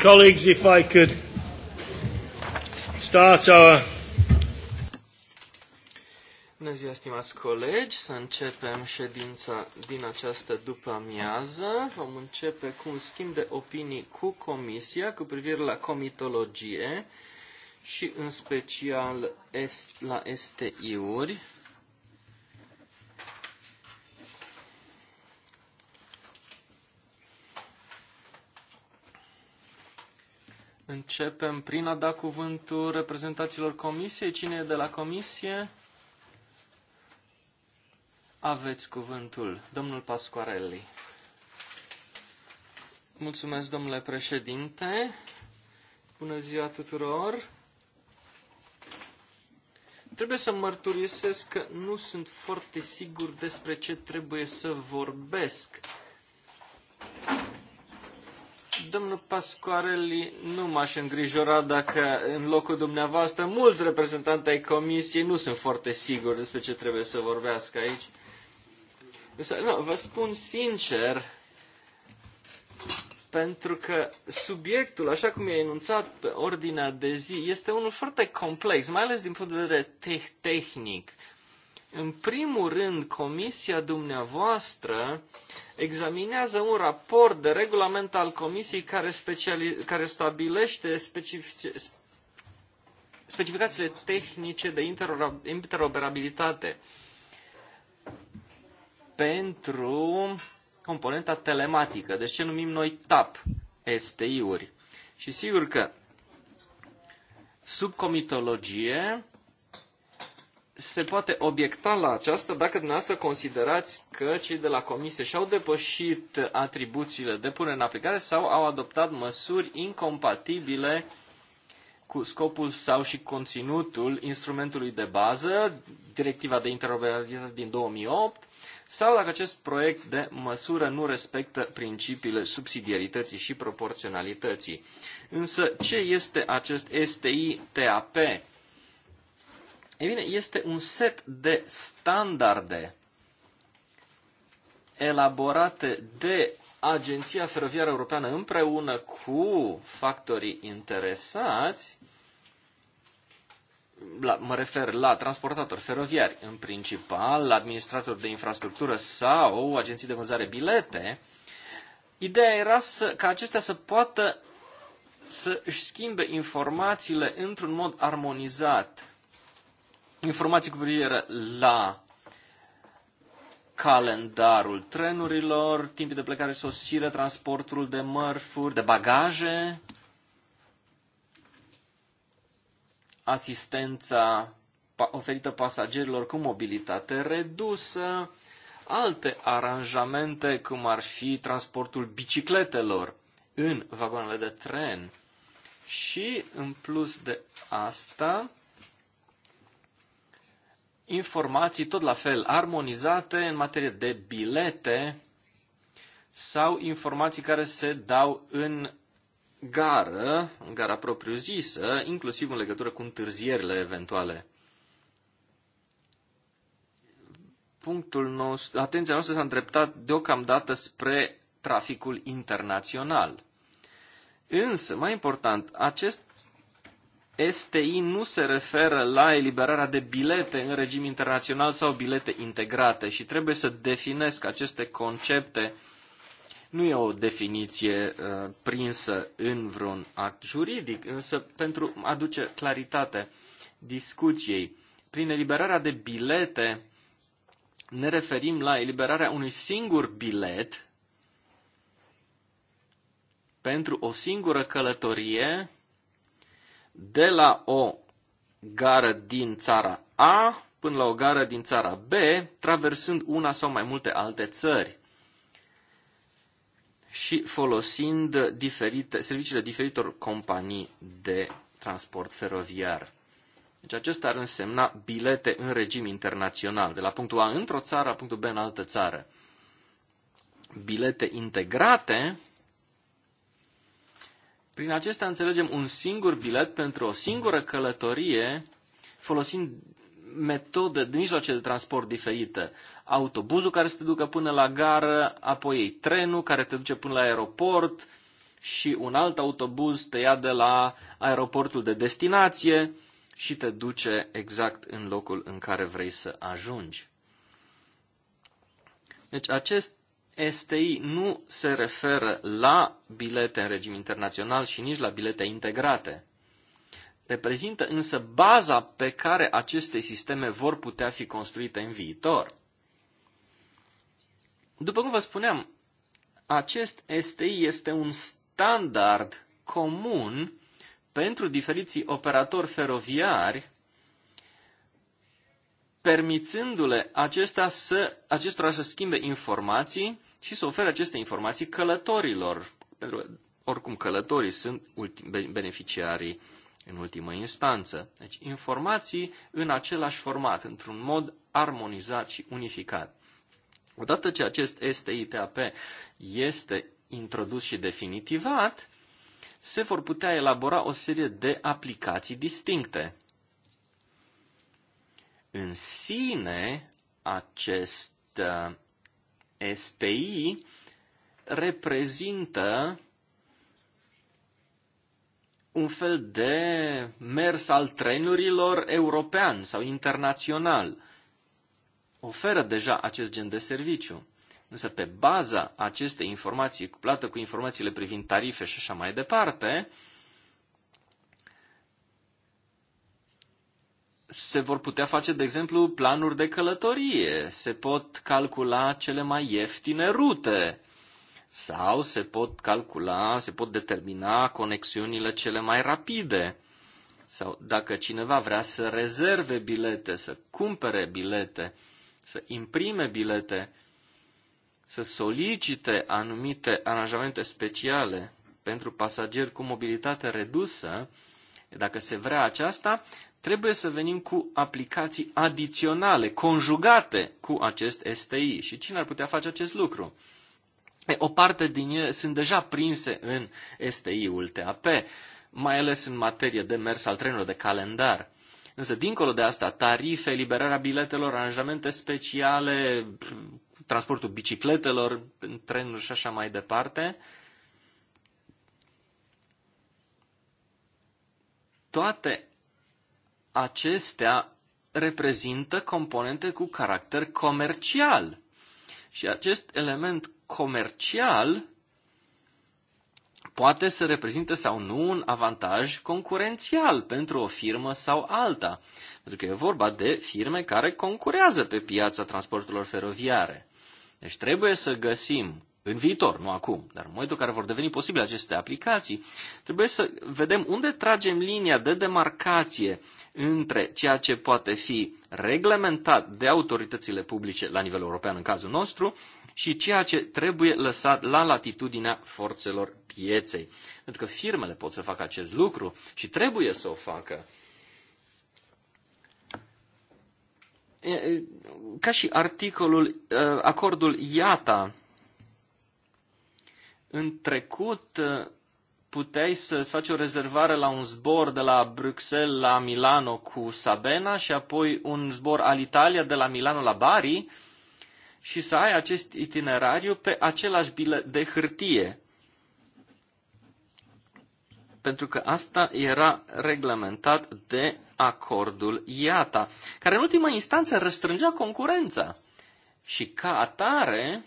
Colleagues, if I could start our... Bună ziua, stimați colegi, să începem ședința din această după-amiază. Vom începe cu un schimb de opinii cu Comisia cu privire la comitologie și în special la STI-uri. Începem prin a da cuvântul reprezentanților comisiei. Cine e de la comisie? Aveți cuvântul, domnul Pasquarelli. Mulțumesc, domnule președinte. Bună ziua tuturor. Trebuie să mărturisesc că nu sunt foarte sigur despre ce trebuie să vorbesc. Domnul Pascoarelli, nu m-aș îngrijora dacă în locul dumneavoastră mulți reprezentanți ai comisiei nu sunt foarte siguri despre ce trebuie să vorbească aici. Însă, nu, vă spun sincer, pentru că subiectul, așa cum e enunțat pe ordinea de zi, este unul foarte complex, mai ales din punct de vedere te- tehnic. În primul rând, comisia dumneavoastră examinează un raport de regulament al comisiei care, speciali- care stabilește specificațiile tehnice de interoperabilitate pentru componenta telematică, deci ce numim noi TAP, STI-uri. Și sigur că sub comitologie se poate obiecta la aceasta dacă dumneavoastră considerați că cei de la comisie și-au depășit atribuțiile de punere în aplicare sau au adoptat măsuri incompatibile cu scopul sau și conținutul instrumentului de bază, directiva de interoperabilitate din 2008, sau dacă acest proiect de măsură nu respectă principiile subsidiarității și proporționalității. Însă, ce este acest STI-TAP? Ei bine, este un set de standarde elaborate de Agenția Feroviară Europeană împreună cu factorii interesați, la, mă refer la transportatori feroviari în principal, la administratori de infrastructură sau agenții de vânzare bilete, ideea era să, ca acestea să poată să își schimbe informațiile într-un mod armonizat informații cu privire la calendarul trenurilor, timpii de plecare și sosire, transportul de mărfuri, de bagaje, asistența oferită pasagerilor cu mobilitate redusă, alte aranjamente, cum ar fi transportul bicicletelor în vagoanele de tren. Și, în plus de asta, informații tot la fel armonizate în materie de bilete sau informații care se dau în gară, în gara propriu-zisă, inclusiv în legătură cu întârzierile eventuale. Punctul nostru, atenția noastră s-a îndreptat deocamdată spre traficul internațional. Însă, mai important, acest STI nu se referă la eliberarea de bilete în regim internațional sau bilete integrate și trebuie să definesc aceste concepte. Nu e o definiție uh, prinsă în vreun act juridic, însă pentru a aduce claritate discuției. Prin eliberarea de bilete ne referim la eliberarea unui singur bilet pentru o singură călătorie de la o gară din țara A până la o gară din țara B, traversând una sau mai multe alte țări și folosind diferite, serviciile diferitor companii de transport feroviar. Deci acesta ar însemna bilete în regim internațional, de la punctul A într-o țară, punctul B în altă țară. Bilete integrate prin acesta înțelegem un singur bilet pentru o singură călătorie folosind metode, de mijloace de transport diferite. Autobuzul care să te ducă până la gară, apoi trenul care te duce până la aeroport și un alt autobuz te ia de la aeroportul de destinație și te duce exact în locul în care vrei să ajungi. Deci acest STI nu se referă la bilete în regim internațional și nici la bilete integrate. Reprezintă însă baza pe care aceste sisteme vor putea fi construite în viitor. După cum vă spuneam, acest STI este un standard comun pentru diferiții operatori feroviari permițându-le acestea să, acestora să schimbe informații și să ofere aceste informații călătorilor. Pentru că, oricum, călătorii sunt ultim, beneficiarii în ultimă instanță. Deci, informații în același format, într-un mod armonizat și unificat. Odată ce acest STITAP este introdus și definitivat, se vor putea elabora o serie de aplicații distincte. În sine, acest uh, STI reprezintă un fel de mers al trenurilor european sau internațional. Oferă deja acest gen de serviciu. Însă pe baza acestei informații, cuplată cu informațiile privind tarife și așa mai departe, uh, se vor putea face, de exemplu, planuri de călătorie, se pot calcula cele mai ieftine rute sau se pot calcula, se pot determina conexiunile cele mai rapide. Sau dacă cineva vrea să rezerve bilete, să cumpere bilete, să imprime bilete, să solicite anumite aranjamente speciale pentru pasageri cu mobilitate redusă, dacă se vrea aceasta, trebuie să venim cu aplicații adiționale, conjugate cu acest STI. Și cine ar putea face acest lucru? O parte din ele sunt deja prinse în STI-ul TAP, mai ales în materie de mers al trenurilor de calendar. Însă, dincolo de asta, tarife, eliberarea biletelor, aranjamente speciale, transportul bicicletelor, trenuri și așa mai departe, toate acestea reprezintă componente cu caracter comercial. Și acest element comercial poate să reprezinte sau nu un avantaj concurențial pentru o firmă sau alta, pentru că e vorba de firme care concurează pe piața transporturilor feroviare. Deci trebuie să găsim în viitor, nu acum, dar în momentul în care vor deveni posibile aceste aplicații, trebuie să vedem unde tragem linia de demarcație între ceea ce poate fi reglementat de autoritățile publice la nivel european în cazul nostru și ceea ce trebuie lăsat la latitudinea forțelor pieței. Pentru că firmele pot să facă acest lucru și trebuie să o facă. Ca și articolul, acordul IATA, în trecut uh, puteai să-ți faci o rezervare la un zbor de la Bruxelles la Milano cu Sabena și apoi un zbor al Italia de la Milano la Bari și să ai acest itinerariu pe același bilet de hârtie. Pentru că asta era reglementat de acordul IATA, care în ultima instanță răstrângea concurența. Și ca atare,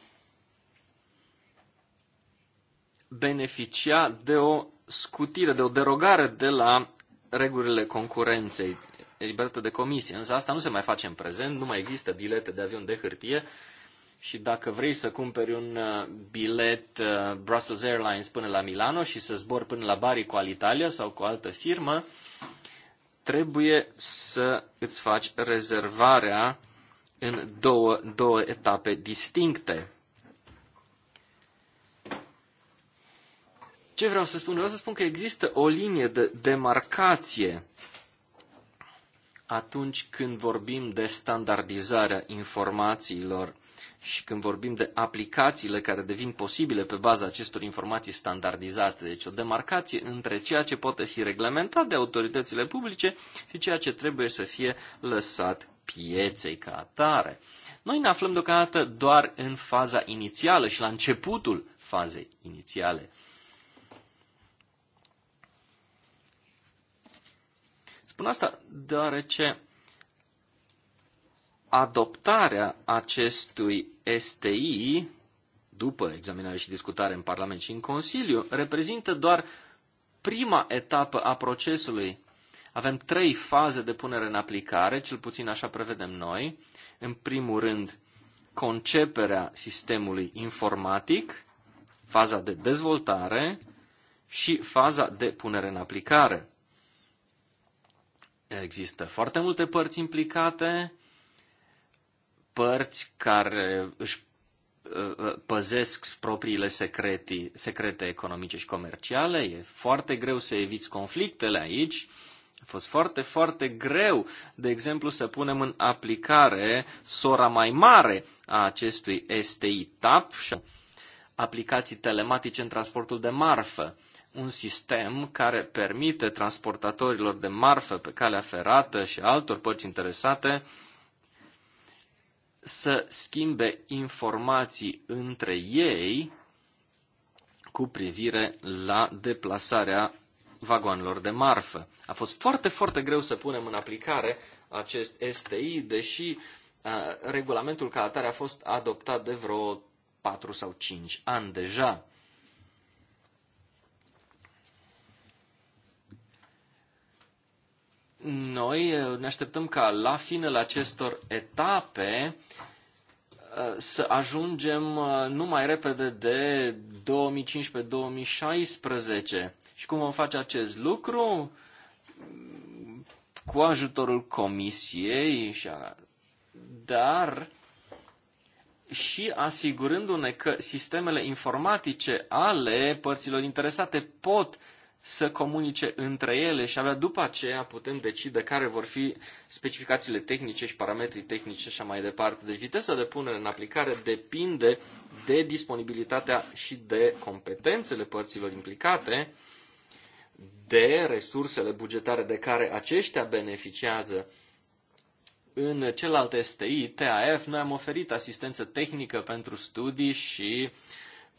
beneficia de o scutire, de o derogare de la regulile concurenței libertate de comisie. Însă asta nu se mai face în prezent, nu mai există bilete de avion de hârtie și dacă vrei să cumperi un uh, bilet uh, Brussels Airlines până la Milano și să zbori până la Bari cu Alitalia sau cu o altă firmă, trebuie să îți faci rezervarea în două, două etape distincte. Ce vreau să spun? Vreau să spun că există o linie de demarcație atunci când vorbim de standardizarea informațiilor și când vorbim de aplicațiile care devin posibile pe baza acestor informații standardizate. Deci o demarcație între ceea ce poate fi reglementat de autoritățile publice și ceea ce trebuie să fie lăsat pieței ca atare. Noi ne aflăm deocamdată doar în faza inițială și la începutul fazei inițiale. Spun asta deoarece adoptarea acestui STI, după examinare și discutare în Parlament și în Consiliu, reprezintă doar prima etapă a procesului. Avem trei faze de punere în aplicare, cel puțin așa prevedem noi. În primul rând, conceperea sistemului informatic, faza de dezvoltare și faza de punere în aplicare. Există foarte multe părți implicate, părți care își ă, ă, păzesc propriile secrete, secrete economice și comerciale. E foarte greu să eviți conflictele aici. A fost foarte, foarte greu, de exemplu, să punem în aplicare sora mai mare a acestui STI TAP, aplicații telematice în transportul de marfă un sistem care permite transportatorilor de marfă pe calea ferată și altor părți interesate să schimbe informații între ei cu privire la deplasarea vagoanelor de marfă. A fost foarte, foarte greu să punem în aplicare acest STI, deși a, regulamentul ca atare a fost adoptat de vreo 4 sau 5 ani deja. Noi eh, ne așteptăm ca la finele acestor etape eh, să ajungem eh, nu mai repede de 2015-2016. Și cum vom face acest lucru? Cu ajutorul comisiei și a... dar și asigurându-ne că sistemele informatice ale părților interesate pot să comunice între ele și abia după aceea putem decide care vor fi specificațiile tehnice și parametrii tehnici și așa mai departe. Deci viteza de punere în aplicare depinde de disponibilitatea și de competențele părților implicate, de resursele bugetare de care aceștia beneficiază. În celălalt STI, TAF, noi am oferit asistență tehnică pentru studii și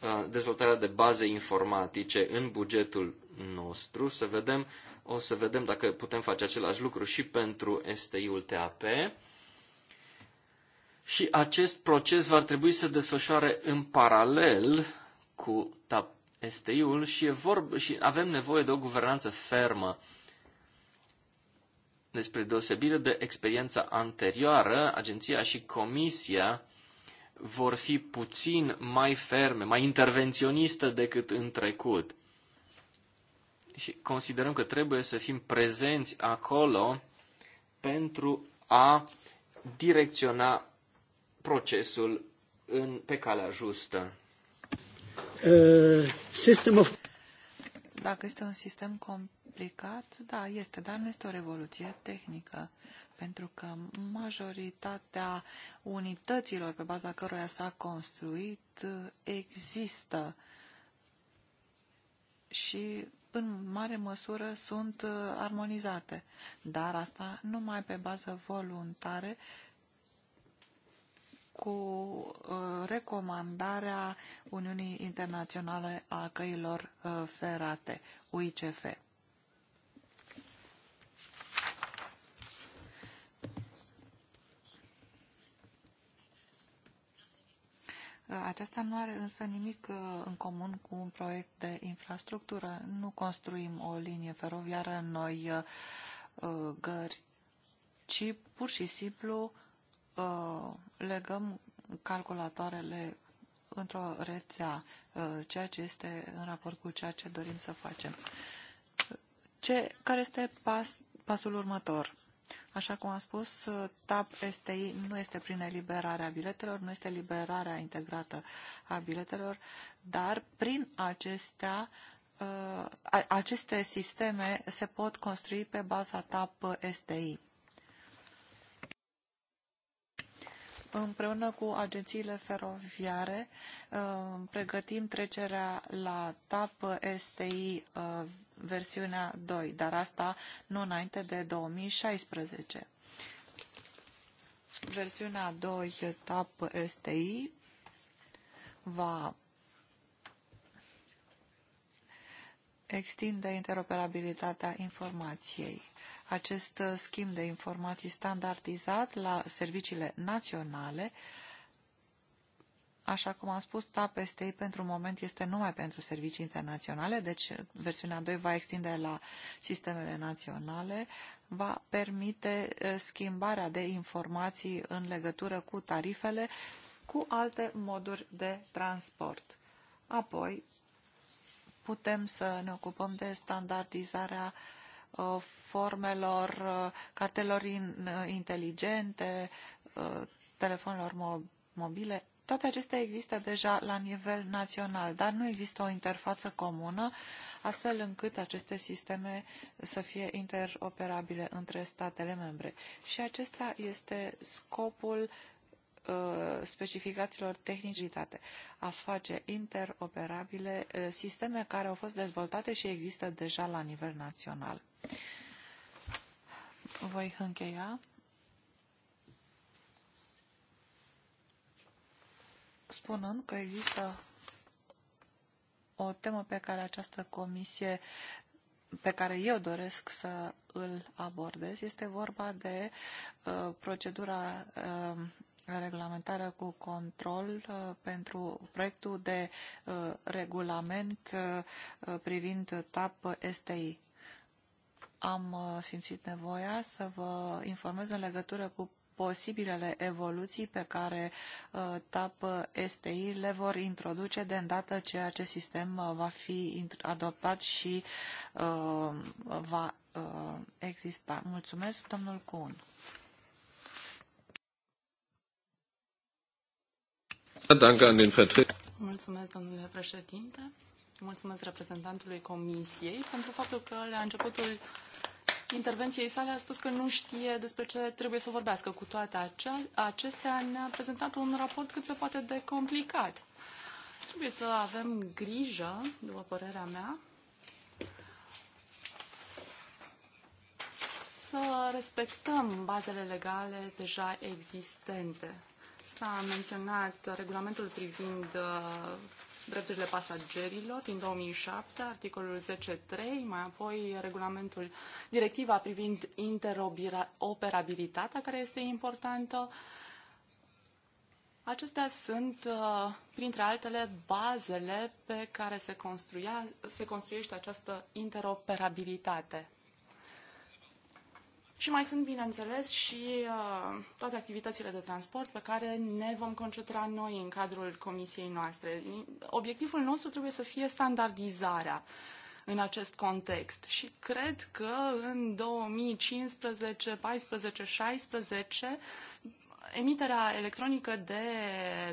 uh, dezvoltarea de baze informatice în bugetul nostru, să vedem, o să vedem dacă putem face același lucru și pentru STI-ul TAP. Și acest proces va trebui să desfășoare în paralel cu STI-ul și, e vorb, și avem nevoie de o guvernanță fermă despre deosebire de experiența anterioară, agenția și comisia vor fi puțin mai ferme, mai intervenționiste decât în trecut și considerăm că trebuie să fim prezenți acolo pentru a direcționa procesul în, pe calea justă. Uh, Dacă este un sistem complicat, da, este, dar nu este o revoluție tehnică, pentru că majoritatea unităților pe baza căruia s-a construit uh, există și în mare măsură sunt uh, armonizate, dar asta numai pe bază voluntare cu uh, recomandarea Uniunii Internaționale a Căilor uh, Ferate, UICF. Ă, aceasta nu are însă nimic ă, în comun cu un proiect de infrastructură. Nu construim o linie feroviară, noi ă, gări, ci pur și simplu legăm calculatoarele într-o rețea, ceea ce este în raport cu ceea ce dorim să facem. Ce, care este pas, pasul următor? Așa cum am spus, TAP STI nu este prin eliberarea biletelor, nu este liberarea integrată a biletelor, dar prin acestea ă, aceste sisteme se pot construi pe baza TAP STI. Împreună cu agențiile feroviare ă, pregătim trecerea la TAP STI ă, versiunea 2, dar asta nu înainte de 2016. Versiunea 2 TAP STI va extinde interoperabilitatea informației. Acest schimb de informații standardizat la serviciile naționale uh, Așa cum am spus, TAPSTI pentru moment este numai pentru servicii internaționale, deci versiunea 2 va extinde la sistemele naționale, va permite eh, schimbarea de informații în legătură cu tarifele cu alte moduri de transport. Apoi, putem să ne ocupăm de standardizarea eh, formelor, eh, cartelor inteligente, telefonelor mobile, toate acestea există deja la nivel național, dar nu există o interfață comună, astfel încât aceste sisteme să fie interoperabile între statele membre. Și acesta este scopul uh, specificațiilor tehnicitate, a face interoperabile uh, sisteme care au fost dezvoltate și există deja la nivel național. Voi încheia spunând că există o temă pe care această comisie pe care eu doresc să îl abordez. Este vorba de uh, procedura uh, reglementară cu control uh, pentru proiectul de uh, regulament uh, uh privind TAP STI. Am uh, simțit nevoia să vă informez în legătură cu posibilele evoluții pe care uh, TAP STI le vor introduce de îndată ce acest sistem uh, va fi adoptat și uh, va exista. Mulțumesc, domnul Cun. Mulțumesc, domnule președinte. Mulțumesc reprezentantului Comisiei pentru faptul că la începutul intervenției sale a spus că nu știe despre ce trebuie să vorbească. Cu toate acestea, ne-a prezentat un raport cât se poate de complicat. Trebuie să avem grijă, după părerea mea, să respectăm bazele legale deja existente. S-a menționat regulamentul privind uh, drepturile pasagerilor din 2007, articolul 10.3, mai apoi regulamentul, directiva privind interoperabilitatea, care este importantă. Acestea sunt, uh, printre altele, bazele pe care se, construia, se construiește această interoperabilitate. Și mai sunt, bineînțeles, și uh, toate activitățile de transport pe care ne vom concentra noi în cadrul comisiei noastre. Obiectivul nostru trebuie să fie standardizarea în acest context și cred că în 2015, 14, 16 emiterea electronică de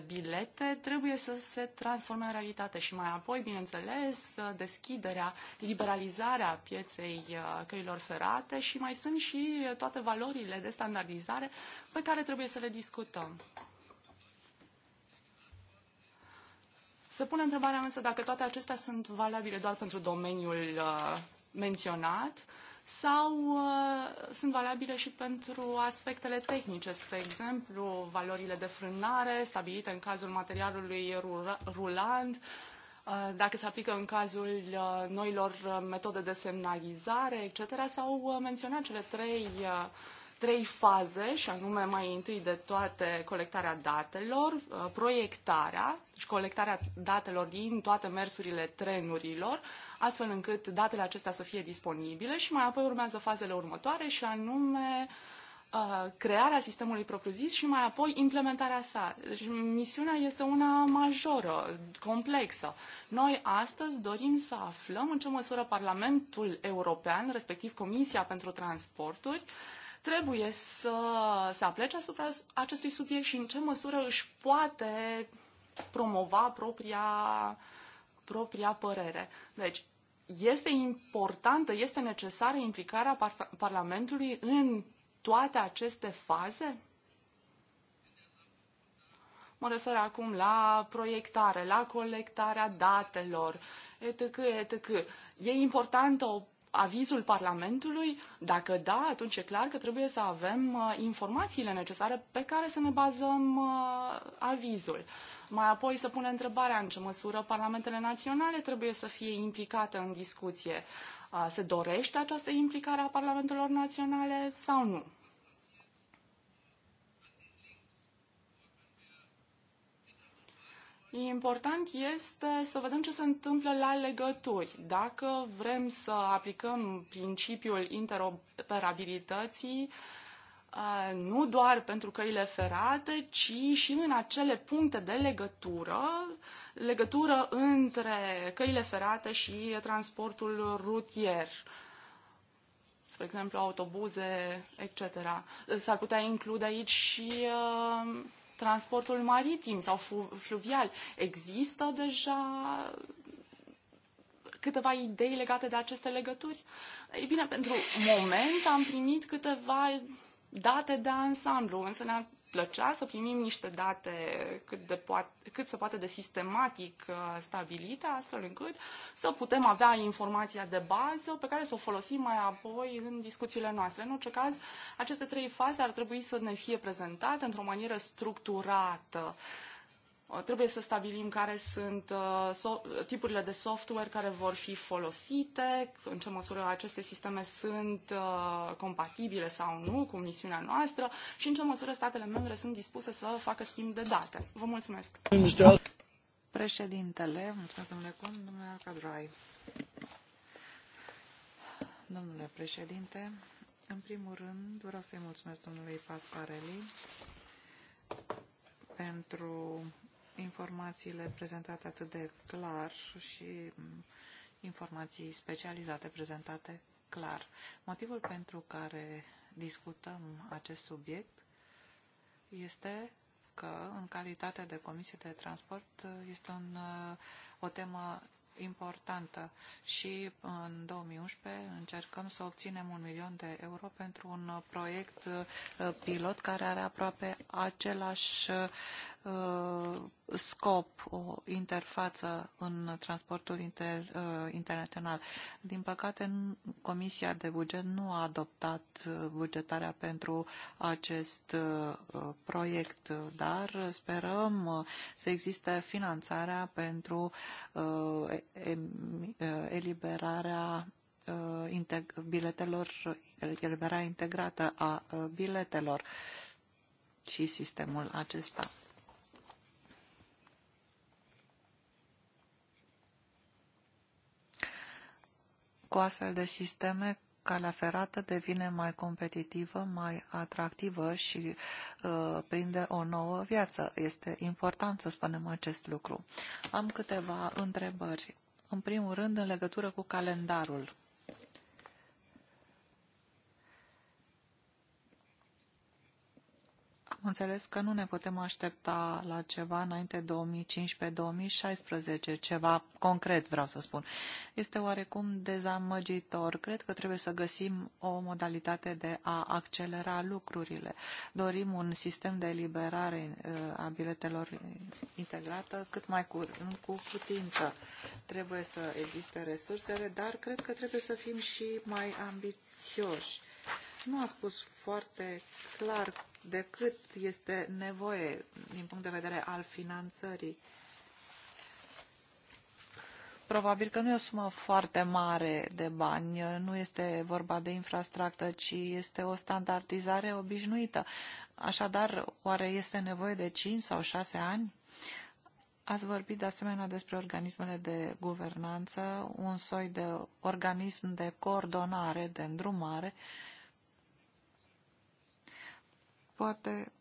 bilete trebuie să se transforme în realitate și mai apoi, bineînțeles, deschiderea, liberalizarea pieței uh, căilor ferate și mai sunt și toate valorile de standardizare pe care trebuie să le discutăm. Se pune întrebarea însă dacă toate acestea sunt valabile doar pentru domeniul uh, menționat sau uh, sunt valabile și pentru aspectele tehnice, spre exemplu, valorile de frânare stabilite în cazul materialului rulant, uh, dacă se aplică în cazul uh, noilor uh, metode de semnalizare, etc., s-au menționat cele trei uh, trei faze, și anume mai întâi de toate colectarea datelor, uh, proiectarea, și deci colectarea datelor din toate mersurile trenurilor, astfel încât datele acestea să fie disponibile și mai apoi urmează fazele următoare și anume uh, crearea sistemului propriu-zis și mai apoi implementarea sa. Deci misiunea este una majoră, complexă. Noi astăzi dorim să aflăm în ce măsură Parlamentul European, respectiv Comisia pentru Transporturi, trebuie să se aplece asupra acestui subiect și în ce măsură își poate promova propria, propria părere. Deci, este importantă, este necesară implicarea par- Parlamentului în toate aceste faze? Mă refer acum la proiectare, la colectarea datelor, etc., etc. E importantă o avizul Parlamentului? Dacă da, atunci e clar că trebuie să avem uh, informațiile necesare pe care să ne bazăm uh, avizul. Mai apoi să pune întrebarea în ce măsură parlamentele naționale trebuie să fie implicate în discuție. Uh, se dorește această implicare a parlamentelor naționale sau nu? Important este să vedem ce se întâmplă la legături. Dacă vrem să aplicăm principiul interoperabilității, nu doar pentru căile ferate, ci și în acele puncte de legătură, legătură între căile ferate și transportul rutier spre exemplu, autobuze, etc. S-ar putea include aici și uh, transportul maritim sau fluvial. Există deja câteva idei legate de aceste legături? Ei bine, pentru moment am primit câteva date de ansamblu, însă ne-ar plăcea să primim niște date cât, de poate, cât se poate de sistematic uh, stabilite, astfel încât să putem avea informația de bază pe care să o folosim mai apoi în discuțiile noastre. În orice caz, aceste trei faze ar trebui să ne fie prezentate într-o manieră structurată Uh, trebuie să stabilim care sunt uh, tipurile de software care vor fi folosite, în ce măsură aceste sisteme sunt uh, compatibile sau nu cu misiunea noastră și în ce măsură statele membre sunt dispuse să facă schimb de date. Vă mulțumesc! Președintele, mulțumesc domnule Cum, domnule Alcadroai. Domnule președinte, în primul rând vreau să-i mulțumesc domnului Pascarelli pentru informațiile prezentate atât de clar și mm, informații specializate prezentate clar. Motivul pentru care discutăm acest subiect este că, în calitate de Comisie de Transport, este un, o temă importantă și în 2011 încercăm să obținem un milion de euro pentru un proiect uh, pilot care are aproape același uh, scop, o interfață în transportul inter, uh, internațional. Din păcate, Comisia de Buget nu a adoptat bugetarea pentru acest proiect, dar sperăm să existe finanțarea pentru Ă, eliberarea ă, biletelor, eliberarea integrată a ă, biletelor și sistemul acesta. Cu astfel de sisteme calea ferată devine mai competitivă, mai atractivă și uh, prinde o nouă viață. Este important să spunem acest lucru. Am câteva întrebări. În primul rând, în legătură cu calendarul înțeles că nu ne putem aștepta la ceva înainte 2015-2016, ceva concret vreau să spun. Este oarecum dezamăgitor. Cred că trebuie să găsim o modalitate de a accelera lucrurile. Dorim un sistem de eliberare uh, a biletelor integrată cât mai cu, cu putință. Trebuie să existe resursele, dar cred că trebuie să fim și mai ambițioși nu a spus foarte clar de cât este nevoie din punct de vedere al finanțării. Probabil că nu e o sumă foarte mare de bani, nu este vorba de infrastructură, ci este o standardizare obișnuită. Așadar, oare este nevoie de 5 sau 6 ani? Ați vorbit de asemenea despre organismele de guvernanță, un soi de organism de coordonare, de îndrumare. Uh, Poate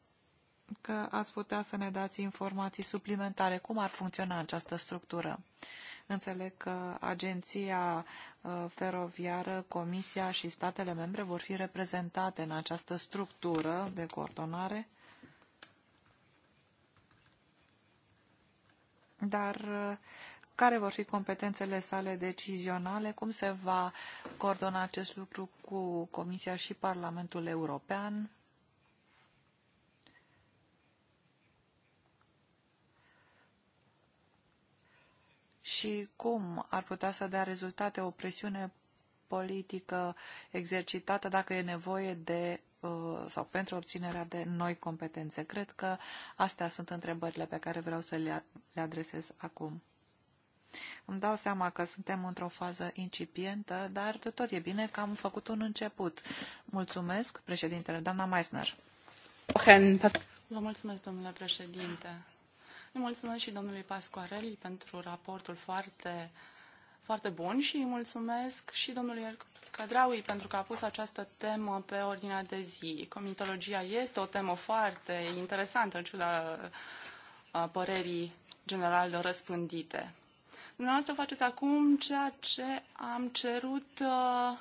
că ați putea să ne dați informații suplimentare. Cum ar funcționa această structură? Înțeleg că agenția uh, feroviară, Comisia și statele membre vor fi reprezentate în această structură de coordonare. Dar uh, care vor fi competențele sale decizionale? Cum se va coordona acest lucru cu Comisia și Parlamentul European? și cum ar putea să dea rezultate o presiune politică exercitată dacă e nevoie de uh, sau pentru obținerea de noi competențe. Cred că astea sunt întrebările pe care vreau să le adresez acum. Îmi dau seama că suntem într-o fază incipientă, dar tot e bine că am făcut un început. Mulțumesc, președintele, doamna Meissner. Vă mulțumesc, domnule președinte. Îi mulțumesc și domnului Pascoarelli pentru raportul foarte, foarte bun și îi mulțumesc și domnului Cadraui pentru că a pus această temă pe ordinea de zi. Comitologia este o temă foarte interesantă, în ciuda părerii general răspândite. Dumneavoastră faceți acum ceea ce am cerut uh,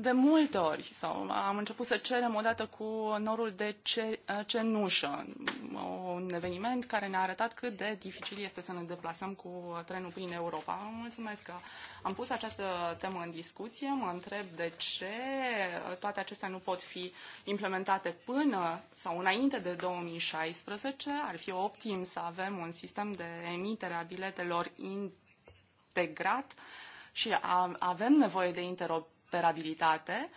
de multe ori sau am început să cerem odată cu norul de ce, cenușă, un eveniment care ne-a arătat cât de dificil este să ne deplasăm cu trenul prin Europa. mulțumesc că am pus această temă în discuție, mă întreb de ce toate acestea nu pot fi implementate până sau înainte de 2016. Ar fi optim să avem un sistem de emitere a biletelor integrat și avem nevoie de interoperabilitate interoperabilitate.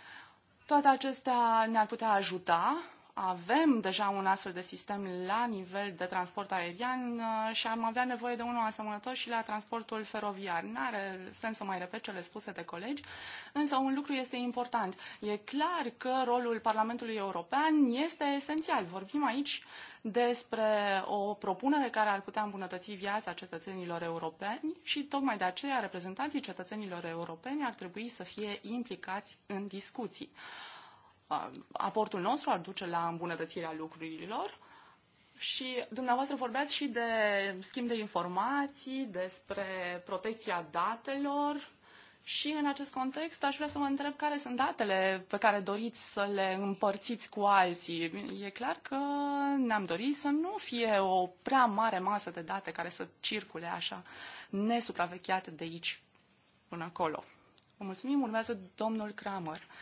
Toate acestea ne-ar putea ajuta avem deja un astfel de sistem la nivel de transport aerian uh, și am avea nevoie de unul asemănător și la transportul feroviar. Nu are sens să mai repet cele spuse de colegi, însă un lucru este important. E clar că rolul Parlamentului European este esențial. Vorbim aici despre o propunere care ar putea îmbunătăți viața cetățenilor europeni și tocmai de aceea reprezentanții cetățenilor europeni ar trebui să fie implicați în discuții aportul nostru ar duce la îmbunătățirea lucrurilor. Și dumneavoastră vorbeați și de schimb de informații, despre protecția datelor. Și în acest context aș vrea să mă întreb care sunt datele pe care doriți să le împărțiți cu alții. E clar că ne-am dorit să nu fie o prea mare masă de date care să circule așa nesupravecheate de aici până acolo. Vă mulțumim, urmează domnul Kramer. Uh,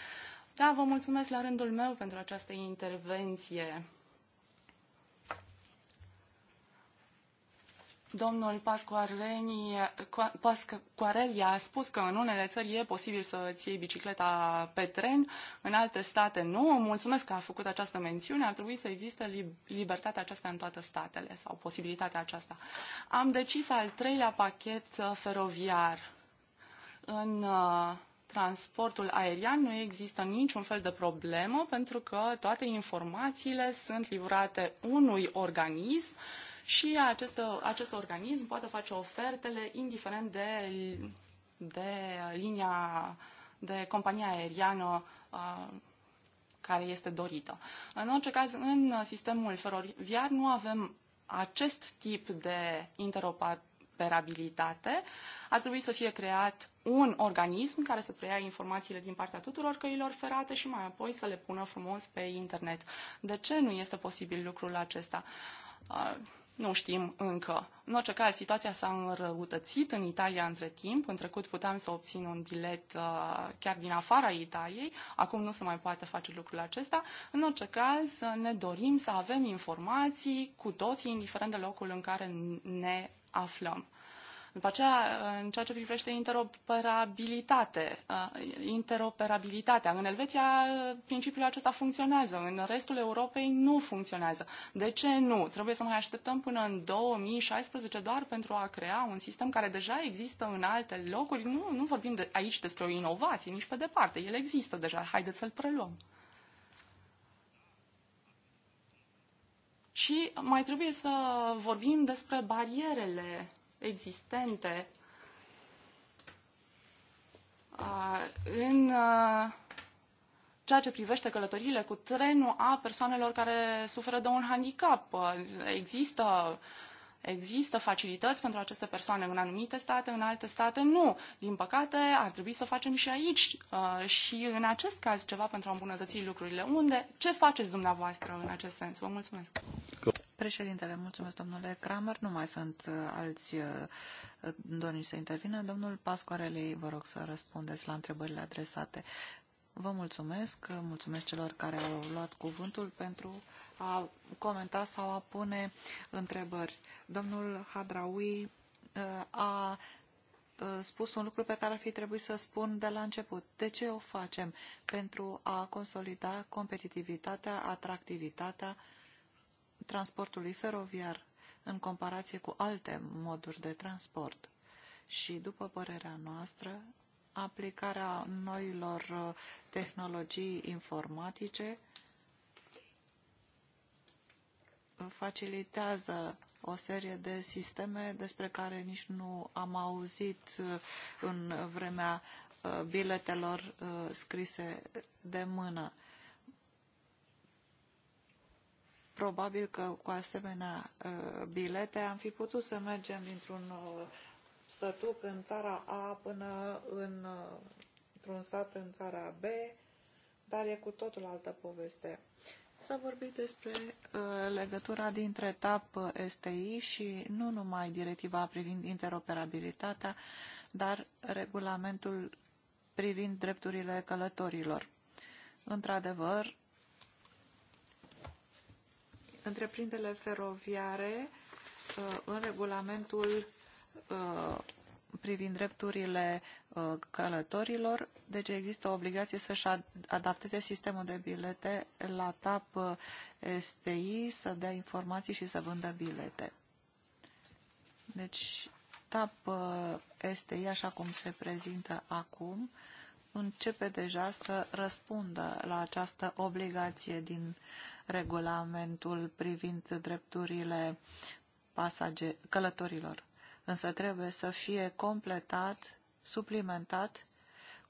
da, vă mulțumesc la rândul meu pentru această intervenție. Domnul Pascuarelli a spus că în unele țări e posibil să îți iei bicicleta pe tren, în alte state nu. Mulțumesc că a făcut această mențiune. Ar trebui să existe libertatea aceasta în toate statele sau posibilitatea aceasta. Am decis al treilea pachet uh, feroviar în uh, transportul aerian nu există niciun fel de problemă pentru că toate informațiile sunt livrate unui organism și acest, acest organism poate face ofertele indiferent de, de linia, de compania aeriană uh, care este dorită. În orice caz, în sistemul feroviar nu avem acest tip de interoperabilitate, ar trebui să fie creat un organism care să preia informațiile din partea tuturor căilor ferate și mai apoi să le pună frumos pe internet. De ce nu este posibil lucrul acesta? Uh, nu știm încă. În orice caz, situația s-a înrăutățit în Italia între timp. În trecut puteam să obțin un bilet uh, chiar din afara Italiei. Acum nu se mai poate face lucrul acesta. În orice caz, ne dorim să avem informații cu toții, indiferent de locul în care ne aflăm. După aceea, în ceea ce privește interoperabilitate, uh, interoperabilitatea, în Elveția uh, principiul acesta funcționează, în restul Europei nu funcționează. De ce nu? Trebuie să mai așteptăm până în 2016 doar pentru a crea un sistem care deja există în alte locuri. Nu, nu vorbim de, aici despre o inovație, nici pe departe. El există deja. Haideți să-l preluăm. Și mai trebuie să vorbim despre barierele existente în ceea ce privește călătoriile cu trenul a persoanelor care suferă de un handicap. Există uh, Există facilități pentru aceste persoane în anumite state, în alte state nu. Din păcate, ar trebui să facem și aici uh, și în acest caz ceva pentru a îmbunătăți lucrurile. Unde? Ce faceți dumneavoastră în acest sens? Vă mulțumesc. Președintele, mulțumesc domnule Kramer. Nu mai sunt uh, alți uh, dornici să intervină. Domnul Pascoarelei, vă rog să răspundeți la întrebările adresate. Vă mulțumesc, mulțumesc celor care au luat cuvântul pentru a comenta sau a pune întrebări. Domnul Hadraui uh, a uh, spus un lucru pe care ar fi trebuit să spun de la început. De ce o facem? Pentru a consolida competitivitatea, atractivitatea transportului feroviar în comparație cu alte moduri de transport. Și, după părerea noastră, aplicarea noilor uh, tehnologii informatice facilitează o serie de sisteme despre care nici nu am auzit uh, în vremea uh, biletelor uh, scrise de mână. Probabil că cu asemenea bilete am fi putut să mergem dintr-un sătuc în țara A până în, într-un sat în țara B, dar e cu totul altă poveste. S-a vorbit despre uh, legătura dintre TAP uh, STI și nu numai directiva privind interoperabilitatea, dar regulamentul privind drepturile călătorilor. Într-adevăr, întreprinderile feroviare uh, în regulamentul uh, privind drepturile uh, călătorilor, deci există o obligație să-și adapteze sistemul de bilete la TAP uh, STI, să dea informații și să vândă bilete. Deci TAP uh, STI, așa cum se prezintă acum, începe deja să răspundă la această obligație din regulamentul privind drepturile pasage, călătorilor însă trebuie să fie completat, suplimentat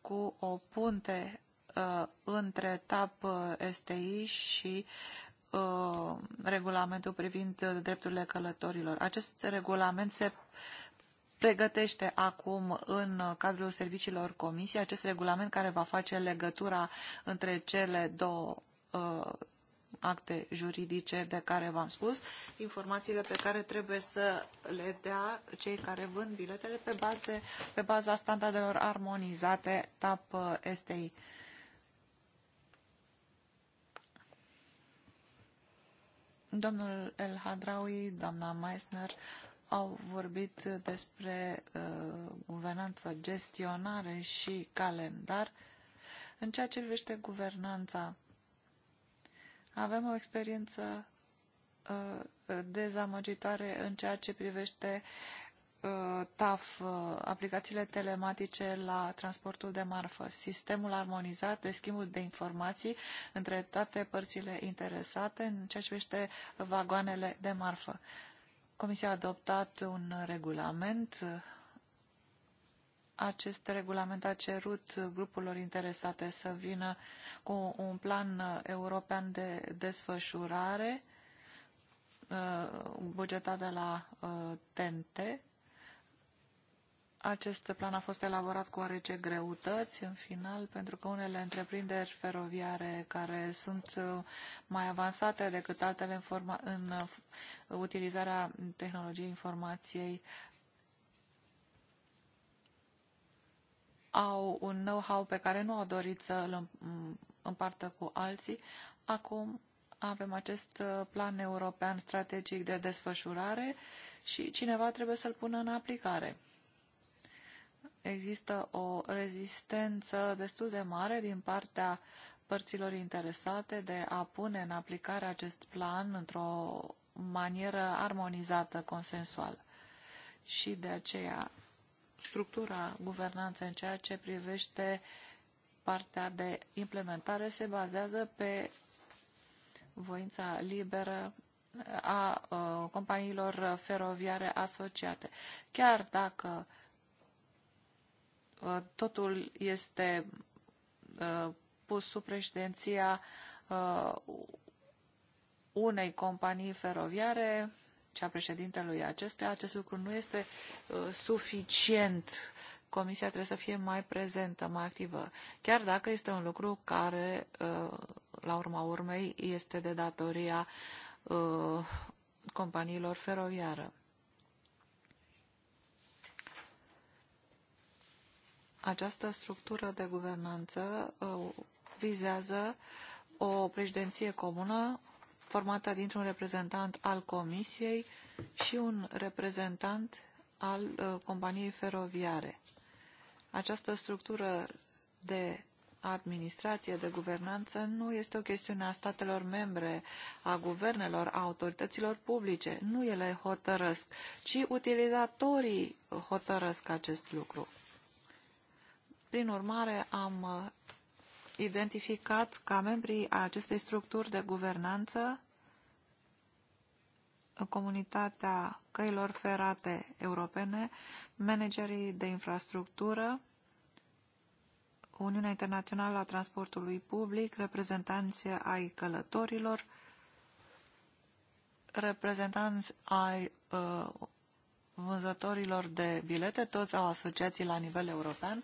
cu o punte uh, între TAP uh, STI și uh, regulamentul privind uh, drepturile călătorilor. Acest regulament se pregătește acum în uh, cadrul serviciilor comisiei acest regulament care va face legătura între cele două uh, acte juridice de care v-am spus, informațiile pe care trebuie să le dea cei care vând biletele pe, base, pe baza standardelor armonizate TAP STI. Domnul El Hadraui, doamna Meissner, au vorbit despre uh, guvernanță, gestionare și calendar. În ceea ce privește guvernanța, avem o experiență uh, dezamăgitoare în ceea ce privește uh, TAF, uh, aplicațiile telematice la transportul de marfă, sistemul armonizat de schimbul de informații între toate părțile interesate în ceea ce privește vagoanele de marfă. Comisia a adoptat un regulament acest regulament a cerut grupurilor interesate să vină cu un plan uh, european de desfășurare uh, bugetat de la TNT. Uh, acest plan a fost elaborat cu oarece greutăți în final, pentru că unele întreprinderi feroviare care sunt mai avansate decât altele în, forma în utilizarea tehnologiei informației au un know-how pe care nu au dorit să îl împartă cu alții. Acum avem acest uh, plan european strategic de desfășurare și cineva trebuie să-l pună în aplicare. Există o rezistență destul de mare din partea părților interesate de a pune în aplicare acest plan într-o manieră armonizată, consensuală. Și de aceea structura guvernanței în ceea ce privește partea de implementare se bazează pe voința liberă a uh, companiilor feroviare asociate. Chiar dacă uh, totul este uh, pus sub președinția unei companii feroviare, cea președintelui acestuia, acest lucru nu este uh, suficient. Comisia trebuie să fie mai prezentă, mai activă, chiar dacă este un lucru care, uh, la urma urmei, este de datoria uh, companiilor feroviare. Această structură de guvernanță uh, vizează o președinție comună formată dintr-un reprezentant al Comisiei și un reprezentant al uh, companiei feroviare. Această structură de administrație, de guvernanță, nu este o chestiune a statelor membre, a guvernelor, a autorităților publice. Nu ele hotărăsc, ci utilizatorii hotărăsc acest lucru. Prin urmare, am uh, identificat ca membrii a acestei structuri de guvernanță în comunitatea căilor ferate europene, managerii de infrastructură, Uniunea Internațională a Transportului Public, reprezentanți ai călătorilor, reprezentanți ai uh, vânzătorilor de bilete, toți au asociații la nivel european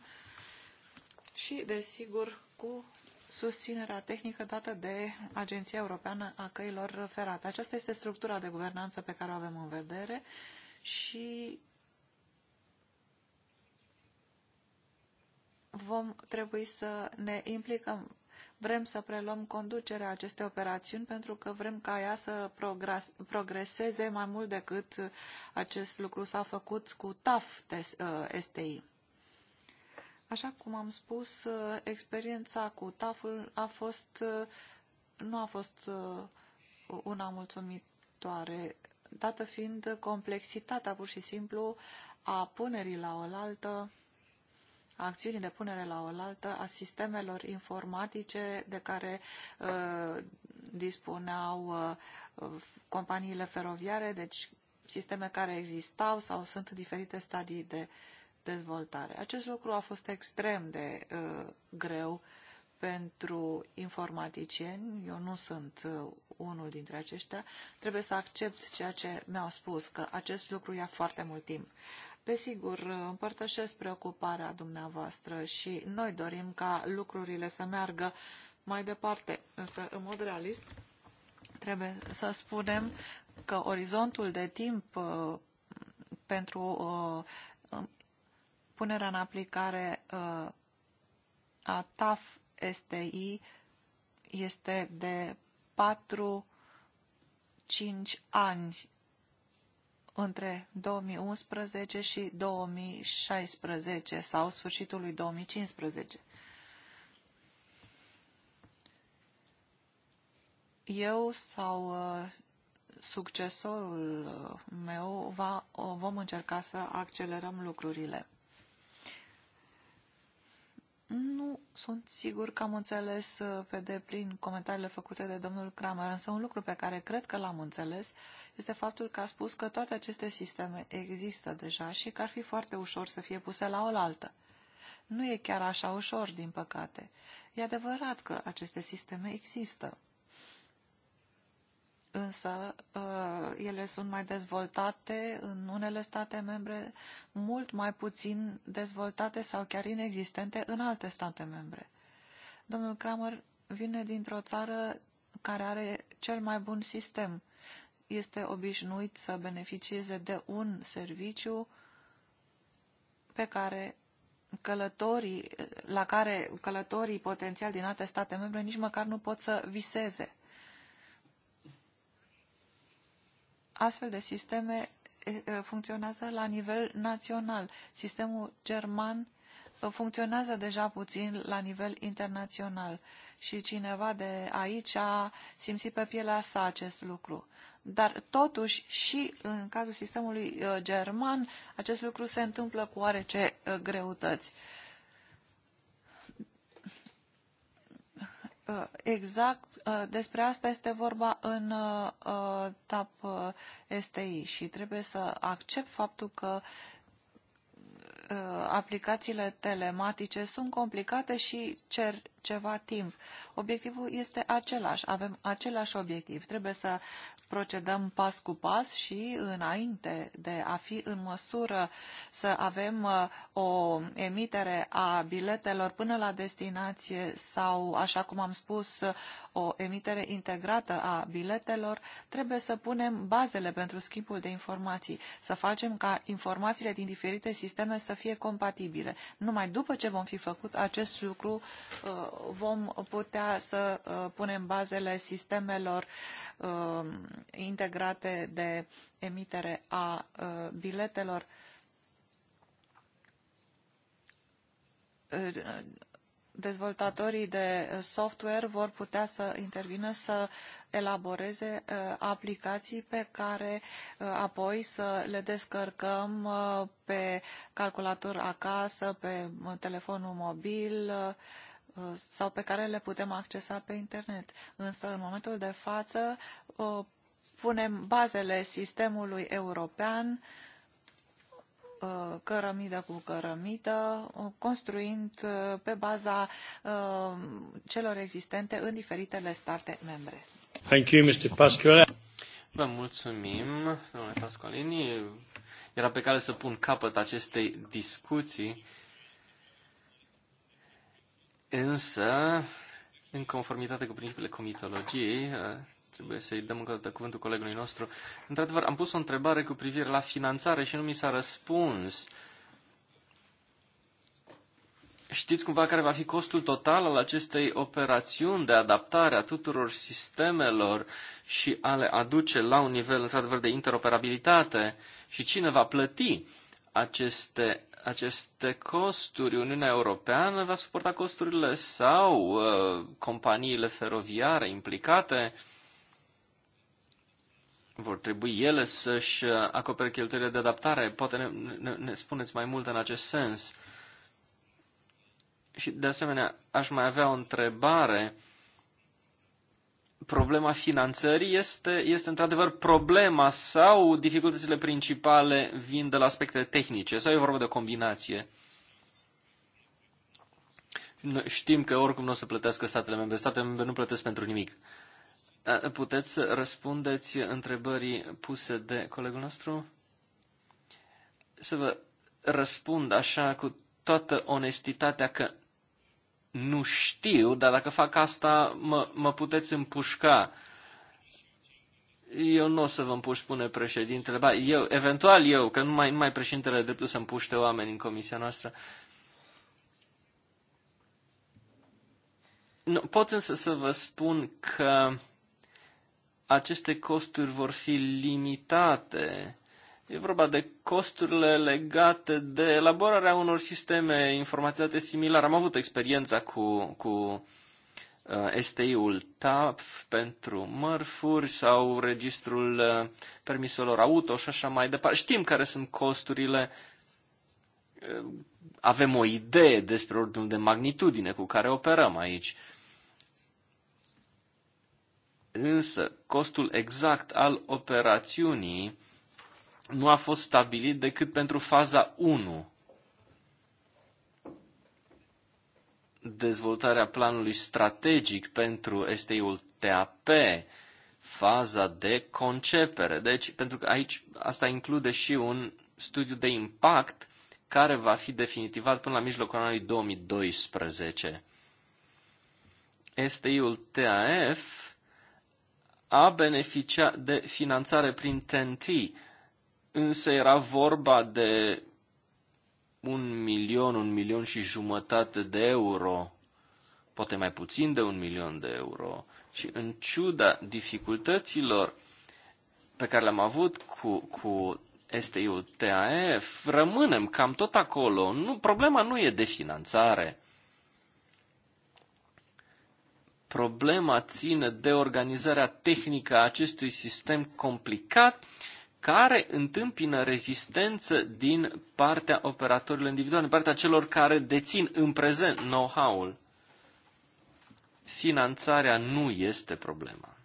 și, desigur, cu susținerea tehnică dată de Agenția Europeană a Căilor Ferate. Aceasta este structura de guvernanță pe care o avem în vedere și vom trebui să ne implicăm. Vrem să preluăm conducerea acestei operațiuni pentru că vrem ca ea să progreseze mai mult decât acest lucru s-a făcut cu TAF STI. Uh, Așa cum am spus, uh, experiența cu TAF-ul a fost, uh, nu a fost uh, una mulțumitoare, dată fiind complexitatea pur și simplu a punerii la oaltă, a acțiunii de punere la oaltă a sistemelor informatice de care dispuneau companiile feroviare, deci sisteme care existau sau sunt diferite stadii de uh, dezvoltare. Acest lucru a fost extrem de uh, greu pentru informaticieni, eu nu sunt uh, unul dintre aceștia, trebuie să accept ceea ce mi-au spus, că acest lucru ia foarte mult timp. Desigur, uh, împărtășesc preocuparea dumneavoastră și noi dorim ca lucrurile să meargă mai departe, însă, în mod realist, trebuie să spunem că orizontul de timp uh, pentru uh, punerea în aplicare uh, a TAF STI este de 4-5 ani între 2011 și 2016 sau sfârșitul lui 2015. Eu sau uh, succesorul uh, meu va, vom încerca să accelerăm lucrurile. Nu sunt sigur că am înțeles uh, pe deplin comentariile făcute de domnul Kramer, însă un lucru pe care cred că l-am înțeles este faptul că a spus că toate aceste sisteme există deja și că ar fi foarte ușor să fie puse la oaltă. Nu e chiar așa ușor, din păcate. E adevărat că aceste sisteme există însă ă, ele sunt mai dezvoltate în unele state membre, mult mai puțin dezvoltate sau chiar inexistente în alte state membre. Domnul Kramer vine dintr-o țară care are cel mai bun sistem. Este obișnuit să beneficieze de un serviciu pe care călătorii, la care călătorii potențial din alte state membre nici măcar nu pot să viseze. astfel de sisteme funcționează la nivel național. Sistemul german funcționează deja puțin la nivel internațional și cineva de aici a simțit pe pielea sa acest lucru. Dar totuși și în cazul sistemului german acest lucru se întâmplă cu oarece greutăți. Uh, exact uh, despre asta este vorba în uh, TAP STI și trebuie să accept faptul că aplicațiile telematice sunt complicate și cer ceva timp. Obiectivul este același, avem același obiectiv. Trebuie să procedăm pas cu pas și înainte de a fi în măsură să avem uh, o emitere a biletelor până la destinație sau, așa cum am spus, o emitere integrată a biletelor, trebuie să punem bazele pentru schimbul de informații, să facem ca informațiile din diferite sisteme să fie compatibile. Numai după ce vom fi făcut acest lucru uh, vom putea să uh, punem bazele sistemelor uh, integrate de emitere a uh, biletelor. dezvoltatorii de software vor putea să intervină să elaboreze aplicații pe care apoi să le descărcăm pe calculator acasă, pe telefonul mobil, Uh, sau pe care le putem accesa pe internet. Însă, în momentul de față, uh, punem bazele sistemului european uh, cărămidă cu cărămidă, construind pe baza celor existente în diferitele state membre. Thank you, Mr. Pasquale. Vă mulțumim, domnule Pasqualini. Era pe care să pun capăt acestei discuții. Însă, în conformitate cu principiile comitologiei, eh, trebuie să-i dăm încă o dată cuvântul colegului nostru. Într-adevăr, am pus o întrebare cu privire la finanțare și nu mi s-a răspuns. Știți cumva care va fi costul total al acestei operațiuni de adaptare a tuturor sistemelor și a le aduce la un nivel, într-adevăr, de interoperabilitate? Și cine va plăti aceste aceste costuri. Uniunea Europeană va suporta costurile sau uh, companiile feroviare implicate vor trebui ele să-și uh, acopere cheltuielile de adaptare. Poate ne, ne, ne spuneți mai mult în acest sens. Și de asemenea, aș mai avea o întrebare. Uh, problema finanțării este, este într-adevăr problema sau dificultățile principale vin de la aspecte tehnice sau e vorba de o combinație? Știm că oricum nu o să plătească statele membre. Statele membre nu plătesc pentru nimic. Puteți să răspundeți întrebării puse de colegul nostru? Să vă răspund așa cu toată onestitatea că nu știu, dar dacă fac asta, mă, mă puteți împușca. Eu nu o să vă împuș, spune președintele. Ba, eu, eventual eu, că nu mai, nu mai președintele dreptul să împuște oameni în comisia noastră. Nu, pot însă să vă spun că aceste costuri vor fi limitate E vorba de costurile legate de elaborarea unor sisteme informatizate similare. Am avut experiența cu, cu uh, STI-ul TAP pentru mărfuri sau registrul uh, permiselor auto și așa mai departe. Știm care sunt costurile, uh, avem o idee despre ordinul de magnitudine cu care operăm aici. Însă, costul exact al operațiunii nu a fost stabilit decât pentru faza 1. Dezvoltarea planului strategic pentru STI-ul TAP, faza de concepere. Deci, pentru că aici asta include și un studiu de impact care va fi definitivat până la mijlocul anului 2012. STI-ul TAF a beneficiat de finanțare prin TNT însă era vorba de un milion, un milion și jumătate de euro, poate mai puțin de un milion de euro. Și în ciuda dificultăților pe care le-am avut cu, cu STU TAF, rămânem cam tot acolo. Nu, problema nu e de finanțare. Problema ține de organizarea tehnică a acestui sistem complicat care întâmpină rezistență din partea operatorilor individuale, din partea celor care dețin în prezent know-how-ul. Finanțarea nu este problema.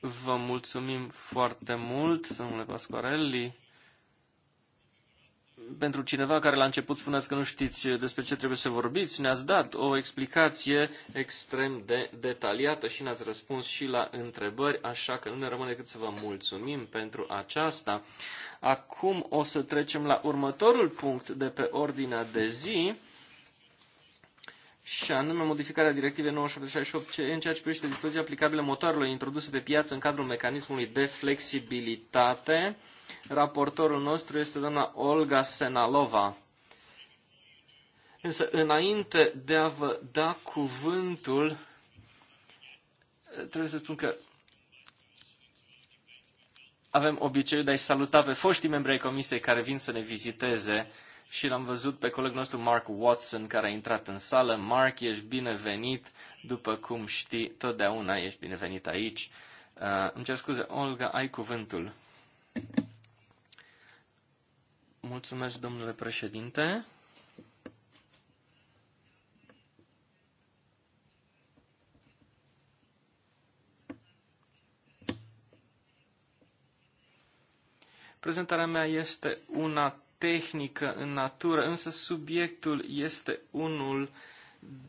Vă mulțumim foarte mult, domnule Pasquarelli pentru cineva care la început spuneați că nu știți despre ce trebuie să vorbiți, ne-ați dat o explicație extrem de detaliată și ne-ați răspuns și la întrebări, așa că nu ne rămâne decât să vă mulțumim pentru aceasta. Acum o să trecem la următorul punct de pe ordinea de zi și anume modificarea directivei 968 ce, în ceea ce privește dispoziția aplicabile motoarelor introduse pe piață în cadrul mecanismului de flexibilitate. Raportorul nostru este doamna Olga Senalova. Însă, înainte de a vă da cuvântul, trebuie să spun că avem obiceiul de a-i saluta pe foștii membri ai comisiei care vin să ne viziteze și l-am văzut pe colegul nostru Mark Watson care a intrat în sală. Mark, ești binevenit, după cum știi, totdeauna ești binevenit aici. Uh, îmi cer scuze, Olga, ai cuvântul. Mulțumesc, domnule președinte. Prezentarea mea este una tehnică în natură, însă subiectul este unul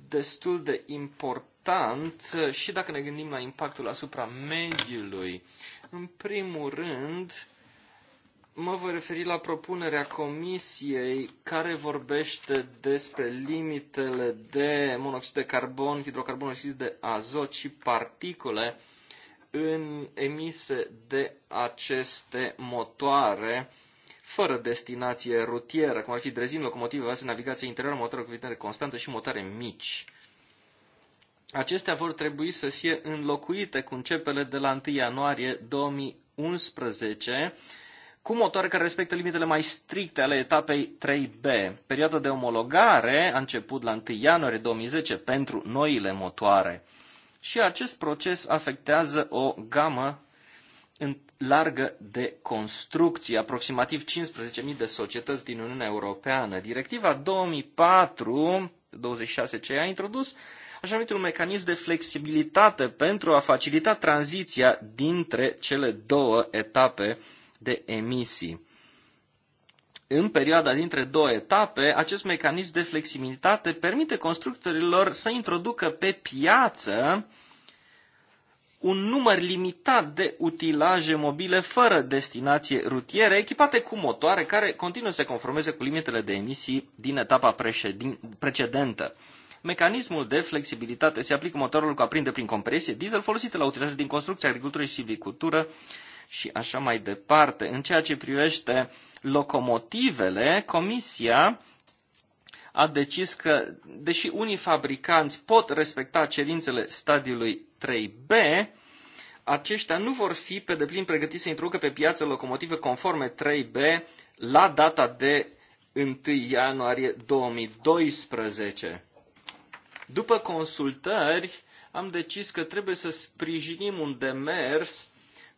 destul de important și dacă ne gândim la impactul asupra mediului. În primul rând, mă voi referi la propunerea comisiei care vorbește despre limitele de monoxid de carbon, hidrocarbon oxid de azot și particule în emise de aceste motoare fără destinație rutieră, cum ar fi drezini, locomotive, vase, navigație interioară, motoare cu viteză constantă și motoare mici. Acestea vor trebui să fie înlocuite cu începele de la 1 ianuarie 2011 cu motoare care respectă limitele mai stricte ale etapei 3B. Perioada de omologare a început la 1 ianuarie 2010 pentru noile motoare și acest proces afectează o gamă în largă de construcții, aproximativ 15.000 de societăți din Uniunea Europeană. Directiva 2004 26 ce a introdus așa numitul mecanism de flexibilitate pentru a facilita tranziția dintre cele două etape de emisii. În perioada dintre două etape, acest mecanism de flexibilitate permite constructorilor să introducă pe piață un număr limitat de utilaje mobile fără destinație rutiere, echipate cu motoare care continuă să se conformeze cu limitele de emisii din etapa precedentă. Mecanismul de flexibilitate se aplică motorului cu aprinde prin compresie diesel folosite la utilaje din construcție, agricultură și silvicultură, și așa mai departe. În ceea ce privește locomotivele, Comisia a decis că, deși unii fabricanți pot respecta cerințele stadiului 3B, aceștia nu vor fi pe deplin pregătiți să introducă pe piață locomotive conforme 3B la data de 1 ianuarie 2012. După consultări, am decis că trebuie să sprijinim un demers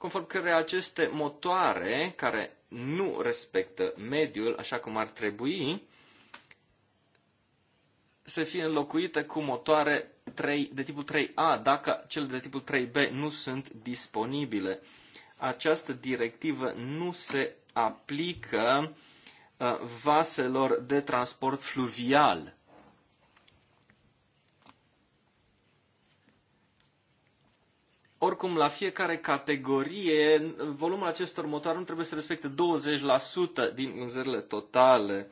conform căreia aceste motoare care nu respectă mediul așa cum ar trebui, să fie înlocuite cu motoare 3, de tipul 3A, dacă cele de tipul 3B nu sunt disponibile. Această directivă nu se aplică uh, vaselor de transport fluvial. Oricum, la fiecare categorie, volumul acestor motoare nu trebuie să respecte 20% din vânzările totale.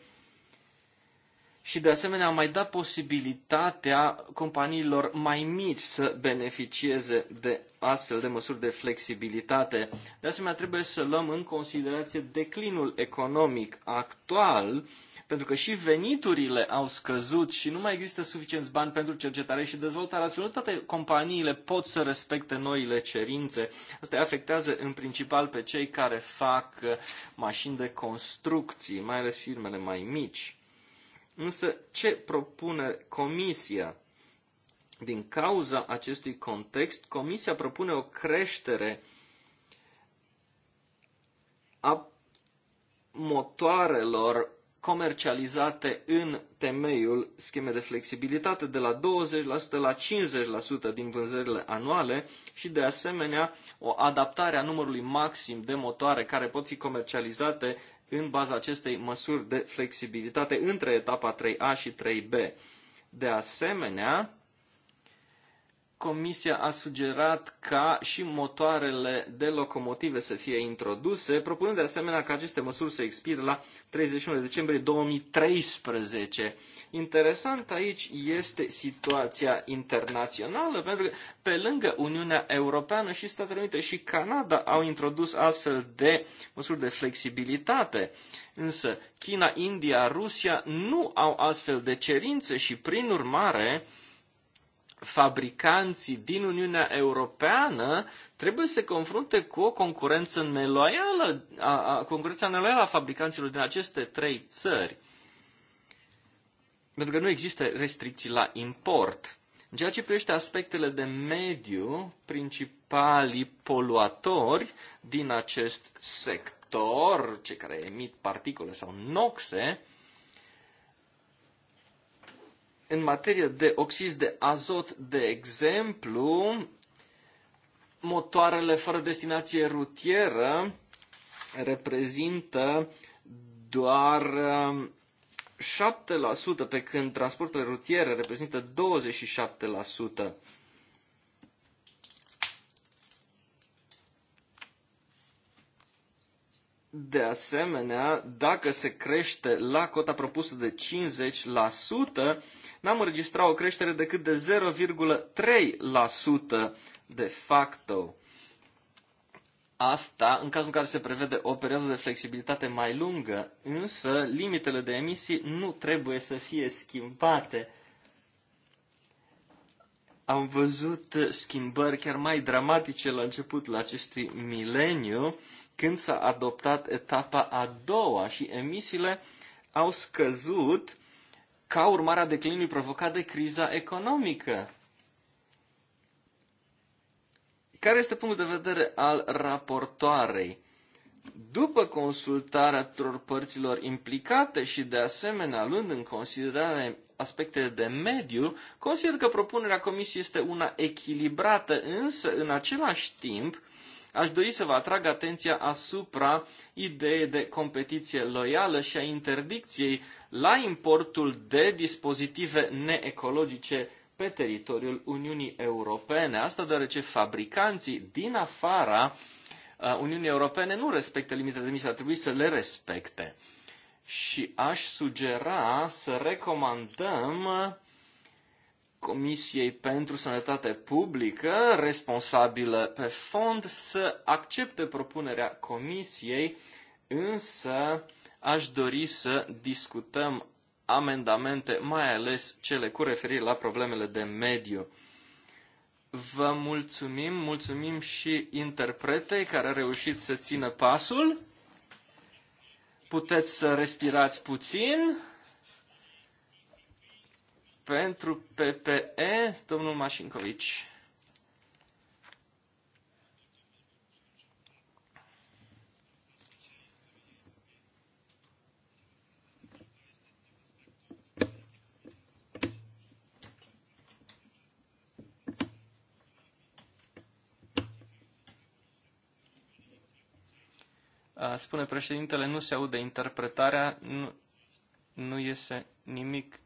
Și de asemenea am mai dat posibilitatea companiilor mai mici să beneficieze de astfel de măsuri de flexibilitate. De asemenea, trebuie să luăm în considerație declinul economic actual pentru că și veniturile au scăzut și nu mai există suficienți bani pentru cercetare și dezvoltare. nu toate companiile pot să respecte noile cerințe. Asta afectează în principal pe cei care fac uh, mașini de construcții, mai ales firmele mai mici. Însă ce propune Comisia? Din cauza acestui context, Comisia propune o creștere a motoarelor comercializate în temeiul scheme de flexibilitate de la 20% la 50% din vânzările anuale și de asemenea o adaptare a numărului maxim de motoare care pot fi comercializate în baza acestei măsuri de flexibilitate între etapa 3A și 3B. De asemenea, Comisia a sugerat ca și motoarele de locomotive să fie introduse, propunând de asemenea ca aceste măsuri să expire la 31 decembrie 2013. Interesant aici este situația internațională, pentru că pe lângă Uniunea Europeană și Statele Unite și Canada au introdus astfel de măsuri de flexibilitate. Însă China, India, Rusia nu au astfel de cerințe și, prin urmare, fabricanții din Uniunea Europeană trebuie să se confrunte cu o concurență neloială, a, a, concurența neloială a fabricanților din aceste trei țări. Pentru că nu există restricții la import. În ceea ce privește aspectele de mediu, principalii poluatori din acest sector, cei care emit particule sau noxe, uh, în materie de oxizi de azot, de exemplu, motoarele fără destinație rutieră reprezintă doar 7%, pe când transportele rutiere reprezintă 27%. De asemenea, dacă se crește la cota propusă de 50%, n-am înregistrat o creștere decât de 0,3% de facto. Asta în cazul în care se prevede o perioadă de flexibilitate mai lungă, însă limitele de emisii nu trebuie să fie schimbate. Am văzut schimbări chiar mai dramatice la începutul acestui mileniu, când s-a adoptat etapa a doua și emisiile au scăzut ca urmare a declinului provocat de criza economică. Care este punctul de vedere al raportoarei? După consultarea tuturor părților implicate și de asemenea luând în considerare aspectele de mediu, consider că propunerea comisiei este una echilibrată, însă în același timp aș dori să vă atrag atenția asupra ideii de competiție loială și a interdicției la importul de dispozitive neecologice pe teritoriul Uniunii Europene. Asta deoarece fabricanții din afara uh, Uniunii Europene nu respectă limitele de emisie, ar trebui să le respecte. Și aș sugera să recomandăm uh, Comisiei pentru Sănătate Publică, responsabilă pe fond, să accepte propunerea Comisiei, însă aș dori să discutăm amendamente, mai ales cele cu referire la problemele de mediu. Vă mulțumim, mulțumim și interpretei care a reușit să țină pasul. Puteți să respirați puțin pentru PPE, domnul Mașincovici. Spune președintele, nu se aude interpretarea, nu, nu iese nimic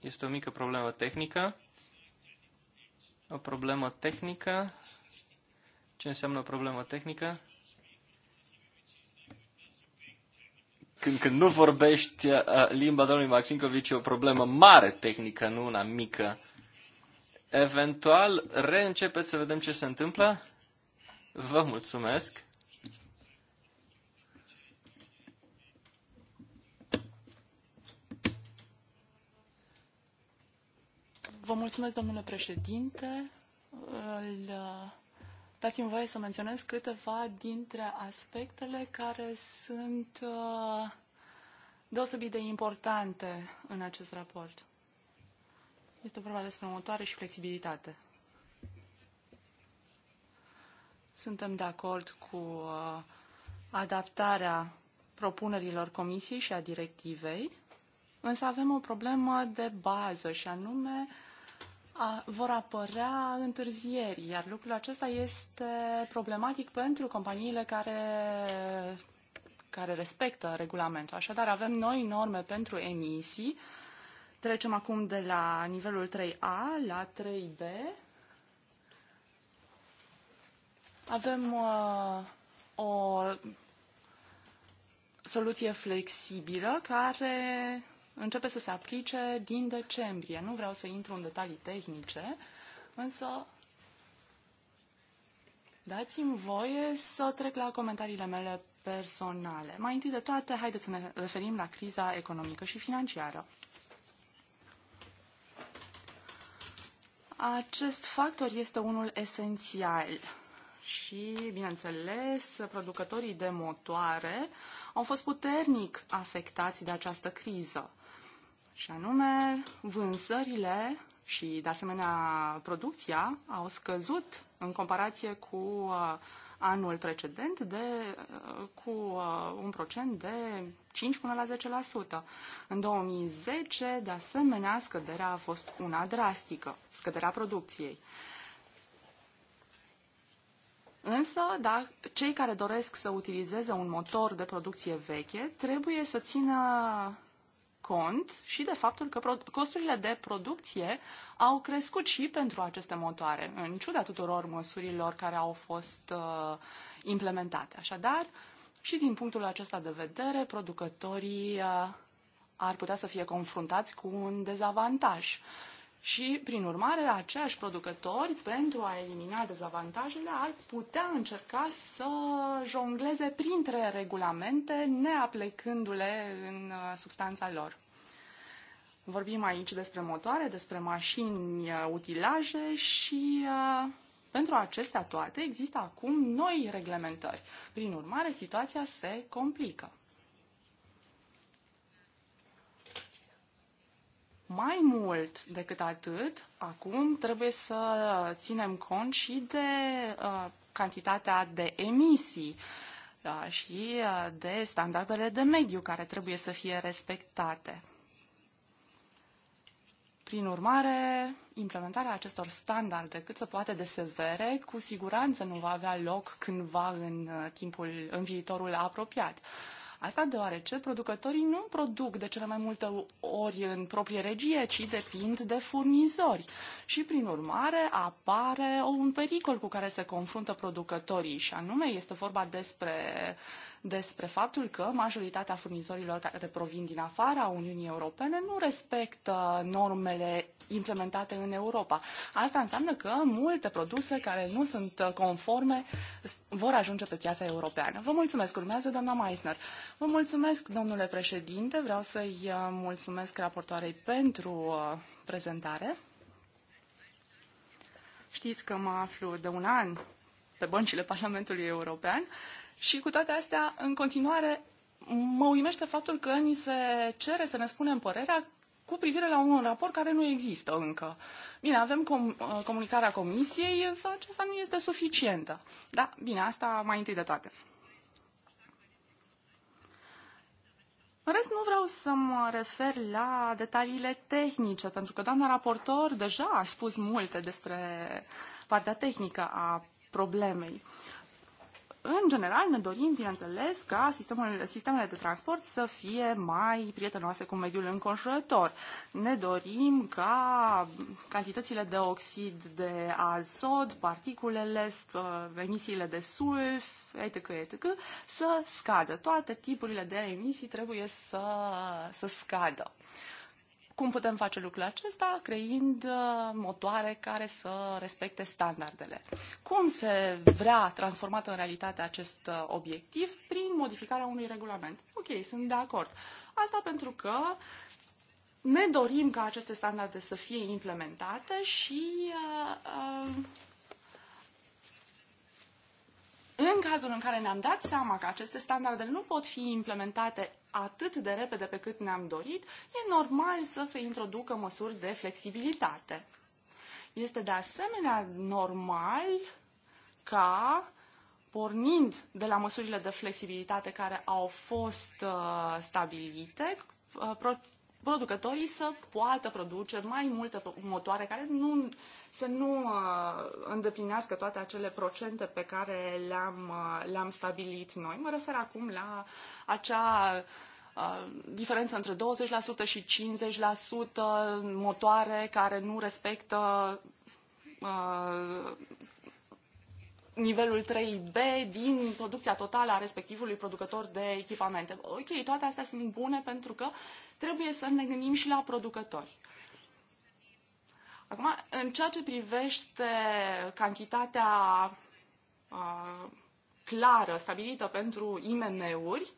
este o mică problemă tehnică. O problemă tehnică. Ce înseamnă o problemă tehnică? Când, când nu vorbești uh, limba domnului Maxincovici, e o problemă mare tehnică, nu una mică. Eventual, reîncepeți să vedem ce se întâmplă. Vă mulțumesc. Vă mulțumesc, domnule președinte. Îl... Dați-mi voie să menționez câteva dintre aspectele care sunt uh, deosebit de importante în acest raport. Este vorba despre motoare și flexibilitate. Suntem de acord cu uh, adaptarea propunerilor comisiei și a directivei, însă avem o problemă de bază și anume uh, a, vor apărea întârzieri, iar lucrul acesta este problematic pentru companiile care care respectă regulamentul. Așadar, avem noi norme pentru emisii. Trecem acum de la nivelul 3A la 3B. Avem uh, o soluție flexibilă care începe să se aplice din decembrie. Nu vreau să intru în detalii tehnice, însă dați-mi voie să trec la comentariile mele personale. Mai întâi de toate, haideți să ne referim la criza economică și financiară. Acest factor este unul esențial și, bineînțeles, producătorii de motoare au fost puternic afectați de această criză și anume vânzările și, de asemenea, producția au scăzut în comparație cu uh, anul precedent de, uh, cu uh, un procent de 5 până la 10%. În 2010, de asemenea, scăderea a fost una drastică, scăderea producției. Însă, da, cei care doresc să utilizeze un motor de producție veche trebuie să țină cont și de faptul că costurile de producție au crescut și pentru aceste motoare, în ciuda tuturor măsurilor care au fost uh, implementate. Așadar, și din punctul acesta de vedere, producătorii uh, ar putea să fie confruntați cu un dezavantaj. Și, prin urmare, aceiași producători, pentru a elimina dezavantajele, ar putea încerca să jongleze printre regulamente, neaplecându-le în uh, substanța lor. Vorbim aici despre motoare, despre mașini, uh, utilaje și uh, pentru acestea toate există acum noi reglementări. Prin urmare, situația se complică. Mai mult decât atât, acum trebuie să ținem cont și de uh, cantitatea de emisii uh, și uh, de standardele de mediu care trebuie să fie respectate. Prin urmare, implementarea acestor standarde cât se poate de severe, cu siguranță nu va avea loc cândva în uh, timpul, în viitorul apropiat. Uh, Asta deoarece producătorii nu produc de cele mai multe ori în proprie regie, ci depind de furnizori. Și, prin urmare, apare un pericol cu care se confruntă producătorii și anume este vorba despre uh, despre faptul că majoritatea furnizorilor care provin din afara Uniunii Europene nu respectă normele implementate în Europa. Asta înseamnă că multe produse care nu sunt conforme vor ajunge pe piața europeană. Vă mulțumesc. Urmează doamna Meisner. Vă mulțumesc, domnule președinte. Vreau să-i uh, mulțumesc raportoarei pentru uh, prezentare. Știți că mă aflu de un an pe băncile Parlamentului European și cu toate astea, în continuare, mă uimește faptul că ni se cere să ne spunem părerea cu privire la un raport care nu există încă. Bine, avem com- uh, comunicarea comisiei, însă aceasta nu este suficientă. Da, bine, asta mai întâi de toate. În rest, nu vreau să mă refer la detaliile tehnice, pentru că doamna raportor deja a spus multe despre partea tehnică a problemei în general, ne dorim, bineînțeles, ca sistemul, sistemele de transport să fie mai prietenoase cu mediul înconjurător. Ne dorim ca cantitățile de oxid de azot, particulele, emisiile de sulf, etc., etc., să scadă. Toate tipurile de emisii trebuie să, să scadă. Cum putem face lucrul acesta? Creind uh, motoare care să respecte standardele. Cum se vrea transformat în realitate acest uh, obiectiv? Prin modificarea unui regulament. Ok, sunt de acord. Asta pentru că ne dorim ca aceste standarde să fie implementate și uh, uh în cazul în care ne-am dat seama că aceste standarde nu pot fi implementate atât de repede pe cât ne-am dorit, e normal să se introducă măsuri de flexibilitate. Este de asemenea normal ca, pornind de la măsurile de flexibilitate care au fost uh, stabilite, uh, producătorii să poată produce mai multe motoare care nu, să nu uh, îndeplinească toate acele procente pe care le-am, uh, le-am stabilit noi. Mă refer acum la acea uh, diferență între 20% și 50% motoare care nu respectă nivelul 3B din producția totală a respectivului producător de echipamente. Ok, toate astea sunt bune pentru că trebuie să ne gândim și la producători. Acum, în ceea ce privește cantitatea clară, stabilită pentru IMM-uri,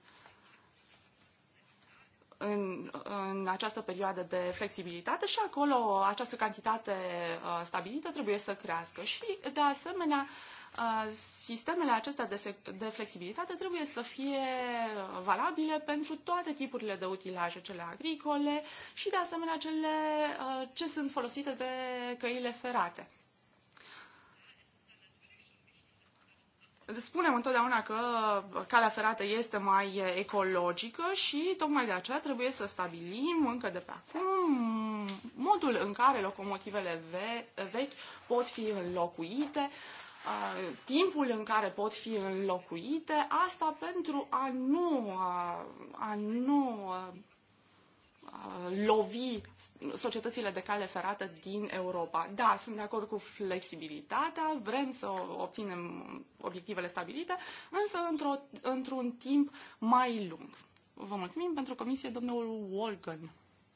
în, în această perioadă de flexibilitate și acolo această cantitate uh, stabilită trebuie să crească. Și, de asemenea, uh, sistemele acestea de, de flexibilitate trebuie să fie valabile pentru toate tipurile de utilaje, cele agricole și, de asemenea, cele uh, ce sunt folosite de căile ferate. spunem întotdeauna că calea ferată este mai ecologică și tocmai de aceea trebuie să stabilim încă de pe acum modul în care locomotivele ve- vechi pot fi înlocuite, timpul în care pot fi înlocuite, asta pentru a nu, a nu Uh, lovi societățile de cale ferată din Europa. Da, sunt de acord cu flexibilitatea, vrem să obținem obiectivele stabilite, însă într-o, într-un timp mai lung. Vă mulțumim pentru comisie, domnul Wolgen,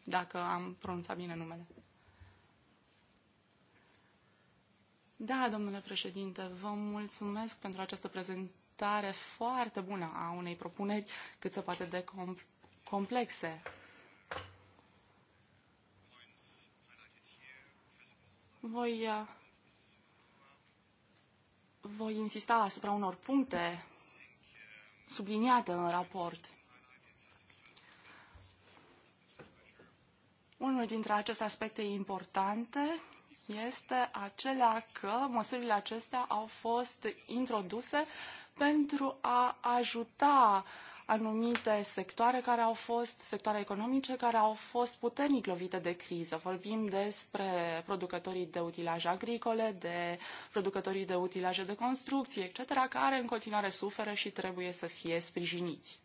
dacă am pronunțat bine numele. Da, domnule președinte, vă mulțumesc pentru această prezentare foarte bună a unei propuneri cât se poate de complexe Voi, uh, voi insista asupra unor puncte subliniate în raport. Unul dintre aceste aspecte importante este acela că măsurile acestea au fost introduse pentru a ajuta uh, anumite sectoare care au fost, sectoare economice care au fost puternic lovite de criză. Vorbim despre producătorii de utilaje agricole, de producătorii de utilaje de construcție, etc., care în continuare suferă și trebuie să fie sprijiniți.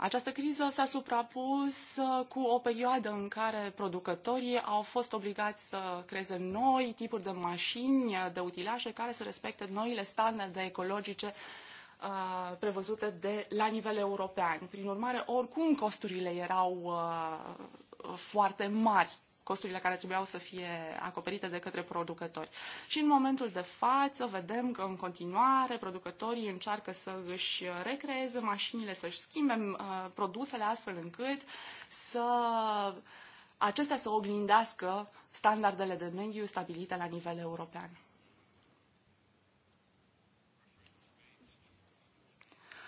Această criză s-a suprapus uh, cu o perioadă în care producătorii au fost obligați să creeze noi tipuri de mașini, uh, de utilaje care să respecte noile standarde ecologice uh, prevăzute de, la nivel european. Prin urmare, oricum costurile erau foarte mari costurile care trebuiau să fie acoperite de către producători. Și în momentul de față vedem că în continuare producătorii încearcă să își recreeze mașinile, să își schimbe uh, produsele astfel încât să acestea să oglindească standardele de mediu stabilite la nivel european.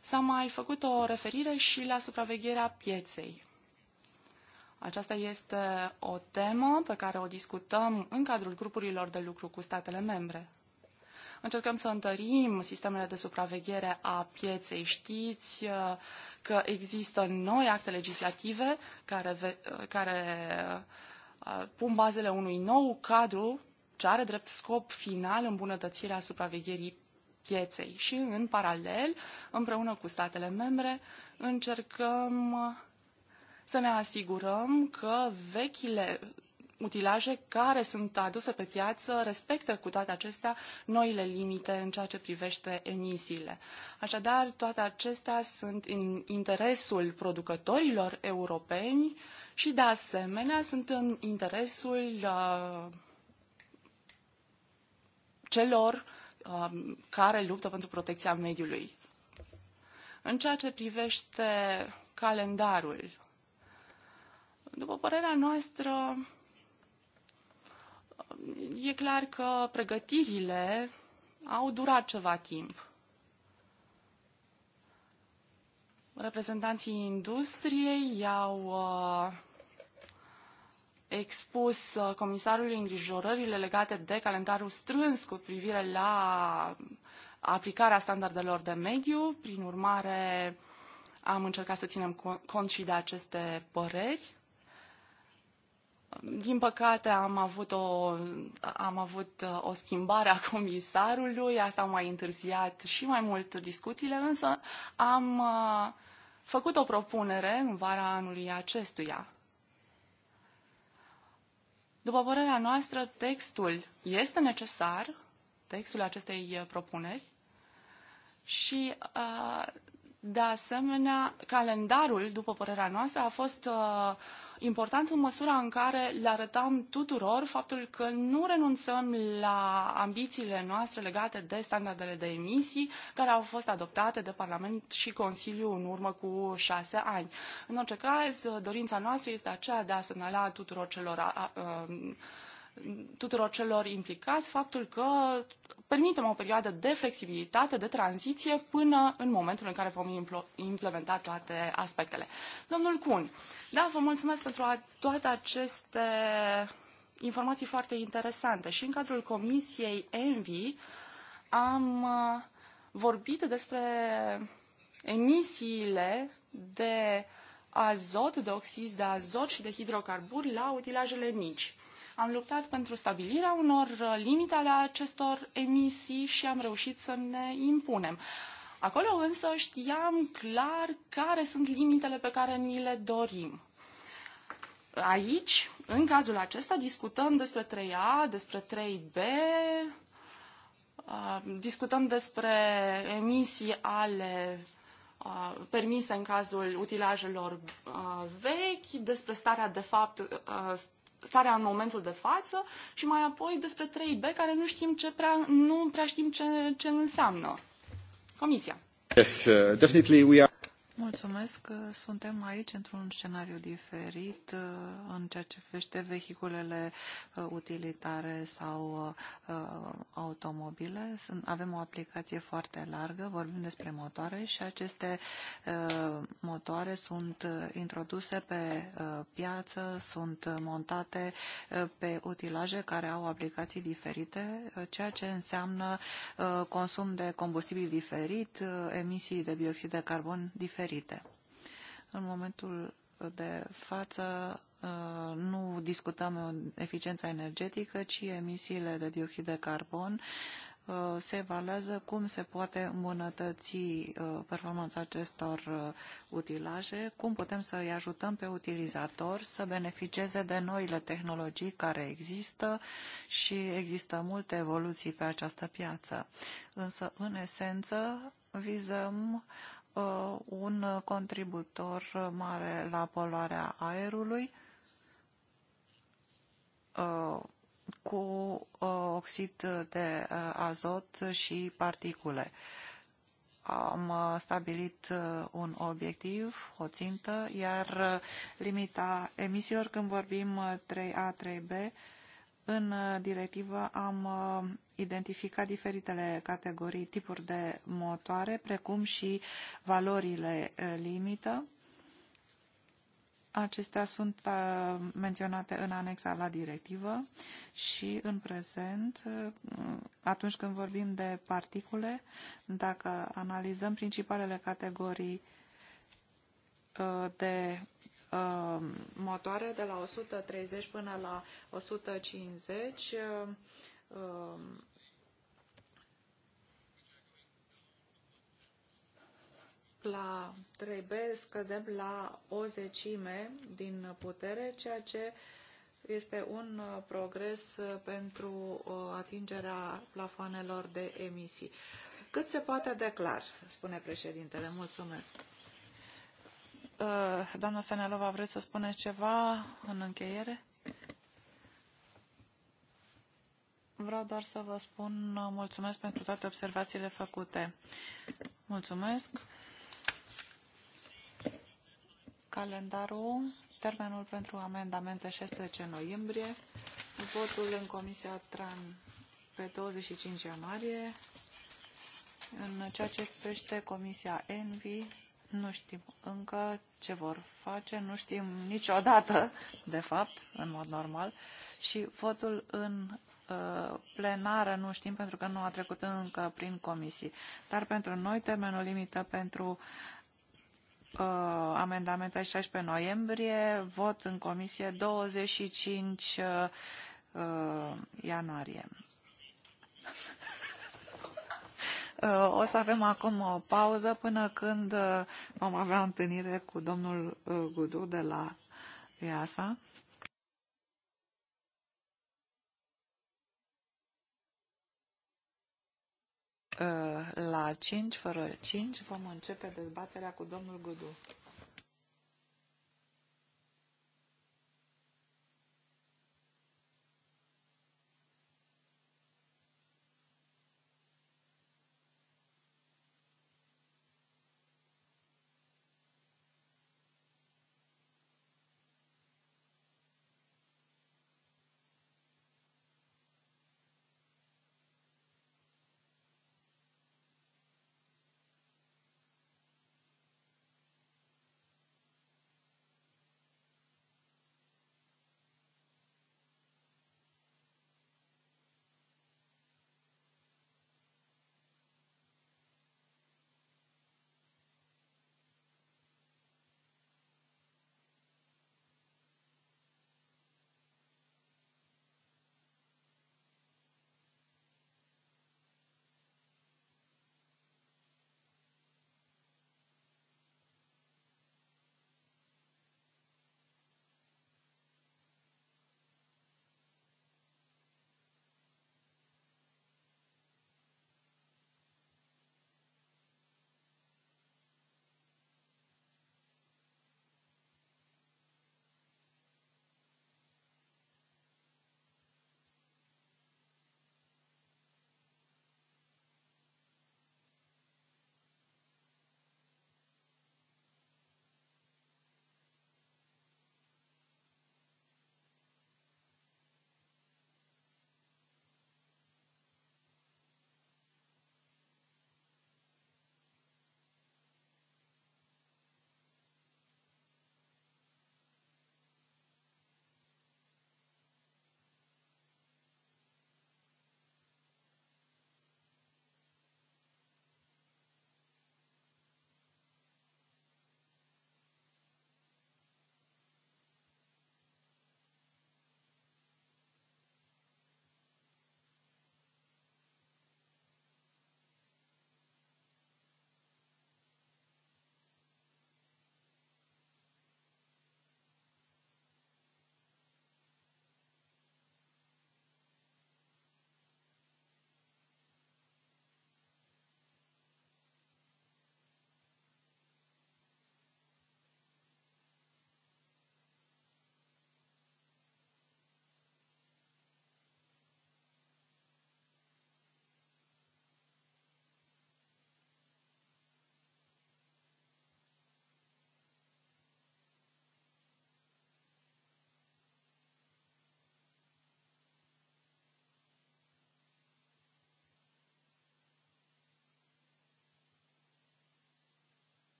S-a mai făcut o referire și la supravegherea pieței. Aceasta este o temă pe care o discutăm în cadrul grupurilor de lucru cu statele membre. Încercăm să întărim sistemele de supraveghere a pieței. Știți uh, că există noi acte legislative care, uh, care uh, pun bazele unui nou cadru ce are drept scop final îmbunătățirea supravegherii pieței. Și, în paralel, împreună cu statele membre, încercăm să ne asigurăm că vechile utilaje care sunt aduse pe piață respectă cu toate acestea noile limite în ceea ce privește emisiile. Așadar, toate acestea sunt în interesul producătorilor europeni și, de asemenea, sunt în interesul uh, celor uh, care luptă pentru protecția mediului. În ceea ce privește calendarul după părerea noastră, e clar că pregătirile au durat ceva timp. Reprezentanții industriei i-au uh, expus uh, comisarului îngrijorările legate de calendarul strâns cu privire la aplicarea standardelor de mediu. Prin urmare, am încercat să ținem cont și de aceste păreri din păcate am avut, o, am avut uh, o schimbare a comisarului, asta a mai întârziat și mai mult discuțiile, însă am uh, făcut o propunere în vara anului acestuia. După părerea noastră, textul este necesar, textul acestei uh, propuneri, și de asemenea, calendarul, după părerea noastră, a fost uh, important în măsura în care le arătam tuturor faptul că nu renunțăm la ambițiile noastre legate de standardele de emisii care au fost adoptate de Parlament și Consiliu în urmă cu șase ani. În orice caz, dorința noastră este aceea de a semnala tuturor celor a, a, tuturor celor implicați faptul că permitem o perioadă de flexibilitate, de tranziție, până în momentul în care vom implementa toate aspectele. Domnul Cun, da, vă mulțumesc pentru toate aceste informații foarte interesante și în cadrul Comisiei ENVI am uh, vorbit despre emisiile de azot, de oxiz de azot și de hidrocarburi la utilajele mici. Am luptat pentru stabilirea unor uh, limite ale acestor emisii și am reușit să ne impunem. Acolo însă știam clar care sunt limitele pe care ni le dorim. Aici, în cazul acesta, discutăm despre 3A, despre 3B, uh, discutăm despre emisii ale uh, permise în cazul utilajelor vechi, despre starea de fapt, starea în momentul de față și mai apoi despre 3B, care nu știm ce prea, nu prea știm ce, ce înseamnă. Comisia. Yes, uh, definitely we are... Mulțumesc. Suntem aici într-un scenariu diferit uh, în ceea ce privește vehiculele uh, utilitare sau uh, automobile. Avem o aplicație foarte largă, vorbim despre motoare și aceste motoare sunt introduse pe piață, sunt montate pe utilaje care au aplicații diferite, ceea ce înseamnă consum de combustibil diferit, emisii de bioxid de carbon diferit diferite. În momentul de față uh, nu discutăm eficiența energetică, ci emisiile de dioxid de carbon uh, se evaluează cum se poate îmbunătăți uh, performanța acestor utilaje, cum putem să îi ajutăm pe utilizatori să beneficieze de noile tehnologii care există și există multe evoluții pe această piață. Însă, în esență, vizăm Uh, un contributor mare la poluarea aerului uh, cu uh, oxid de azot și particule. Am stabilit un obiectiv, o țintă, iar limita emisiilor, când vorbim 3A, 3B, în uh, directivă am uh, identificat diferitele categorii, tipuri de motoare, precum și valorile uh, limită. Acestea sunt menționate în anexa la directivă și în prezent, atunci când vorbim de particule, dacă analizăm principalele categorii de Um, motoare de la 130 până la 150 um, la 3B scădem la o zecime din putere, ceea ce este un uh, progres uh, pentru uh, atingerea plafoanelor de emisii. Cât se poate declar, spune președintele. Mulțumesc. Uh, doamna Sanelova, vreți să spuneți ceva în încheiere? Vreau doar să vă spun uh, mulțumesc pentru toate observațiile făcute. Mulțumesc. Calendarul, termenul pentru amendamente 16 noiembrie, votul în Comisia TRAN pe 25 ianuarie, în ceea ce privește Comisia ENVI, nu știm încă ce vor face, nu știm niciodată, de fapt, în mod normal, și votul în uh, plenară nu știm pentru că nu a trecut încă prin comisii. Dar pentru noi termenul limită pentru uh, amendamente 16 noiembrie, vot în comisie 25 uh, uh, ianuarie. Uh, o să avem acum o pauză până când uh, vom avea întâlnire cu domnul uh, Gudu de la IASA. La 5 fără 5 vom începe dezbaterea cu domnul Gudu.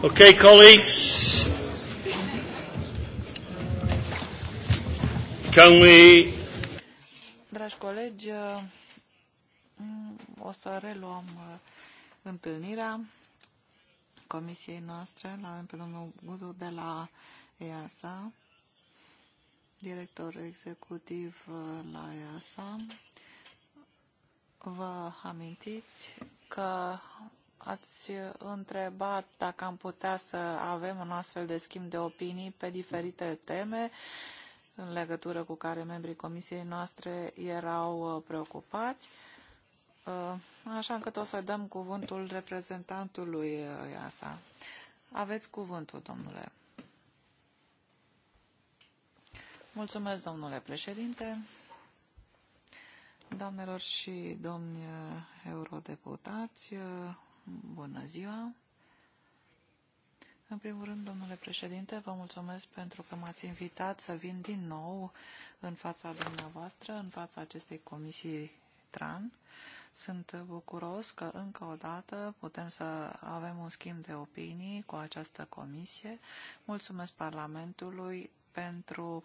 Okay, colleagues. Can we... Dragi colegi, mm, o să reluăm uh, întâlnirea comisiei noastre. L avem pe domnul Gudu de la EASA, director executiv uh, la EASA. Vă amintiți că ați întrebat dacă am putea să avem un astfel de schimb de opinii pe diferite teme în legătură cu care membrii comisiei noastre erau uh, preocupați. Uh, așa încât o să dăm cuvântul reprezentantului uh, IASA. Aveți cuvântul, domnule. Mulțumesc, domnule președinte, doamnelor și domni eurodeputați, Bună ziua! În primul rând, domnule președinte, vă mulțumesc pentru că m-ați invitat să vin din nou în fața dumneavoastră, în fața acestei comisii TRAN. Sunt bucuros că încă o dată putem să avem un schimb de opinii cu această comisie. Mulțumesc Parlamentului pentru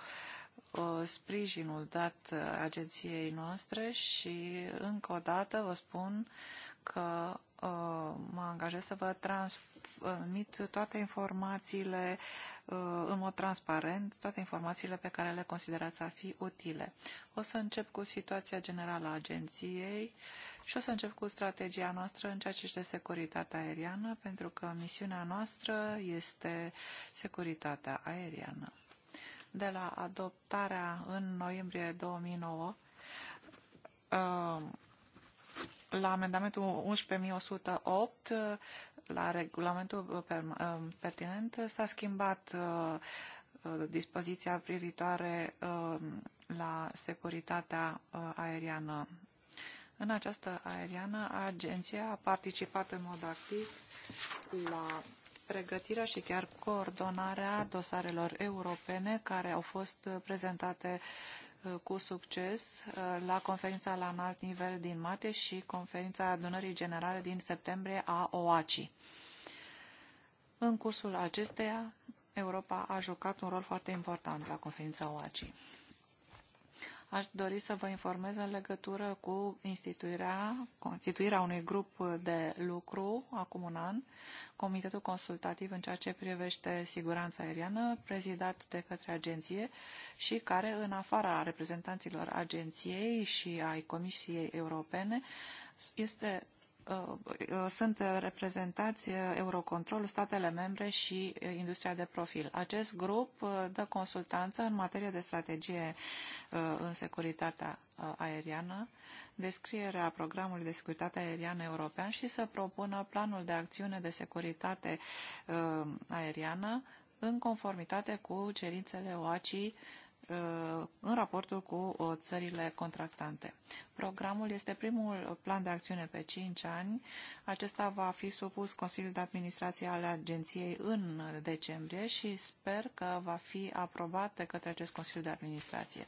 uh, sprijinul dat agenției noastre și încă o dată vă spun că uh, mă angajez să vă transmit toate informațiile uh, în mod transparent, toate informațiile pe care le considerați a fi utile. O să încep cu situația generală a agenției și o să încep cu strategia noastră în ceea ce este securitatea aeriană, pentru că misiunea noastră este securitatea aeriană. De la adoptarea în noiembrie 2009, la amendamentul 11.108, la regulamentul uh, uh, pertinent, s-a schimbat uh, dispoziția privitoare um, la securitatea aeriană. În această aeriană, agenția a participat în mod activ la pregătirea și chiar coordonarea dosarelor europene care au fost prezentate Uh, cu succes uh, la conferința la înalt nivel din martie și conferința adunării generale din septembrie a OACI. În cursul acesteia, Europa a jucat un rol foarte important la conferința OACI. Aș dori să vă informez în legătură cu instituirea, constituirea unui grup de lucru acum un an, Comitetul Consultativ în ceea ce privește siguranța aeriană, prezidat de către agenție și care, în afara reprezentanților agenției și ai Comisiei Europene, este Uh, uh, sunt reprezentați uh, Eurocontrol, statele membre și industria de profil. Acest grup dă consultanță în materie de strategie în securitatea aeriană, descrierea programului de securitate aeriană european și să propună planul de acțiune de securitate aeriană în conformitate cu cerințele OACI Uh, în raportul cu uh, țările contractante. Programul este primul plan de acțiune pe 5 ani. Acesta va fi supus Consiliul de Administrație al Agenției în decembrie și sper că va fi aprobat de către acest Consiliu de Administrație.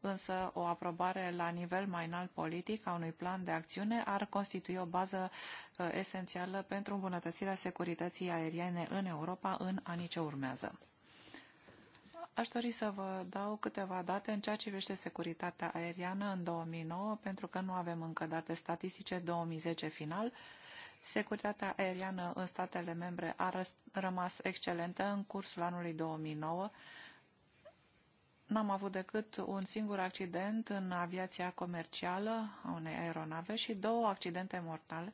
Însă o aprobare la nivel mai înalt politic a unui plan de acțiune ar constitui o bază uh, esențială pentru îmbunătățirea securității aeriene în Europa în anii ce urmează. Aș dori să vă dau câteva date în ceea ce privește securitatea aeriană în 2009, pentru că nu avem încă date statistice 2010 final. Securitatea aeriană în statele membre a rămas excelentă în cursul anului 2009. N-am avut decât un singur accident în aviația comercială a unei aeronave și două accidente mortale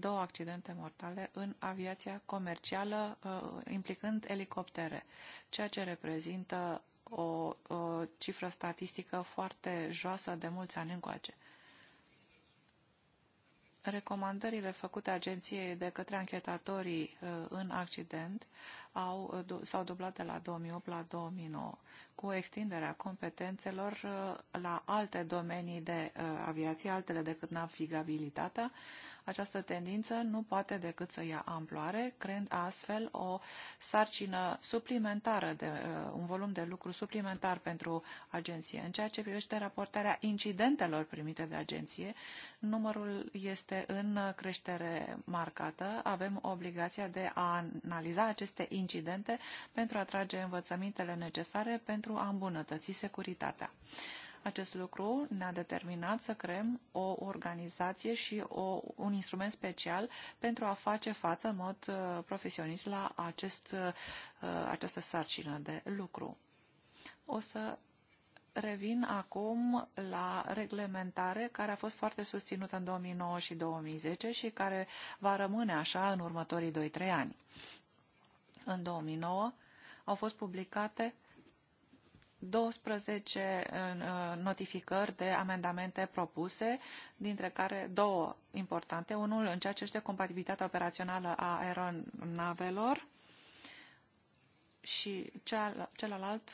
două accidente mortale în aviația comercială uh, implicând elicoptere, ceea ce reprezintă o, o cifră statistică foarte joasă de mulți ani încoace. Recomandările făcute agenției de către anchetatorii uh, în accident au, uh, s-au dublat de la 2008 la 2009, cu extinderea competențelor uh, la alte domenii de uh, aviație, altele decât navigabilitatea. Această tendință nu poate decât să ia amploare, creând astfel o sarcină suplimentară, de, un volum de lucru suplimentar pentru agenție. În ceea ce privește raportarea incidentelor primite de agenție, numărul este în creștere marcată. Avem obligația de a analiza aceste incidente pentru a trage învățămintele necesare pentru a îmbunătăți securitatea. Acest lucru ne-a determinat să creăm o organizație și o, un instrument special pentru a face față în mod uh, profesionist la acest, uh, această sarcină de lucru. O să revin acum la reglementare care a fost foarte susținută în 2009 și 2010 și care va rămâne așa în următorii 2-3 ani în 2009 au fost publicate 12 uh, notificări de amendamente propuse, dintre care două importante. Unul în ceea ce este compatibilitatea operațională a aeronavelor și celălalt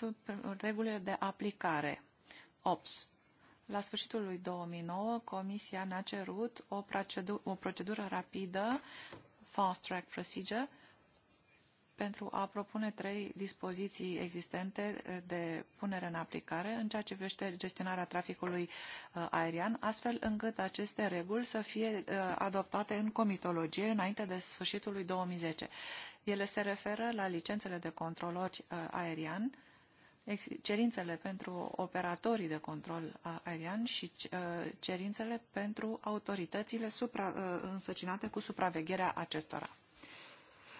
regulile de aplicare, OPS. La sfârșitul lui 2009, Comisia ne-a cerut o procedură, o procedură rapidă, Fast Track Procedure, pentru a propune trei dispoziții existente eh, de punere în aplicare în ceea ce privește gestionarea traficului eh, aerian, astfel încât aceste reguli să fie eh, adoptate în comitologie înainte de sfârșitul lui 2010. Ele se referă la licențele de controlori aerian, cerințele pentru operatorii de control aerian și cerințele pentru autoritățile supra, însăcinate cu supravegherea acestora.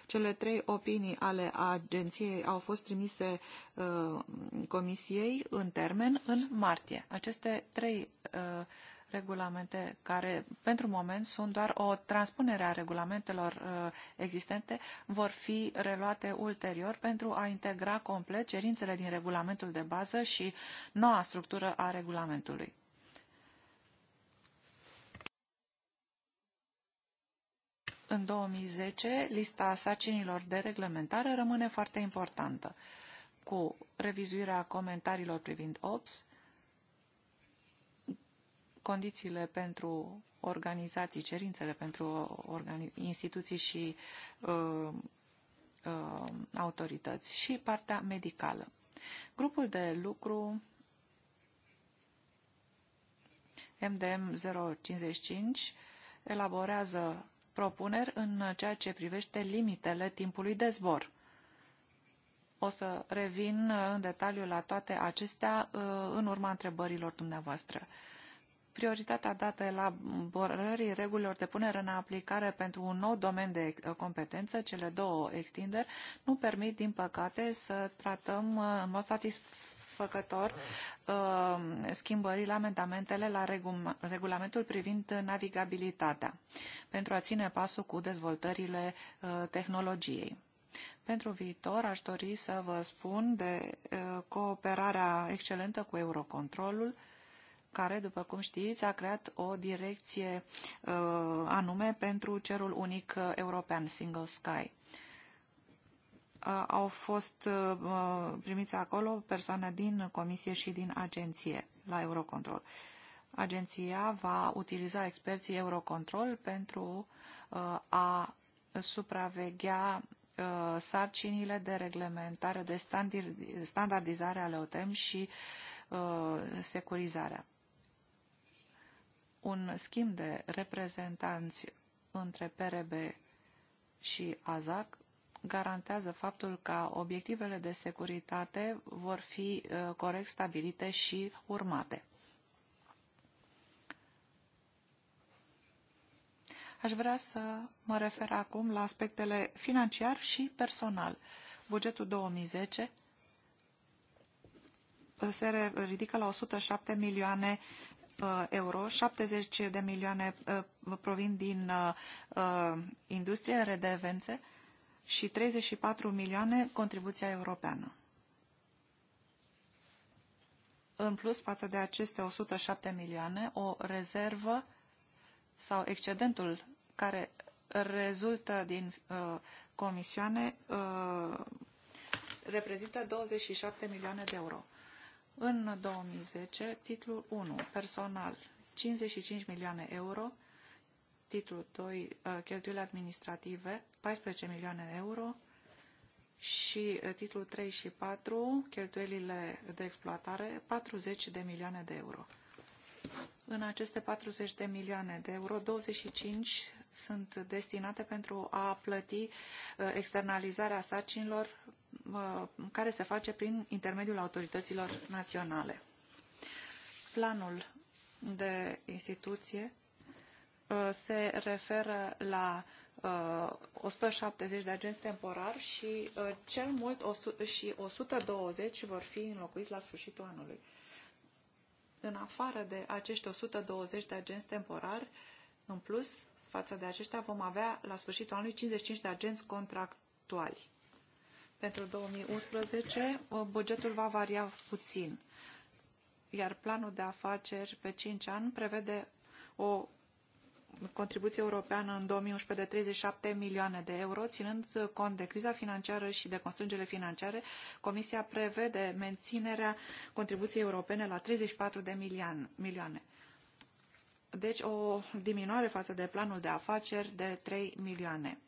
Cele trei opinii ale agenției au fost trimise uh, comisiei în termen în martie. Aceste trei uh, regulamente care pentru moment sunt doar o transpunere a regulamentelor uh, existente vor fi reluate ulterior pentru a integra complet cerințele din regulamentul de bază și noua structură a regulamentului. în 2010, lista sacinilor de reglementare rămâne foarte importantă. Cu revizuirea comentariilor privind OPS, condițiile pentru organizații, cerințele pentru organi instituții și uh, uh, autorități și partea medicală. Grupul de lucru MDM 055 elaborează propuneri în ceea ce privește limitele timpului de zbor. O să revin în detaliu la toate acestea uh, în urma întrebărilor dumneavoastră. Prioritatea dată elaborării regulilor de punere în aplicare pentru un nou domeniu de competență, cele două extinderi, nu permit, din păcate, să tratăm uh, în mod satisfăcător satisfăcător uh, schimbările, amendamentele la regulamentul privind navigabilitatea pentru a ține pasul cu dezvoltările uh, tehnologiei. Pentru viitor aș dori să vă spun de uh, cooperarea excelentă cu Eurocontrolul, care, după cum știți, a creat o direcție anume pentru cerul unic european, Single Sky au fost primiți acolo persoane din comisie și din agenție la Eurocontrol. Agenția va utiliza experții Eurocontrol pentru a supraveghea sarcinile de reglementare, de standardizare ale OTEM și securizarea. Un schimb de reprezentanți între PRB și AZAC garantează faptul că obiectivele de securitate vor fi uh, corect stabilite și urmate. Aș vrea să mă refer acum la aspectele financiar și personal. Bugetul 2010 se ridică la 107 milioane uh, euro, 70 de milioane uh, provin din industrie, redevențe și 34 milioane contribuția europeană. În plus, față de aceste 107 milioane, o rezervă sau excedentul care rezultă din uh, comisioane uh, reprezintă 27 milioane de euro. În 2010, titlul 1, personal, 55 milioane euro, titlul 2, uh, cheltuieli administrative, 14 milioane de euro și eh, titlul 3 și 4, cheltuielile de exploatare, 40 de milioane de euro. În aceste 40 de milioane de euro, 25 sunt destinate pentru a plăti eh, externalizarea sacinilor eh, care se face prin intermediul autorităților naționale. Planul de instituție se referă la 170 uh, de agenți temporari și uh, cel mult și 120 vor fi înlocuiți la sfârșitul anului. În afară de acești 120 de agenți temporari, în plus, față de aceștia vom avea la sfârșitul anului 55 de agenți contractuali. Pentru 2011, uh, bugetul va varia puțin, iar planul de afaceri pe 5 ani prevede o contribuție europeană în 2011 de 37 milioane de euro, ținând cont de criza financiară și de constrângele financiare, Comisia prevede menținerea contribuției europene la 34 de milioane. Deci o diminuare față de planul de afaceri de 3 milioane.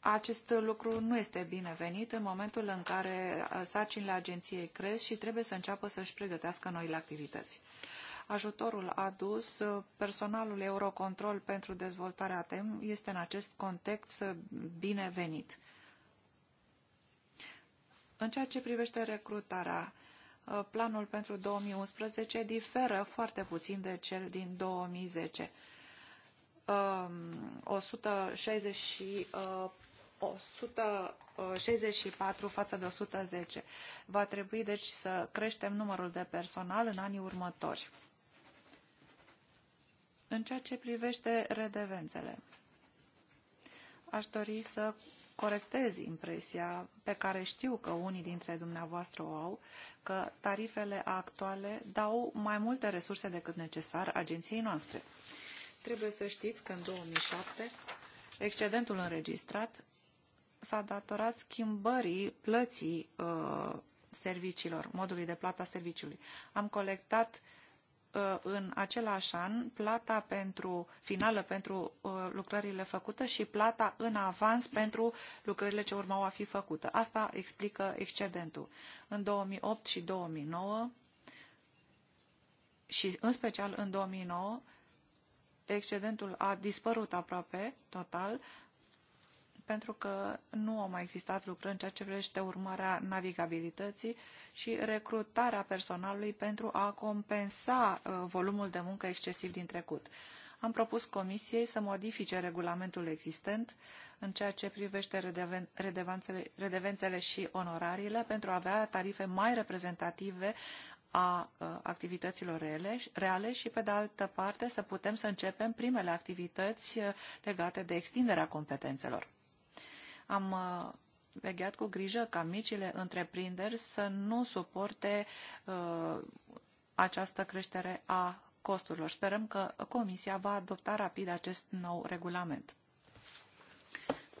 Acest lucru nu este binevenit în momentul în care uh, sarcinile agenției cresc și trebuie să înceapă să-și pregătească noile activități. Ajutorul adus uh, personalul Eurocontrol pentru dezvoltarea TEM este în acest context uh, binevenit. În ceea ce privește recrutarea, uh, planul pentru 2011 diferă foarte puțin de cel din 2010. 160, 164 față de 110. Va trebui deci să creștem numărul de personal în anii următori. În ceea ce privește redevențele, aș dori să corectez impresia pe care știu că unii dintre dumneavoastră o au, că tarifele actuale dau mai multe resurse decât necesar agenției noastre. Trebuie să știți că în 2007 excedentul înregistrat s-a datorat schimbării plății uh, serviciilor, modului de plată a serviciului. Am colectat uh, Uh, în același an plata pentru finală pentru uh, lucrările făcute și plata în avans pentru lucrările ce urmau a fi făcute. Asta explică excedentul. În 2008 și 2009 și în special în 2009 excedentul a dispărut aproape total, pentru că nu au mai existat lucruri în ceea ce privește urmarea navigabilității și recrutarea personalului pentru a compensa uh, volumul de muncă excesiv din trecut. Am propus Comisiei să modifice regulamentul existent în ceea ce privește redevențele și onorariile pentru a avea tarife mai reprezentative a uh, activităților reale și, pe de altă parte, să putem să începem primele activități uh, legate de extinderea competențelor. Am uh, vegheat cu grijă ca micile întreprinderi să nu suporte uh, această creștere a costurilor. Sperăm că Comisia va adopta rapid acest nou regulament.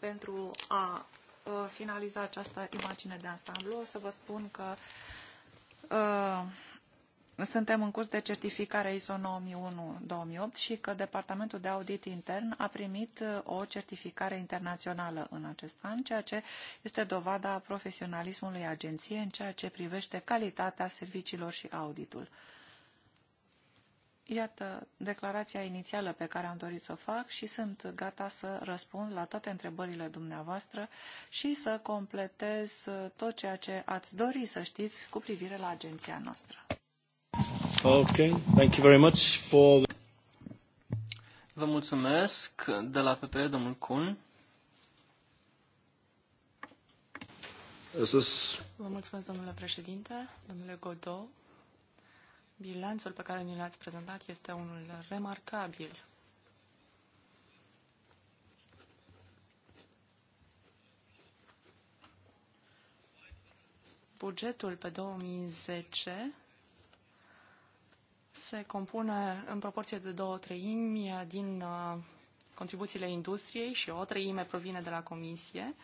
Pentru a uh, finaliza această imagine de ansamblu, o să vă spun că uh, suntem în curs de certificare ISO 9001-2008 și că Departamentul de Audit Intern a primit uh, o certificare internațională în acest an, ceea ce este dovada profesionalismului agenției în ceea ce privește calitatea serviciilor și auditul. Iată declarația inițială pe care am dorit să o fac și sunt gata să răspund la toate întrebările dumneavoastră și să completez uh, tot ceea ce ați dori să știți cu privire la agenția noastră thank you very much for the... Vă mulțumesc de la PP, domnul Kuhn. Vă mulțumesc, domnule președinte, domnule Godot. Bilanțul pe care ni l-ați prezentat este unul remarcabil. Bugetul pe 2010 se compune în proporție de două treimi din uh, contribuțiile industriei și o treime provine de la Comisie.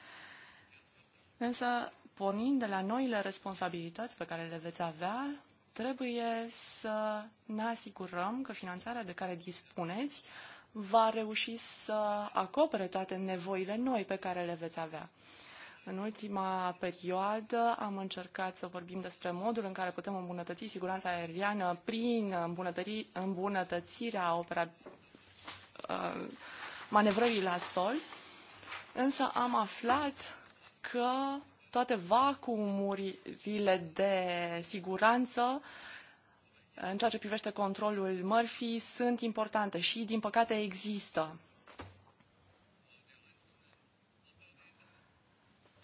Însă, pornind de la noile responsabilități pe care le veți avea, trebuie să ne asigurăm că finanțarea de care dispuneți va reuși să acopere toate nevoile noi pe care le veți avea. În ultima perioadă am încercat să vorbim despre modul în care putem îmbunătăți siguranța aeriană prin îmbunătățirea opera, uh, manevrării la sol, însă am aflat că toate vacuumurile de siguranță în ceea ce privește controlul mărfii sunt importante și, din păcate, există.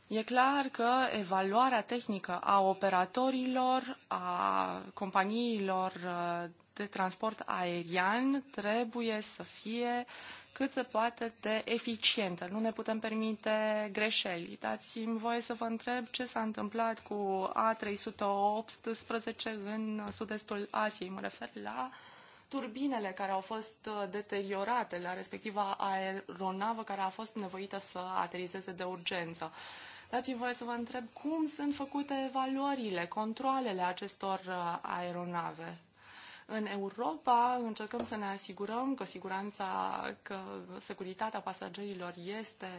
E clar că evaluarea tehnică a operatorilor, a companiilor uh, de transport aerian trebuie să fie cât se poate de eficientă. Nu ne putem permite greșeli. Dați-mi voie să vă întreb ce s-a întâmplat cu A318 în sud-estul Asiei. Mă refer la turbinele care au fost uh, deteriorate la respectiva aeronavă care a fost nevoită să aterizeze de urgență. Dați-mi voie să vă întreb cum sunt făcute evaluările, controlele acestor uh, aeronave. În Europa încercăm să ne asigurăm că siguranța, că securitatea pasagerilor este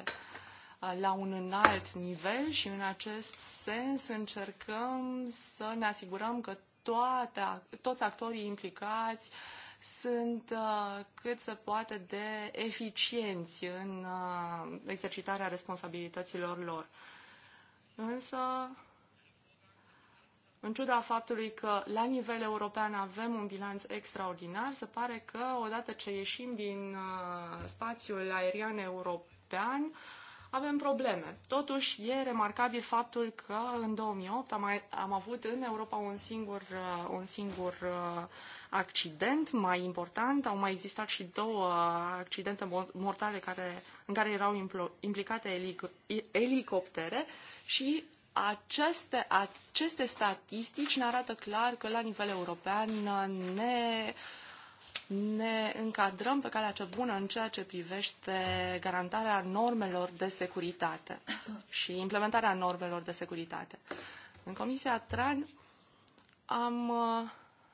uh, la un înalt nivel și în acest sens încercăm să ne asigurăm că toate, toți actorii implicați sunt uh, cât se poate de eficienți în uh, exercitarea responsabilităților lor. Însă, în ciuda faptului că la nivel european avem un bilanț extraordinar, se pare că odată ce ieșim din uh, spațiul aerian european, avem probleme. Totuși, e remarcabil faptul că în 2008 am, mai, am avut în Europa un singur, uh, un singur uh, accident mai important. Au mai existat și două uh, accidente mortale care, în care erau impl implicate elicoptere și aceste, aceste statistici ne arată clar că la nivel european ne uh, ne încadrăm pe calea cea bună în ceea ce privește garantarea normelor de securitate și implementarea normelor de securitate. În Comisia TRAN am uh,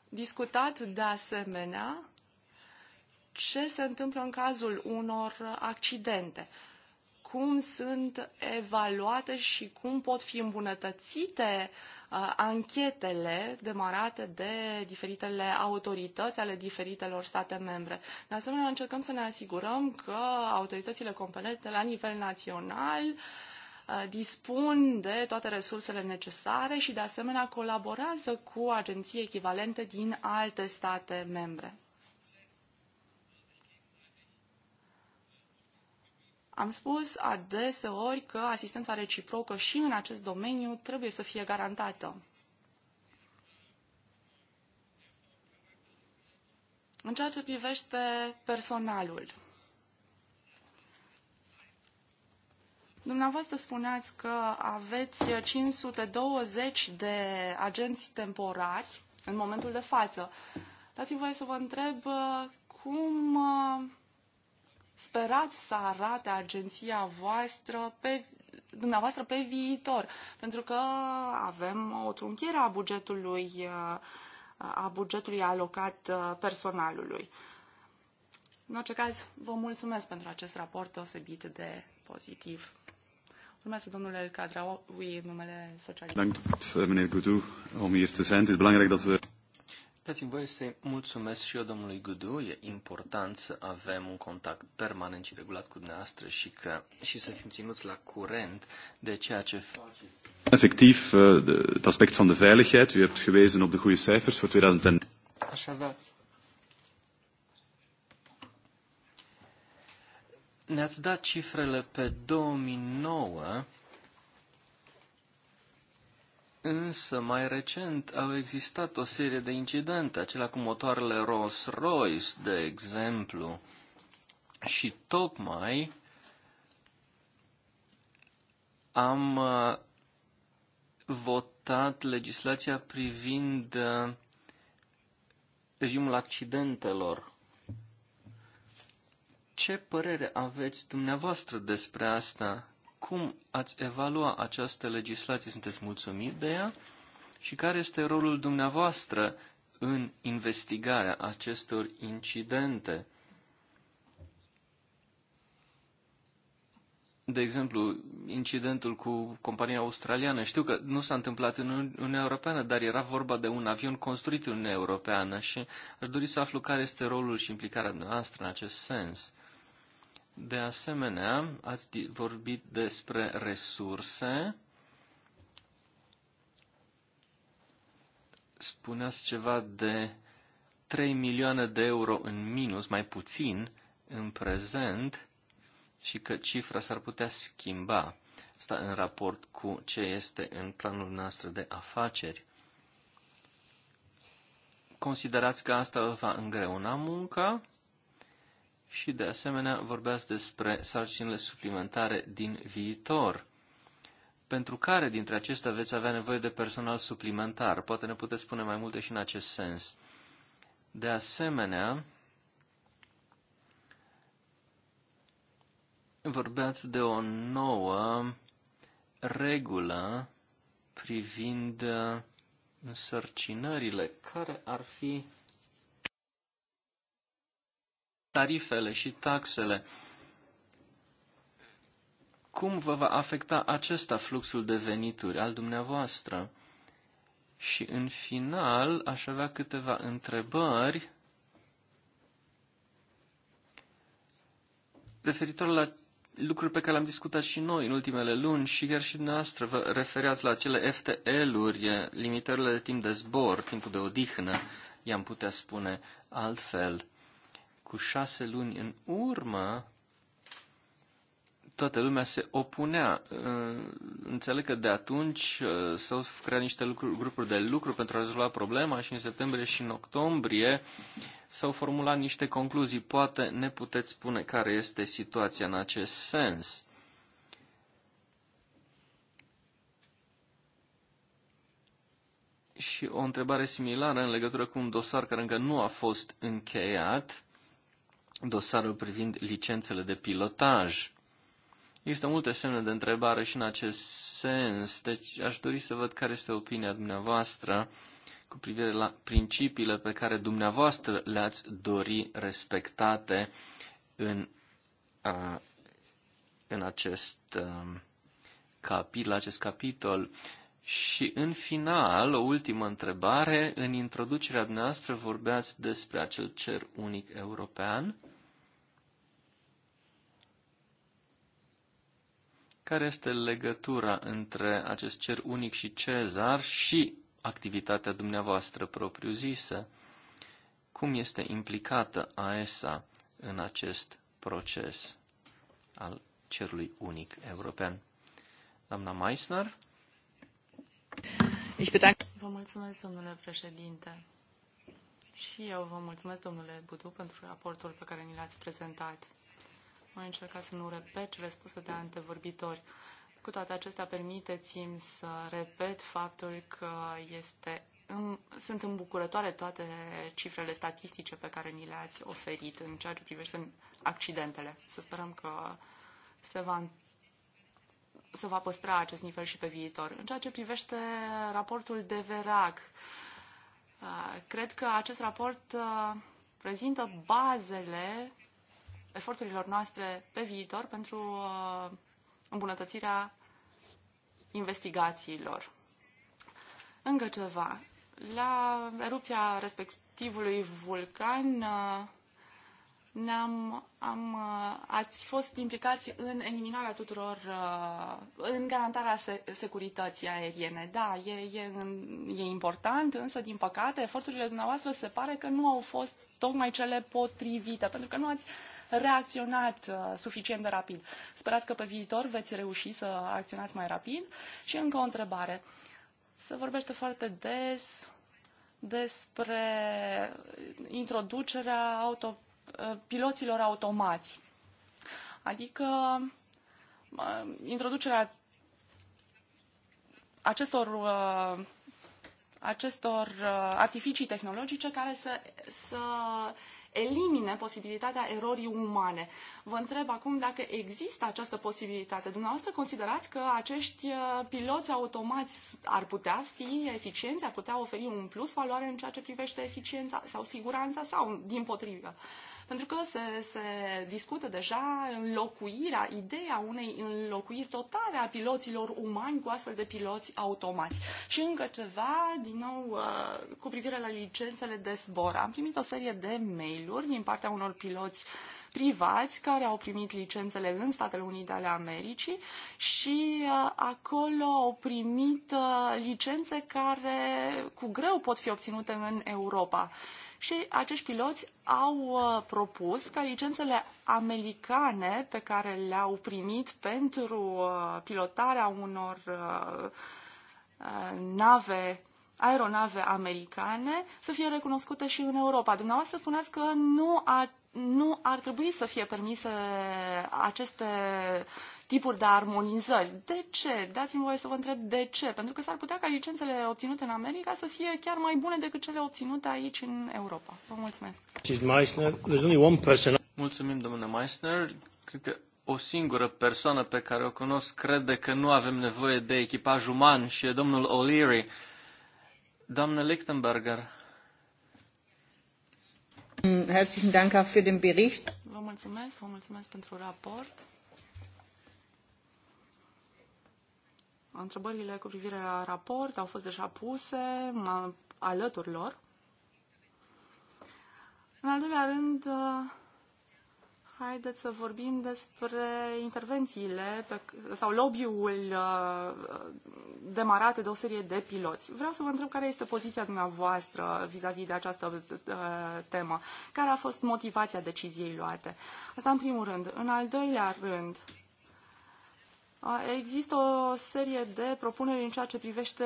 discutat de asemenea ce se întâmplă în cazul unor accidente, cum sunt evaluate și cum pot fi îmbunătățite uh, Uh, anchetele demarate de diferitele autorități ale diferitelor state membre. De asemenea, încercăm să ne asigurăm că autoritățile competente la nivel național uh, dispun de toate resursele necesare și, de asemenea, colaborează cu agenții echivalente din alte state membre. Am spus adeseori că asistența reciprocă și în acest domeniu trebuie să fie garantată. În ceea ce privește personalul, Dumneavoastră spuneați că aveți 520 de agenți temporari în momentul de față. Dați-mi voie să vă întreb uh, cum uh, sperați să arate agenția voastră pe dumneavoastră pe viitor, pentru că avem o trunchiere a bugetului, a bugetului alocat uh, personalului. În orice caz, vă mulțumesc pentru acest raport deosebit de pozitiv. Urmează domnul El Cadraui în numele socialist. Dank, meneer Coutu, om hier te belangrijk dat we... Dați-mi voie să mulțumesc și eu domnului Gudu. E important să avem un contact permanent și regulat cu dumneavoastră și, că, și să fim ținuți la curent de ceea ce faceți. Efectiv, eh, de aspect van de veiligheid. U hebt gewezen op de goede cijfers voor 2010. Așa da. ne-ați dat cifrele pe 2009 Însă, mai recent, au existat o serie de incidente, acelea cu motoarele Rolls-Royce, de exemplu, și tocmai am uh, votat legislația privind uh, regimul accidentelor. Ce părere aveți dumneavoastră despre asta? Cum ați evalua această legislație? Sunteți mulțumit de ea? Și care este rolul dumneavoastră în investigarea acestor incidente? De exemplu, incidentul cu compania australiană. Știu că nu s-a întâmplat în Uniunea Europeană, dar era vorba de un avion construit în Uniunea Europeană și aș dori să aflu care este rolul și implicarea noastră în acest sens. De asemenea, ați vorbit despre resurse. Spuneați ceva de 3 milioane de euro în minus, mai puțin, în prezent și că cifra s-ar putea schimba. Asta în raport cu ce este în planul nostru de afaceri. Considerați că asta va îngreuna munca și, de asemenea, vorbeați despre sarcinile suplimentare din viitor. Pentru care dintre acestea veți avea nevoie de personal suplimentar? Poate ne puteți spune mai multe și în acest sens. De asemenea, vorbeați de o nouă regulă privind însărcinările. Care ar fi tarifele și taxele. Cum vă va afecta acesta fluxul de venituri al dumneavoastră? Și în final aș avea câteva întrebări referitor la lucruri pe care le-am discutat și noi în ultimele luni și chiar și dumneavoastră vă refereați la acele FTL-uri, limitările de timp de zbor, timpul de odihnă, i-am putea spune altfel cu șase luni în urmă, toată lumea se opunea. Uh, înțeleg că de atunci uh, s-au creat niște lucruri, grupuri de lucru pentru a rezolva problema și în septembrie și în octombrie s-au formulat niște concluzii. Poate ne puteți spune care este situația în acest sens. Și o întrebare similară în legătură cu un dosar care încă nu a fost încheiat dosarul privind licențele de pilotaj. Există multe semne de întrebare și în acest sens, deci aș dori să văd care este opinia dumneavoastră cu privire la principiile pe care dumneavoastră le-ați dori respectate în, a, în acest a, capitol, acest capitol. Și în final, o ultimă întrebare, în introducerea noastră vorbeați despre acel cer unic european. Care este legătura între acest cer unic și Cezar și activitatea dumneavoastră propriu-zisă? Cum este implicată AESA în acest proces al cerului unic european? Doamna Meissner? Vă mulțumesc, domnule președinte. Și eu vă mulțumesc, domnule Budu, pentru raportul pe care ni l-ați prezentat. Voi încerca să nu repet cele spuse de antevorbitori. Cu toate acestea, permiteți-mi să repet faptul că este în, sunt îmbucurătoare toate cifrele statistice pe care ni le-ați oferit în ceea ce privește accidentele. Să sperăm că se va, se va păstra acest nivel și pe viitor. În ceea ce privește raportul de VERAC, uh, cred că acest raport uh, prezintă bazele eforturilor noastre pe viitor pentru uh, îmbunătățirea investigațiilor. Încă ceva. La erupția respectivului vulcan uh, ne-am, am, uh, ați fost implicați în eliminarea tuturor, în garantarea securității aeriene. Da, e, e, e important, însă, din păcate, eforturile dumneavoastră se pare că nu au fost tocmai cele potrivite, pentru că nu ați uh, reacționat uh, suficient de rapid. Sperați că pe viitor veți reuși să acționați mai rapid. Și încă o întrebare. Se vorbește foarte des despre introducerea auto, uh, piloților automați. Adică uh, introducerea acestor, acestor artificii tehnologice care să, să elimine posibilitatea erorii umane. Vă întreb acum dacă există această posibilitate. Dumneavoastră considerați că acești uh, piloți automați ar putea fi eficienți, ar putea oferi un plus valoare în ceea ce privește eficiența sau siguranța sau din potrivă? Uh, pentru că se, se discută deja înlocuirea, ideea unei înlocuiri totale a piloților umani cu astfel de piloți automați. Și încă ceva, din nou, uh, cu privire la licențele de zbor. Am primit o serie de mail-uri din partea unor piloți privați care au primit licențele în Statele Unite ale Americii și uh, acolo au primit uh, licențe care cu greu pot fi obținute în Europa și acești piloți au uh, propus ca licențele americane pe care le-au primit pentru uh, pilotarea unor uh, nave aeronave americane să fie recunoscute și în Europa. Dumneavoastră spuneați că nu a nu ar trebui să fie permise aceste tipuri de armonizări. De ce? Dați-mi voie să vă întreb de ce. Pentru că s-ar putea ca licențele obținute în America să fie chiar mai bune decât cele obținute aici în Europa. Vă mulțumesc. Mulțumim, domnule Meissner. Cred că o singură persoană pe care o cunosc crede că nu avem nevoie de echipaj uman și e domnul O'Leary Doamnă Lichtenberger. Mm, herzlichen Dank auch für den Bericht. Vă mulțumesc, vă mulțumesc pentru raport. Întrebările cu privire la raport au fost deja puse, alături lor. În al doilea rând, uh, haideți să vorbim despre intervențiile pe, sau lobby-ul uh, demarat de o serie de piloți. Vreau să vă întreb care este poziția dumneavoastră vis-a-vis -vis de această uh, temă. Care a fost motivația deciziei luate? Asta în primul rând. În al doilea rând, există o serie de propuneri în ceea ce privește